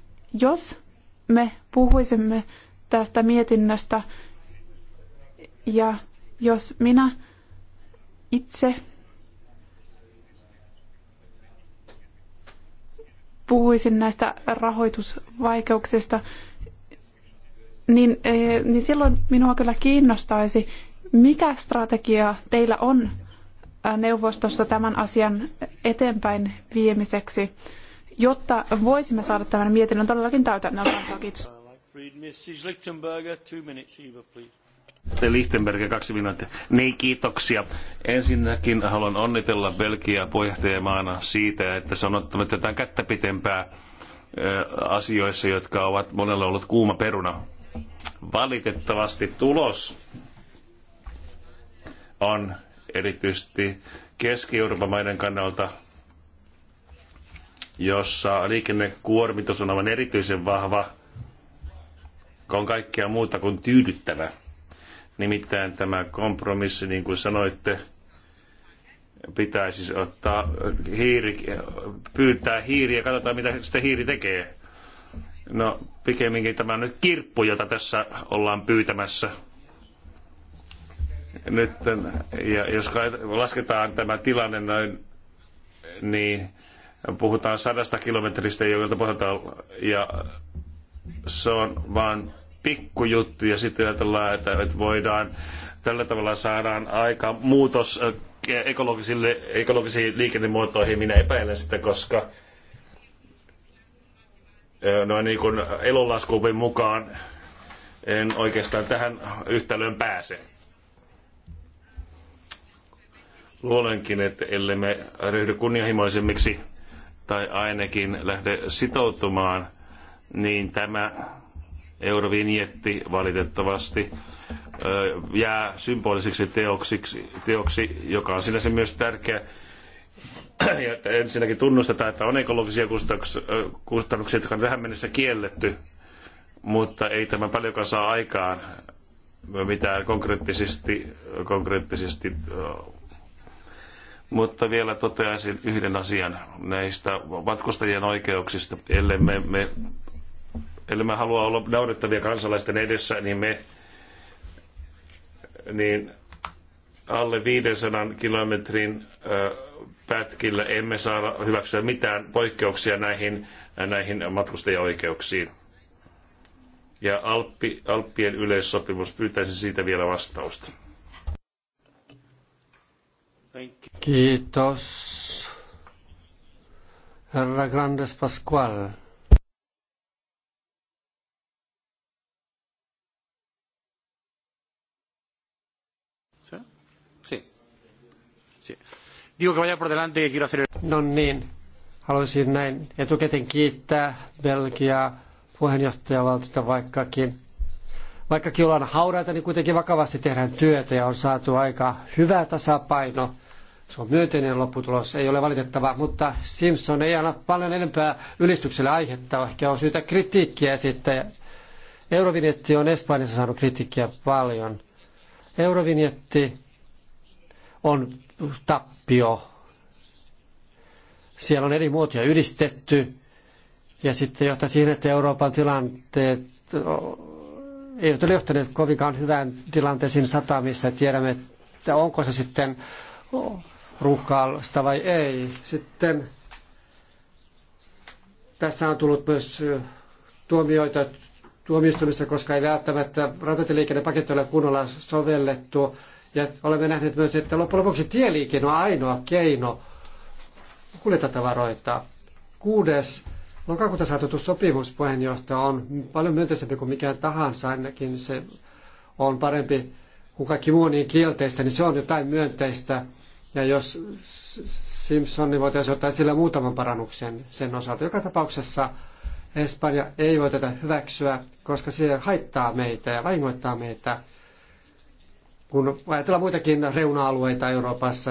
Jos me puhuisimme tästä mietinnöstä ja jos minä itse puhuisin näistä rahoitusvaikeuksista, niin, eh, niin silloin minua kyllä kiinnostaisi, mikä strategia teillä on neuvostossa tämän asian eteenpäin viemiseksi, jotta voisimme saada tämän mietinnön todellakin täytännön Kiitos. Lichtenberger, kaksi minuuttia. Niin, kiitoksia. Ensinnäkin haluan onnitella Belgiaa puheenjohtajamaana siitä, että se on ottanut jotain kättä pitempää asioissa, jotka ovat monella ollut kuuma peruna. Valitettavasti tulos on erityisesti Keski-Euroopan maiden kannalta, jossa liikennekuormitus on aivan erityisen vahva, on kaikkea muuta kuin tyydyttävä. Nimittäin tämä kompromissi, niin kuin sanoitte, pitäisi siis ottaa hiiri, pyytää hiiri ja katsotaan mitä sitten hiiri tekee. No pikemminkin tämä on nyt kirppu, jota tässä ollaan pyytämässä nyt, ja jos lasketaan tämä tilanne noin, niin puhutaan sadasta kilometristä, jolta pohjalta, ja se on vaan pikkujuttu, ja sitten ajatellaan, että, että voidaan tällä tavalla saadaan aika muutos äh, ekologisille, ekologisiin liikennemuotoihin, minä epäilen sitä, koska äh, noin niin kuin elonlaskuopin mukaan en oikeastaan tähän yhtälöön pääse. Luulenkin, että ellei me ryhdy kunnianhimoisemmiksi tai ainakin lähde sitoutumaan, niin tämä eurovinjetti valitettavasti jää symboliseksi teoksiksi, teoksi, joka on sinänsä myös tärkeä. [clears throat] Ja ensinnäkin tunnustetaan, että on ekologisia kustannuksia, jotka on tähän mennessä kielletty, mutta ei tämä paljonkaan saa aikaan mitään konkreettisesti, konkreettisesti mutta vielä toteaisin yhden asian näistä matkustajien oikeuksista. Ellei me, me, ellei me halua olla naurettavia kansalaisten edessä, niin me niin alle 500 kilometrin pätkillä emme saa hyväksyä mitään poikkeuksia näihin, näihin matkustajaoikeuksiin. Ja Alppi, Alppien yleissopimus, pyytäisi siitä vielä vastausta. Kiitos. Herra Grandes Pascual. Digo que vaya por delante que quiero hacer... No niin, haluaisin näin etukäteen kiittää Belgiaa puheenjohtajavaltiota, vaikkakin Vaikkakin ollaan hauraita, niin kuitenkin vakavasti tehdään työtä ja on saatu aika hyvä tasapaino. Se on myönteinen lopputulos, ei ole valitettava, mutta Simpson ei anna paljon enempää ylistykselle aihetta. Ehkä on syytä kritiikkiä sitten. Eurovinjetti on Espanjassa saanut kritiikkiä paljon. Eurovinjetti on tappio. Siellä on eri muotoja yhdistetty ja sitten johtaa siihen, että Euroopan tilanteet eivät ole johtaneet kovinkaan hyvään tilanteeseen satamissa. Tiedämme, että onko se sitten ruuhkaalista vai ei. Sitten tässä on tullut myös tuomioita tuomioistuimista, koska ei välttämättä rautatieliikennepaketti ole kunnolla sovellettu. Ja olemme nähneet myös, että loppujen lopuksi tieliikenne on ainoa keino kuljettaa tavaroita. Kuudes Lokakuuta saatettu sopimus puheenjohtaja on paljon myönteisempi kuin mikään tahansa, ainakin se on parempi kuin kaikki muu niin kielteistä, niin se on jotain myönteistä. Ja jos Simpson, niin voitaisiin ottaa sillä muutaman parannuksen sen osalta. Joka tapauksessa Espanja ei voi tätä hyväksyä, koska se haittaa meitä ja vahingoittaa meitä. Kun ajatellaan muitakin reuna-alueita Euroopassa,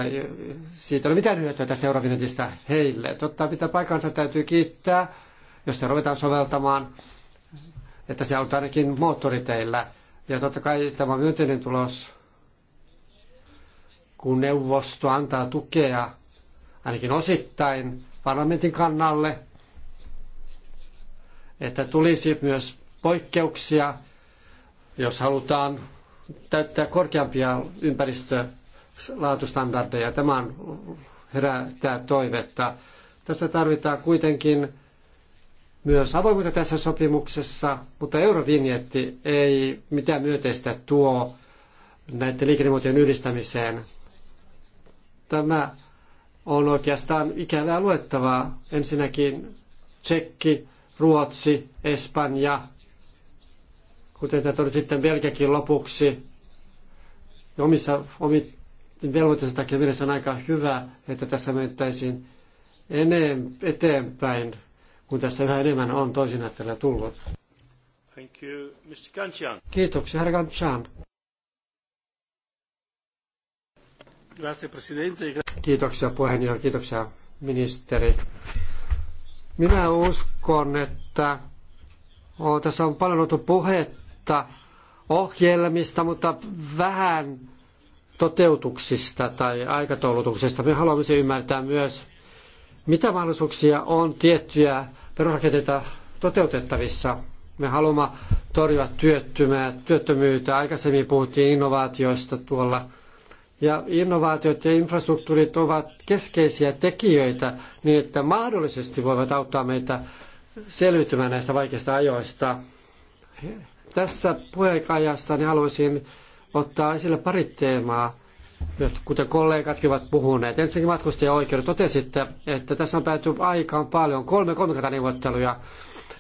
siitä ei ole mitään hyötyä tästä Eurovinetistä heille. Totta pitää paikansa täytyy kiittää jos ne ruvetaan soveltamaan, että se auttaa ainakin moottoriteillä. Ja totta kai tämä myönteinen tulos, kun neuvosto antaa tukea ainakin osittain parlamentin kannalle, että tulisi myös poikkeuksia, jos halutaan täyttää korkeampia ympäristölaatustandardeja. Tämä herättää toivetta. Tässä tarvitaan kuitenkin myös avoimuutta tässä sopimuksessa, mutta eurovinjetti ei mitään myönteistä tuo näiden liikennemuotojen yhdistämiseen. Tämä on oikeastaan ikävää luettavaa. Ensinnäkin Tsekki, Ruotsi, Espanja, kuten tämä oli sitten Belgiakin lopuksi. Ja omissa omit velvoitteensa takia mielessä on aika hyvä, että tässä mentäisiin eteenpäin kun tässä yhä enemmän on toisinaattelija tullut. Thank you, Mr. Kanchan. Kiitoksia, herra Kanchan. Kiitoksia puheenjohtaja, kiitoksia ministeri. Minä uskon, että oh, tässä on paljon ollut puhetta ohjelmista, mutta vähän toteutuksista tai aikataulutuksesta. Me haluamme ymmärtää myös, mitä mahdollisuuksia on tiettyjä perusrakenteita toteutettavissa. Me haluamme torjua työttömää, työttömyyttä. Aikaisemmin puhuttiin innovaatioista tuolla. Ja innovaatiot ja infrastruktuurit ovat keskeisiä tekijöitä niin, että mahdollisesti voivat auttaa meitä selviytymään näistä vaikeista ajoista. Tässä puheenjohtajassa niin haluaisin ottaa esille pari teemaa, kuten kollegatkin ovat puhuneet. Ensinnäkin matkustajaoikeudet totesitte, että tässä on pääty aikaan paljon, kolme kolmikantaneuvotteluja.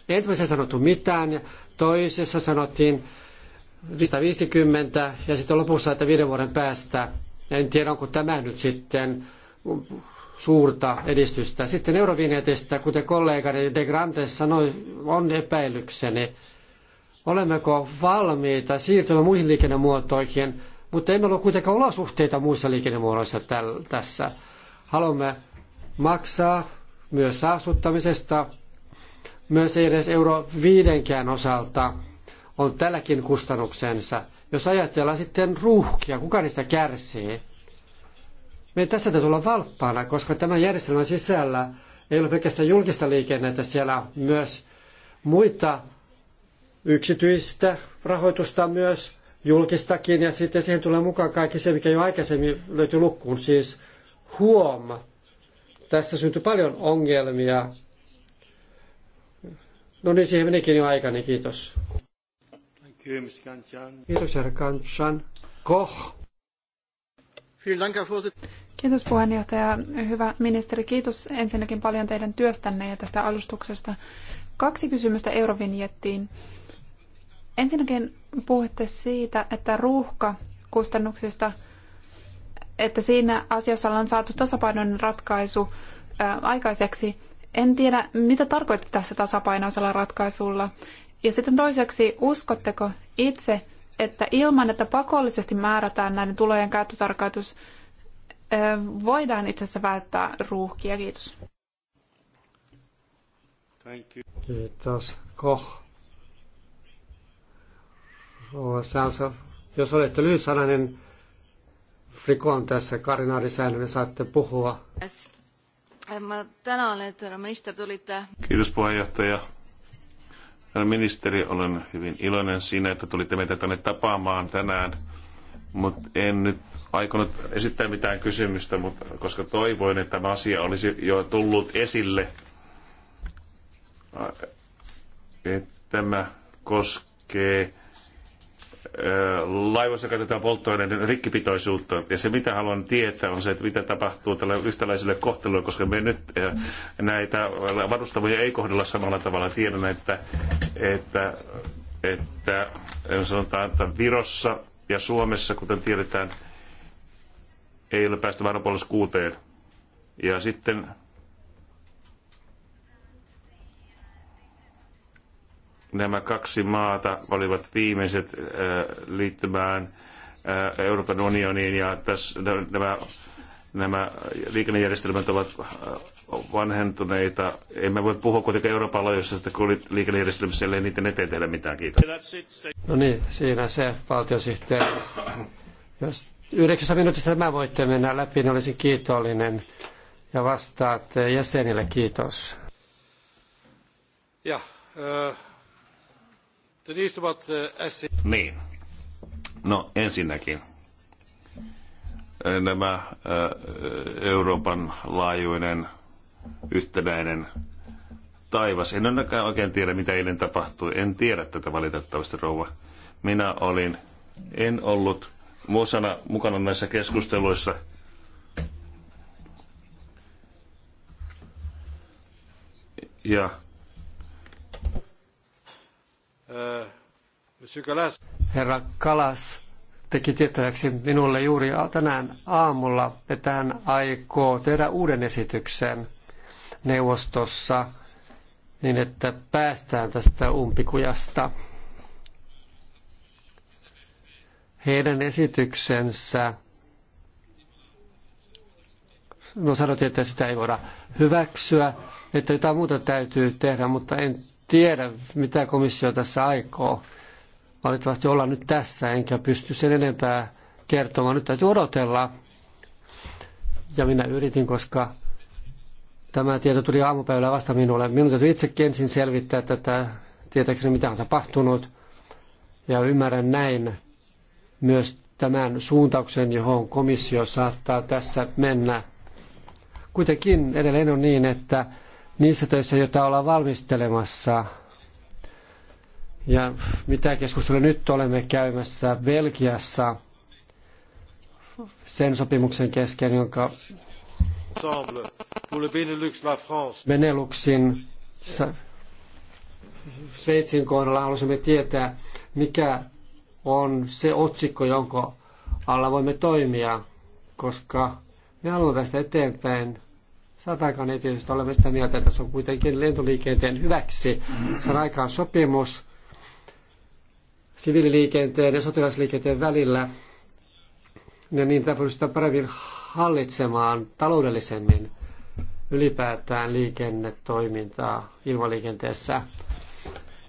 Ensimmäisessä sanottu mitään, toisessa sanottiin 550 ja sitten lopussa, että viiden vuoden päästä. En tiedä, onko tämä nyt sitten suurta edistystä. Sitten eurovinjetistä, kuten kollegani De Grandes sanoi, on epäilykseni. Olemmeko valmiita siirtymään muihin liikennemuotoihin, mutta emme ole kuitenkaan olosuhteita muissa liikennemuodoissa tässä. Haluamme maksaa myös saastuttamisesta, myös ei edes euro viidenkään osalta on tälläkin kustannuksensa. Jos ajatellaan sitten ruuhkia, kuka niistä kärsii? Me tässä täytyy olla valppaana, koska tämän järjestelmän sisällä ei ole pelkästään julkista liikennettä, siellä on myös muita yksityistä rahoitusta myös julkistakin ja sitten siihen tulee mukaan kaikki se, mikä jo aikaisemmin löytyi lukkuun, siis huoma. Tässä syntyi paljon ongelmia. No niin, siihen menikin jo niin kiitos. Kiitos, herra Kanchan. Koch. Kiitos puheenjohtaja. Hyvä ministeri, kiitos ensinnäkin paljon teidän työstänne ja tästä alustuksesta. Kaksi kysymystä Eurovinjettiin. Ensinnäkin puhutte siitä, että ruuhkakustannuksista, että siinä asiassa on saatu tasapainoinen ratkaisu ää, aikaiseksi. En tiedä, mitä tarkoitti tässä tasapainoisella ratkaisulla. Ja sitten toiseksi, uskotteko itse, että ilman, että pakollisesti määrätään näiden tulojen käyttötarkoitus, ää, voidaan itse asiassa välttää ruuhkia? Kiitos. Kiitos. Koh osaansa. Jos olette lyhytsanainen, rikoon tässä karinaarisäännön, niin saatte puhua. Ähm, tänään että ministeri tulitte. Kiitos puheenjohtaja. Herra ministeri, olen hyvin iloinen siinä, että tulitte meitä tänne tapaamaan tänään, mutta en nyt aikonut esittää mitään kysymystä, mut, koska toivoin, että tämä asia olisi jo tullut esille, että tämä koskee laivoissa katsotaan polttoaineiden rikkipitoisuutta. Ja se, mitä haluan tietää, on se, että mitä tapahtuu tällä yhtäläiselle kohtelulle, koska me nyt näitä varustamoja ei kohdella samalla tavalla. Tiedän, että, että, että sanotaan, että Virossa ja Suomessa, kuten tiedetään, ei ole päästy varapuolessa kuuteen. Ja sitten Nämä kaksi maata olivat viimeiset äh, liittymään äh, Euroopan unioniin ja tässä nämä, nämä liikennejärjestelmät ovat äh, vanhentuneita. Emme voi puhua kuitenkaan Euroopan laajuisesta liikennejärjestelmässä, ei niiden eteen tehdä mitään. Kiitos. No niin, siinä se valtiosihteeri. Jos yhdeksän minuutista tämä voitte mennä läpi, niin olisin kiitollinen ja vastaat jäsenille. Kiitos. Ja, äh... Eh, niin. No ensinnäkin eh, nämä eh, Euroopan laajuinen yhtenäinen taivas. En ainakaan oikein tiedä, mitä eilen tapahtui. En tiedä tätä valitettavasti, rouva. Minä olin, en ollut osana mukana näissä keskusteluissa. Ja Herra Kalas teki tiettäväksi minulle juuri tänään aamulla, että hän aikoo tehdä uuden esityksen neuvostossa niin, että päästään tästä umpikujasta. Heidän esityksensä, no sanottiin, että sitä ei voida hyväksyä, että jotain muuta täytyy tehdä, mutta en tiedä, mitä komissio tässä aikoo valitettavasti olla nyt tässä, enkä pysty sen enempää kertomaan. Nyt täytyy odotella. Ja minä yritin, koska tämä tieto tuli aamupäivällä vasta minulle. Minun täytyy itsekin ensin selvittää tätä, tietääkseni mitä on tapahtunut. Ja ymmärrän näin myös tämän suuntauksen, johon komissio saattaa tässä mennä. Kuitenkin edelleen on niin, että niissä töissä, joita ollaan valmistelemassa – ja mitä keskustelua nyt olemme käymässä Belgiassa sen sopimuksen kesken, jonka Beneluxin Sveitsin kohdalla halusimme tietää, mikä on se otsikko, jonka alla voimme toimia, koska me haluamme päästä eteenpäin. Satakaan ei tietysti olemme sitä mieltä, että se on kuitenkin lentoliikenteen hyväksi. Se on aikaan sopimus, siviililiikenteen ja sotilasliikenteen välillä ja niitä pystytään paremmin hallitsemaan taloudellisemmin ylipäätään liikennetoimintaa ilmaliikenteessä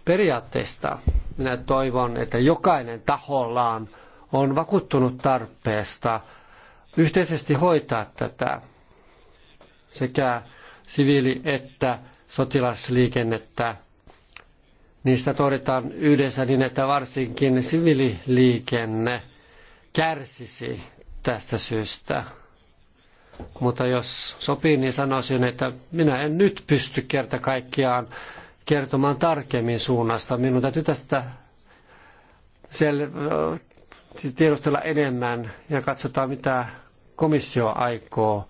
periaatteesta. Minä toivon, että jokainen tahollaan on vakuuttunut tarpeesta yhteisesti hoitaa tätä sekä siviili- että sotilasliikennettä niistä todetaan yhdessä niin, että varsinkin siviililiikenne kärsisi tästä syystä. Mutta jos sopii, niin sanoisin, että minä en nyt pysty kerta kaikkiaan kertomaan tarkemmin suunnasta. Minun täytyy tästä sel- äh, tiedustella enemmän ja katsotaan, mitä komissio aikoo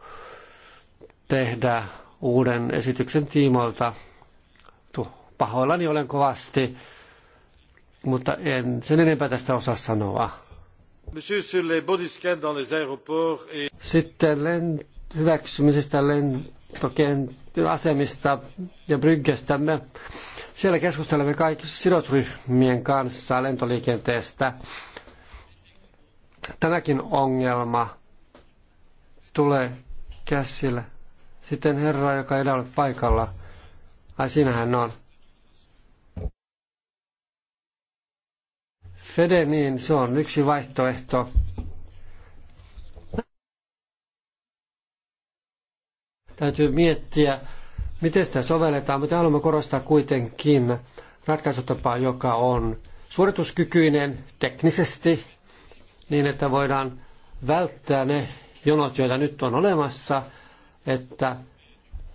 tehdä uuden esityksen tiimoilta Pahoillani olen kovasti, mutta en sen enempää tästä osaa sanoa. Sitten lent- hyväksymisestä lentokenttäasemista asemista ja bryggestämme. Siellä keskustelemme kaikki sidosryhmien kanssa lentoliikenteestä. Tämäkin ongelma tulee käsillä. Sitten herra, joka ei ole paikalla. Ai siinä hän on. Fede, niin se on yksi vaihtoehto. Täytyy miettiä, miten sitä sovelletaan, mutta haluamme korostaa kuitenkin ratkaisutapaa, joka on suorituskykyinen teknisesti, niin että voidaan välttää ne jonot, joita nyt on olemassa, että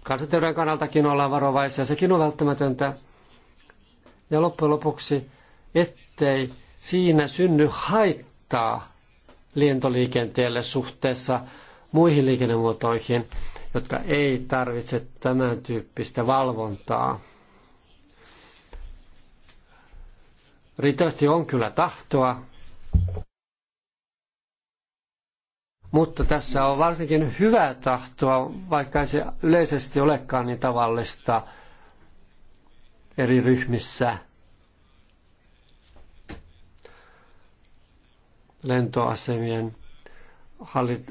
kansanterveyden kannaltakin ollaan varovaisia, sekin on välttämätöntä. Ja loppujen lopuksi, ettei siinä synny haittaa lentoliikenteelle suhteessa muihin liikennemuotoihin, jotka ei tarvitse tämän tyyppistä valvontaa. Riittävästi on kyllä tahtoa, mutta tässä on varsinkin hyvää tahtoa, vaikka ei se yleisesti olekaan niin tavallista eri ryhmissä. lentoasemien hallin,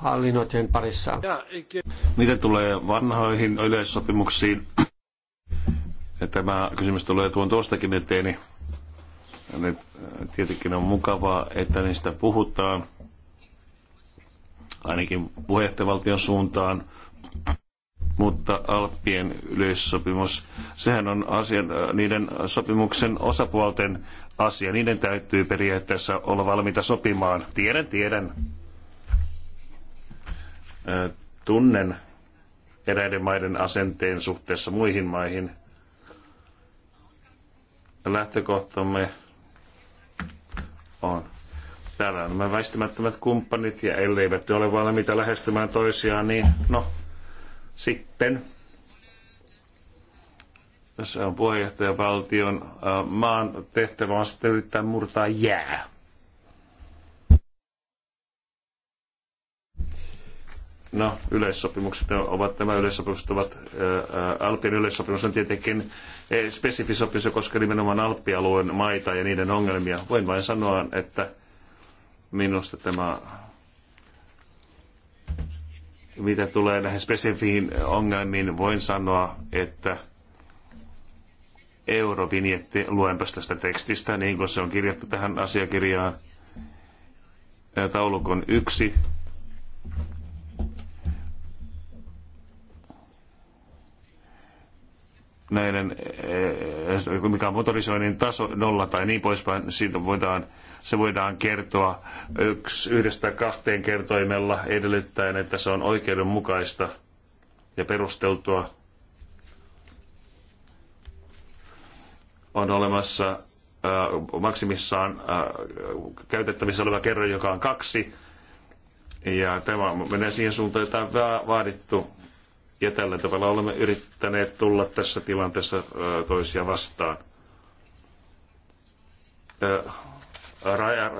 hallinnoiden parissa. Mitä tulee vanhoihin yleissopimuksiin? Tämä kysymys tulee tuon tuostakin eteeni. Nyt äh, tietenkin on mukavaa, että niistä puhutaan, ainakin puheenjohtajavaltion suuntaan, mutta Alppien yleissopimus, sehän on asian, äh, niiden sopimuksen osapuolten asia. Niiden täytyy periaatteessa olla valmiita sopimaan. Tiedän, tiedän. Tunnen eräiden maiden asenteen suhteessa muihin maihin. Lähtökohtamme on. Täällä on nämä väistämättömät kumppanit ja elleivät ole valmiita lähestymään toisiaan, niin no, sitten se on puheenjohtajavaltion äh, maan tehtävä on sitten yrittää murtaa jää. No, yleissopimukset ovat, nämä yleissopimukset ovat, äh, äh, Alpien yleissopimus on tietenkin eh, spesifisopimus, sopimus, koska nimenomaan Alppialueen maita ja niiden ongelmia. Voin vain sanoa, että minusta tämä mitä tulee näihin spesifiin ongelmiin, voin sanoa, että eurovinjetti luenpas tästä tekstistä, niin kuin se on kirjattu tähän asiakirjaan. Taulukon yksi. näiden, mikä on motorisoinnin taso nolla tai niin poispäin, siitä voidaan, se voidaan kertoa yksi, yhdestä kahteen kertoimella edellyttäen, että se on oikeudenmukaista ja perusteltua on olemassa äh, maksimissaan äh, käytettävissä oleva kerroin, joka on kaksi. Ja tämä menee siihen suuntaan, jota on vaadittu. Ja tällä tavalla olemme yrittäneet tulla tässä tilanteessa äh, toisia vastaan.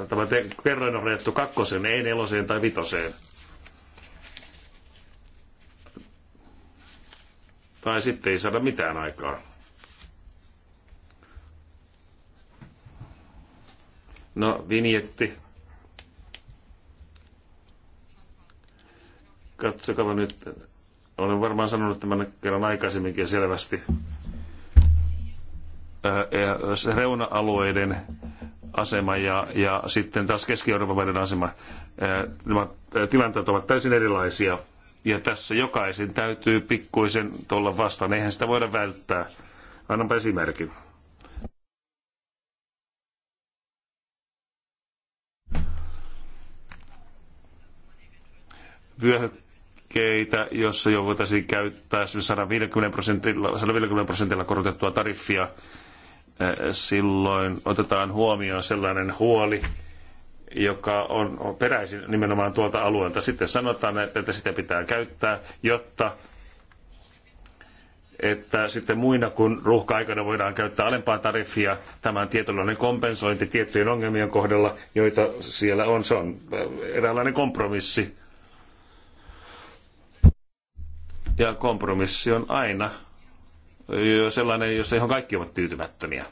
Tämä kerroin on rajattu kakkoseen, ei neloseen tai vitoseen. Tai sitten ei saada mitään aikaa. No, vinjetti. Katsokaa nyt. Olen varmaan sanonut tämän kerran aikaisemminkin selvästi. reuna-alueiden asema ja, ja sitten taas Keski-Euroopan maiden asema. Nämä tilanteet ovat täysin erilaisia. Ja tässä jokaisen täytyy pikkuisen tulla vastaan. Eihän sitä voida välttää. Annanpa esimerkin. vyöhykkeitä, jossa jo voitaisiin käyttää 150 prosentilla, 150 prosentilla korotettua tariffia. Äh, silloin otetaan huomioon sellainen huoli, joka on peräisin nimenomaan tuolta alueelta. Sitten sanotaan, että sitä pitää käyttää, jotta että sitten muina kuin ruuhka-aikana voidaan käyttää alempaa tariffia. tämän tietynlainen kompensointi tiettyjen ongelmien kohdalla, joita siellä on. Se on äh, eräänlainen kompromissi. Ja kompromissi on aina sellainen, jossa ihan kaikki ovat tyytymättömiä.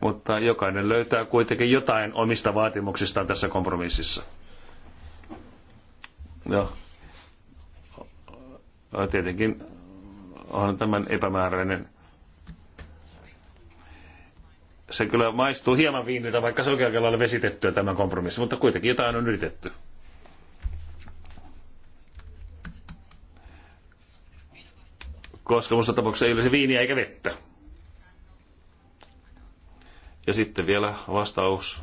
Mutta jokainen löytää kuitenkin jotain omista vaatimuksistaan tässä kompromississa. Joo. Tietenkin on tämän epämääräinen se kyllä maistuu hieman viiniltä, vaikka se oikealla vesitettyä tämä kompromissi, mutta kuitenkin jotain on yritetty. koska musta tapauksessa ei olisi viiniä eikä vettä. Ja sitten vielä vastaus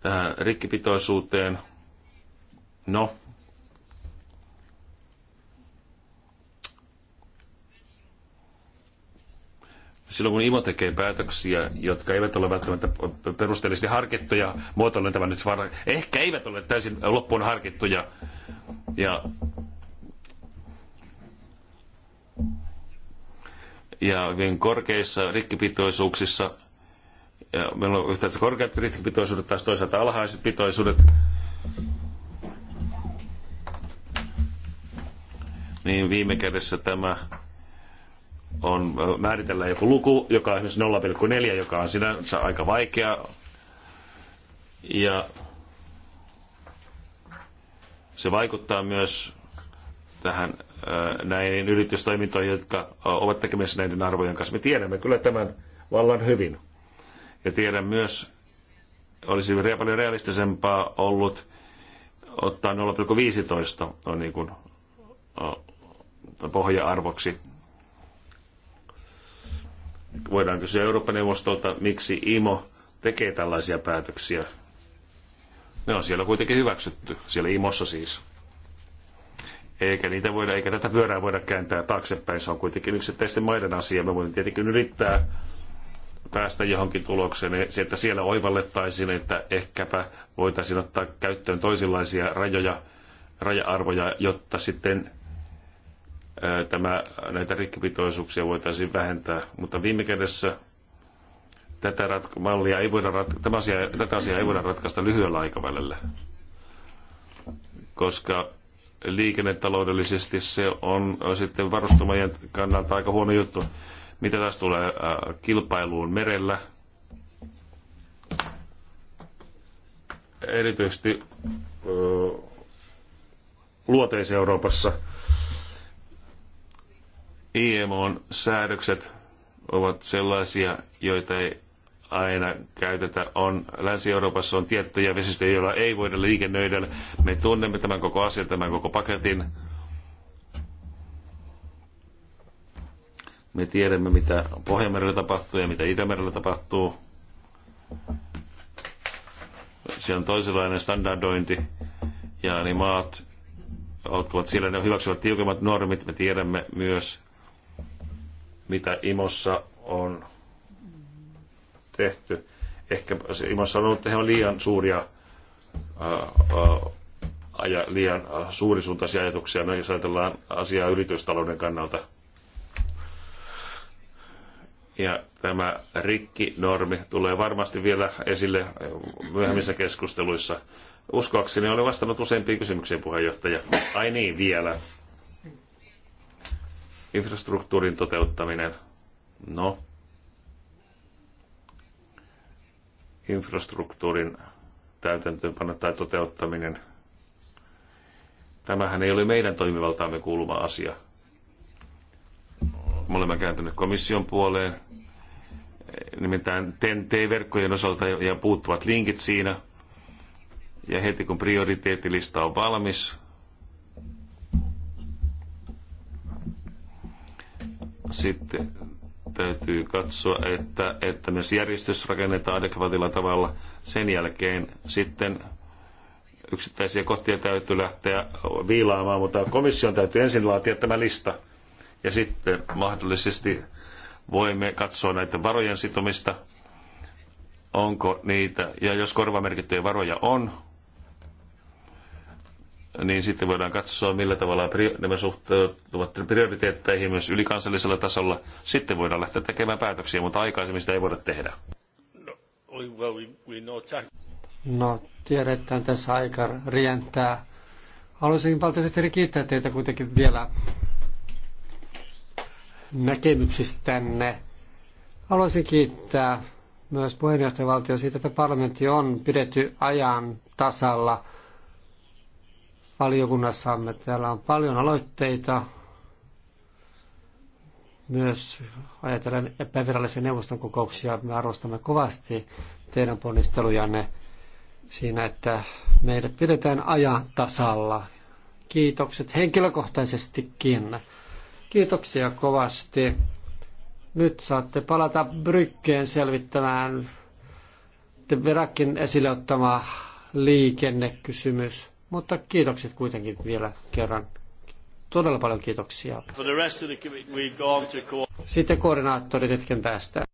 tähän rikkipitoisuuteen. No, silloin kun IMO tekee päätöksiä, jotka eivät ole välttämättä perusteellisesti harkittuja, muotoilen tämän nyt varmaan, ehkä eivät ole täysin loppuun harkittuja, ja ja hyvin korkeissa rikkipitoisuuksissa. Ja meillä on yhtä korkeat rikkipitoisuudet, taas toisaalta alhaiset pitoisuudet. Niin viime kädessä tämä on, määritellä joku luku, joka on esimerkiksi 0,4, joka on sinänsä aika vaikea. Ja se vaikuttaa myös tähän näihin yritystoimintoihin, jotka ovat tekemässä näiden arvojen kanssa. Me tiedämme kyllä tämän vallan hyvin. Ja tiedän myös, olisi paljon realistisempaa ollut ottaa 0,15 on no niin kuin pohja-arvoksi. Voidaan kysyä Euroopan neuvostolta miksi IMO tekee tällaisia päätöksiä. Ne on siellä kuitenkin hyväksytty, siellä IMOssa siis eikä niitä voida, eikä tätä pyörää voida kääntää taaksepäin. Se on kuitenkin yksittäisten maiden asia. Me voimme tietenkin yrittää päästä johonkin tulokseen, niin että siellä oivallettaisiin, että ehkäpä voitaisiin ottaa käyttöön toisenlaisia rajoja, raja-arvoja, jotta sitten ää, tämä, näitä rikkipitoisuuksia voitaisiin vähentää. Mutta viime kädessä tätä ratk- mallia ei voida rat- tämä asia, tätä asiaa ei voida ratkaista lyhyellä aikavälillä, koska liikennetaloudellisesti se on sitten varustamojen kannalta aika huono juttu. Mitä taas tulee kilpailuun merellä? Erityisesti Luoteis-Euroopassa imo säädökset ovat sellaisia, joita ei aina käytetä. On, Länsi-Euroopassa on tiettyjä vesistöjä, joilla ei voida liikennöidä. Me tunnemme tämän koko asian, tämän koko paketin. Me tiedämme, mitä Pohjanmerellä tapahtuu ja mitä Itämerellä tapahtuu. Siellä on toisenlainen standardointi ja niin maat ottavat siellä, ne hyväksyvät tiukemmat normit. Me tiedämme myös, mitä Imossa on tehty. Ehkä Imo sanoi, että he ovat liian suuria äh, äh, ja liian äh, suurisuuntaisia ajatuksia, no, jos ajatellaan asiaa yritystalouden kannalta. Ja tämä rikkinormi tulee varmasti vielä esille myöhemmissä keskusteluissa. Uskoakseni olen vastannut useimpiin kysymyksiin, puheenjohtaja. Ai niin, vielä. Infrastruktuurin toteuttaminen. No, infrastruktuurin täytäntöönpano tai toteuttaminen. Tämähän ei ole meidän toimivaltaamme kuuluva asia. Me olemme kääntyneet komission puoleen, nimittäin TNT-verkkojen osalta ja puuttuvat linkit siinä. Ja heti kun prioriteettilista on valmis, sitten täytyy katsoa, että, että myös järjestys rakennetaan adekvaatilla tavalla. Sen jälkeen sitten yksittäisiä kohtia täytyy lähteä viilaamaan, mutta komission täytyy ensin laatia tämä lista. Ja sitten mahdollisesti voimme katsoa näitä varojen sitomista, onko niitä, ja jos korvamerkittyjä varoja on, niin sitten voidaan katsoa, millä tavalla nämä suhteet prioriteetteihin myös ylikansallisella tasolla. Sitten voidaan lähteä tekemään päätöksiä, mutta aikaisemmin sitä ei voida tehdä. No, no, tiedetään tässä aika rientää. Haluaisin valtiosihteeri kiittää teitä kuitenkin vielä näkemyksistänne. Haluaisin kiittää myös puheenjohtajavaltio siitä, että parlamentti on pidetty ajan tasalla – valiokunnassamme. Täällä on paljon aloitteita, myös ajatellen epävirallisen neuvoston kokouksia. Me arvostamme kovasti teidän ponnistelujanne siinä, että meidät pidetään ajan tasalla. Kiitokset henkilökohtaisestikin. Kiitoksia kovasti. Nyt saatte palata Brykkeen selvittämään Verakin esille ottama liikennekysymys. Mutta kiitokset kuitenkin vielä kerran. Todella paljon kiitoksia. Sitten koordinaattorit hetken päästä.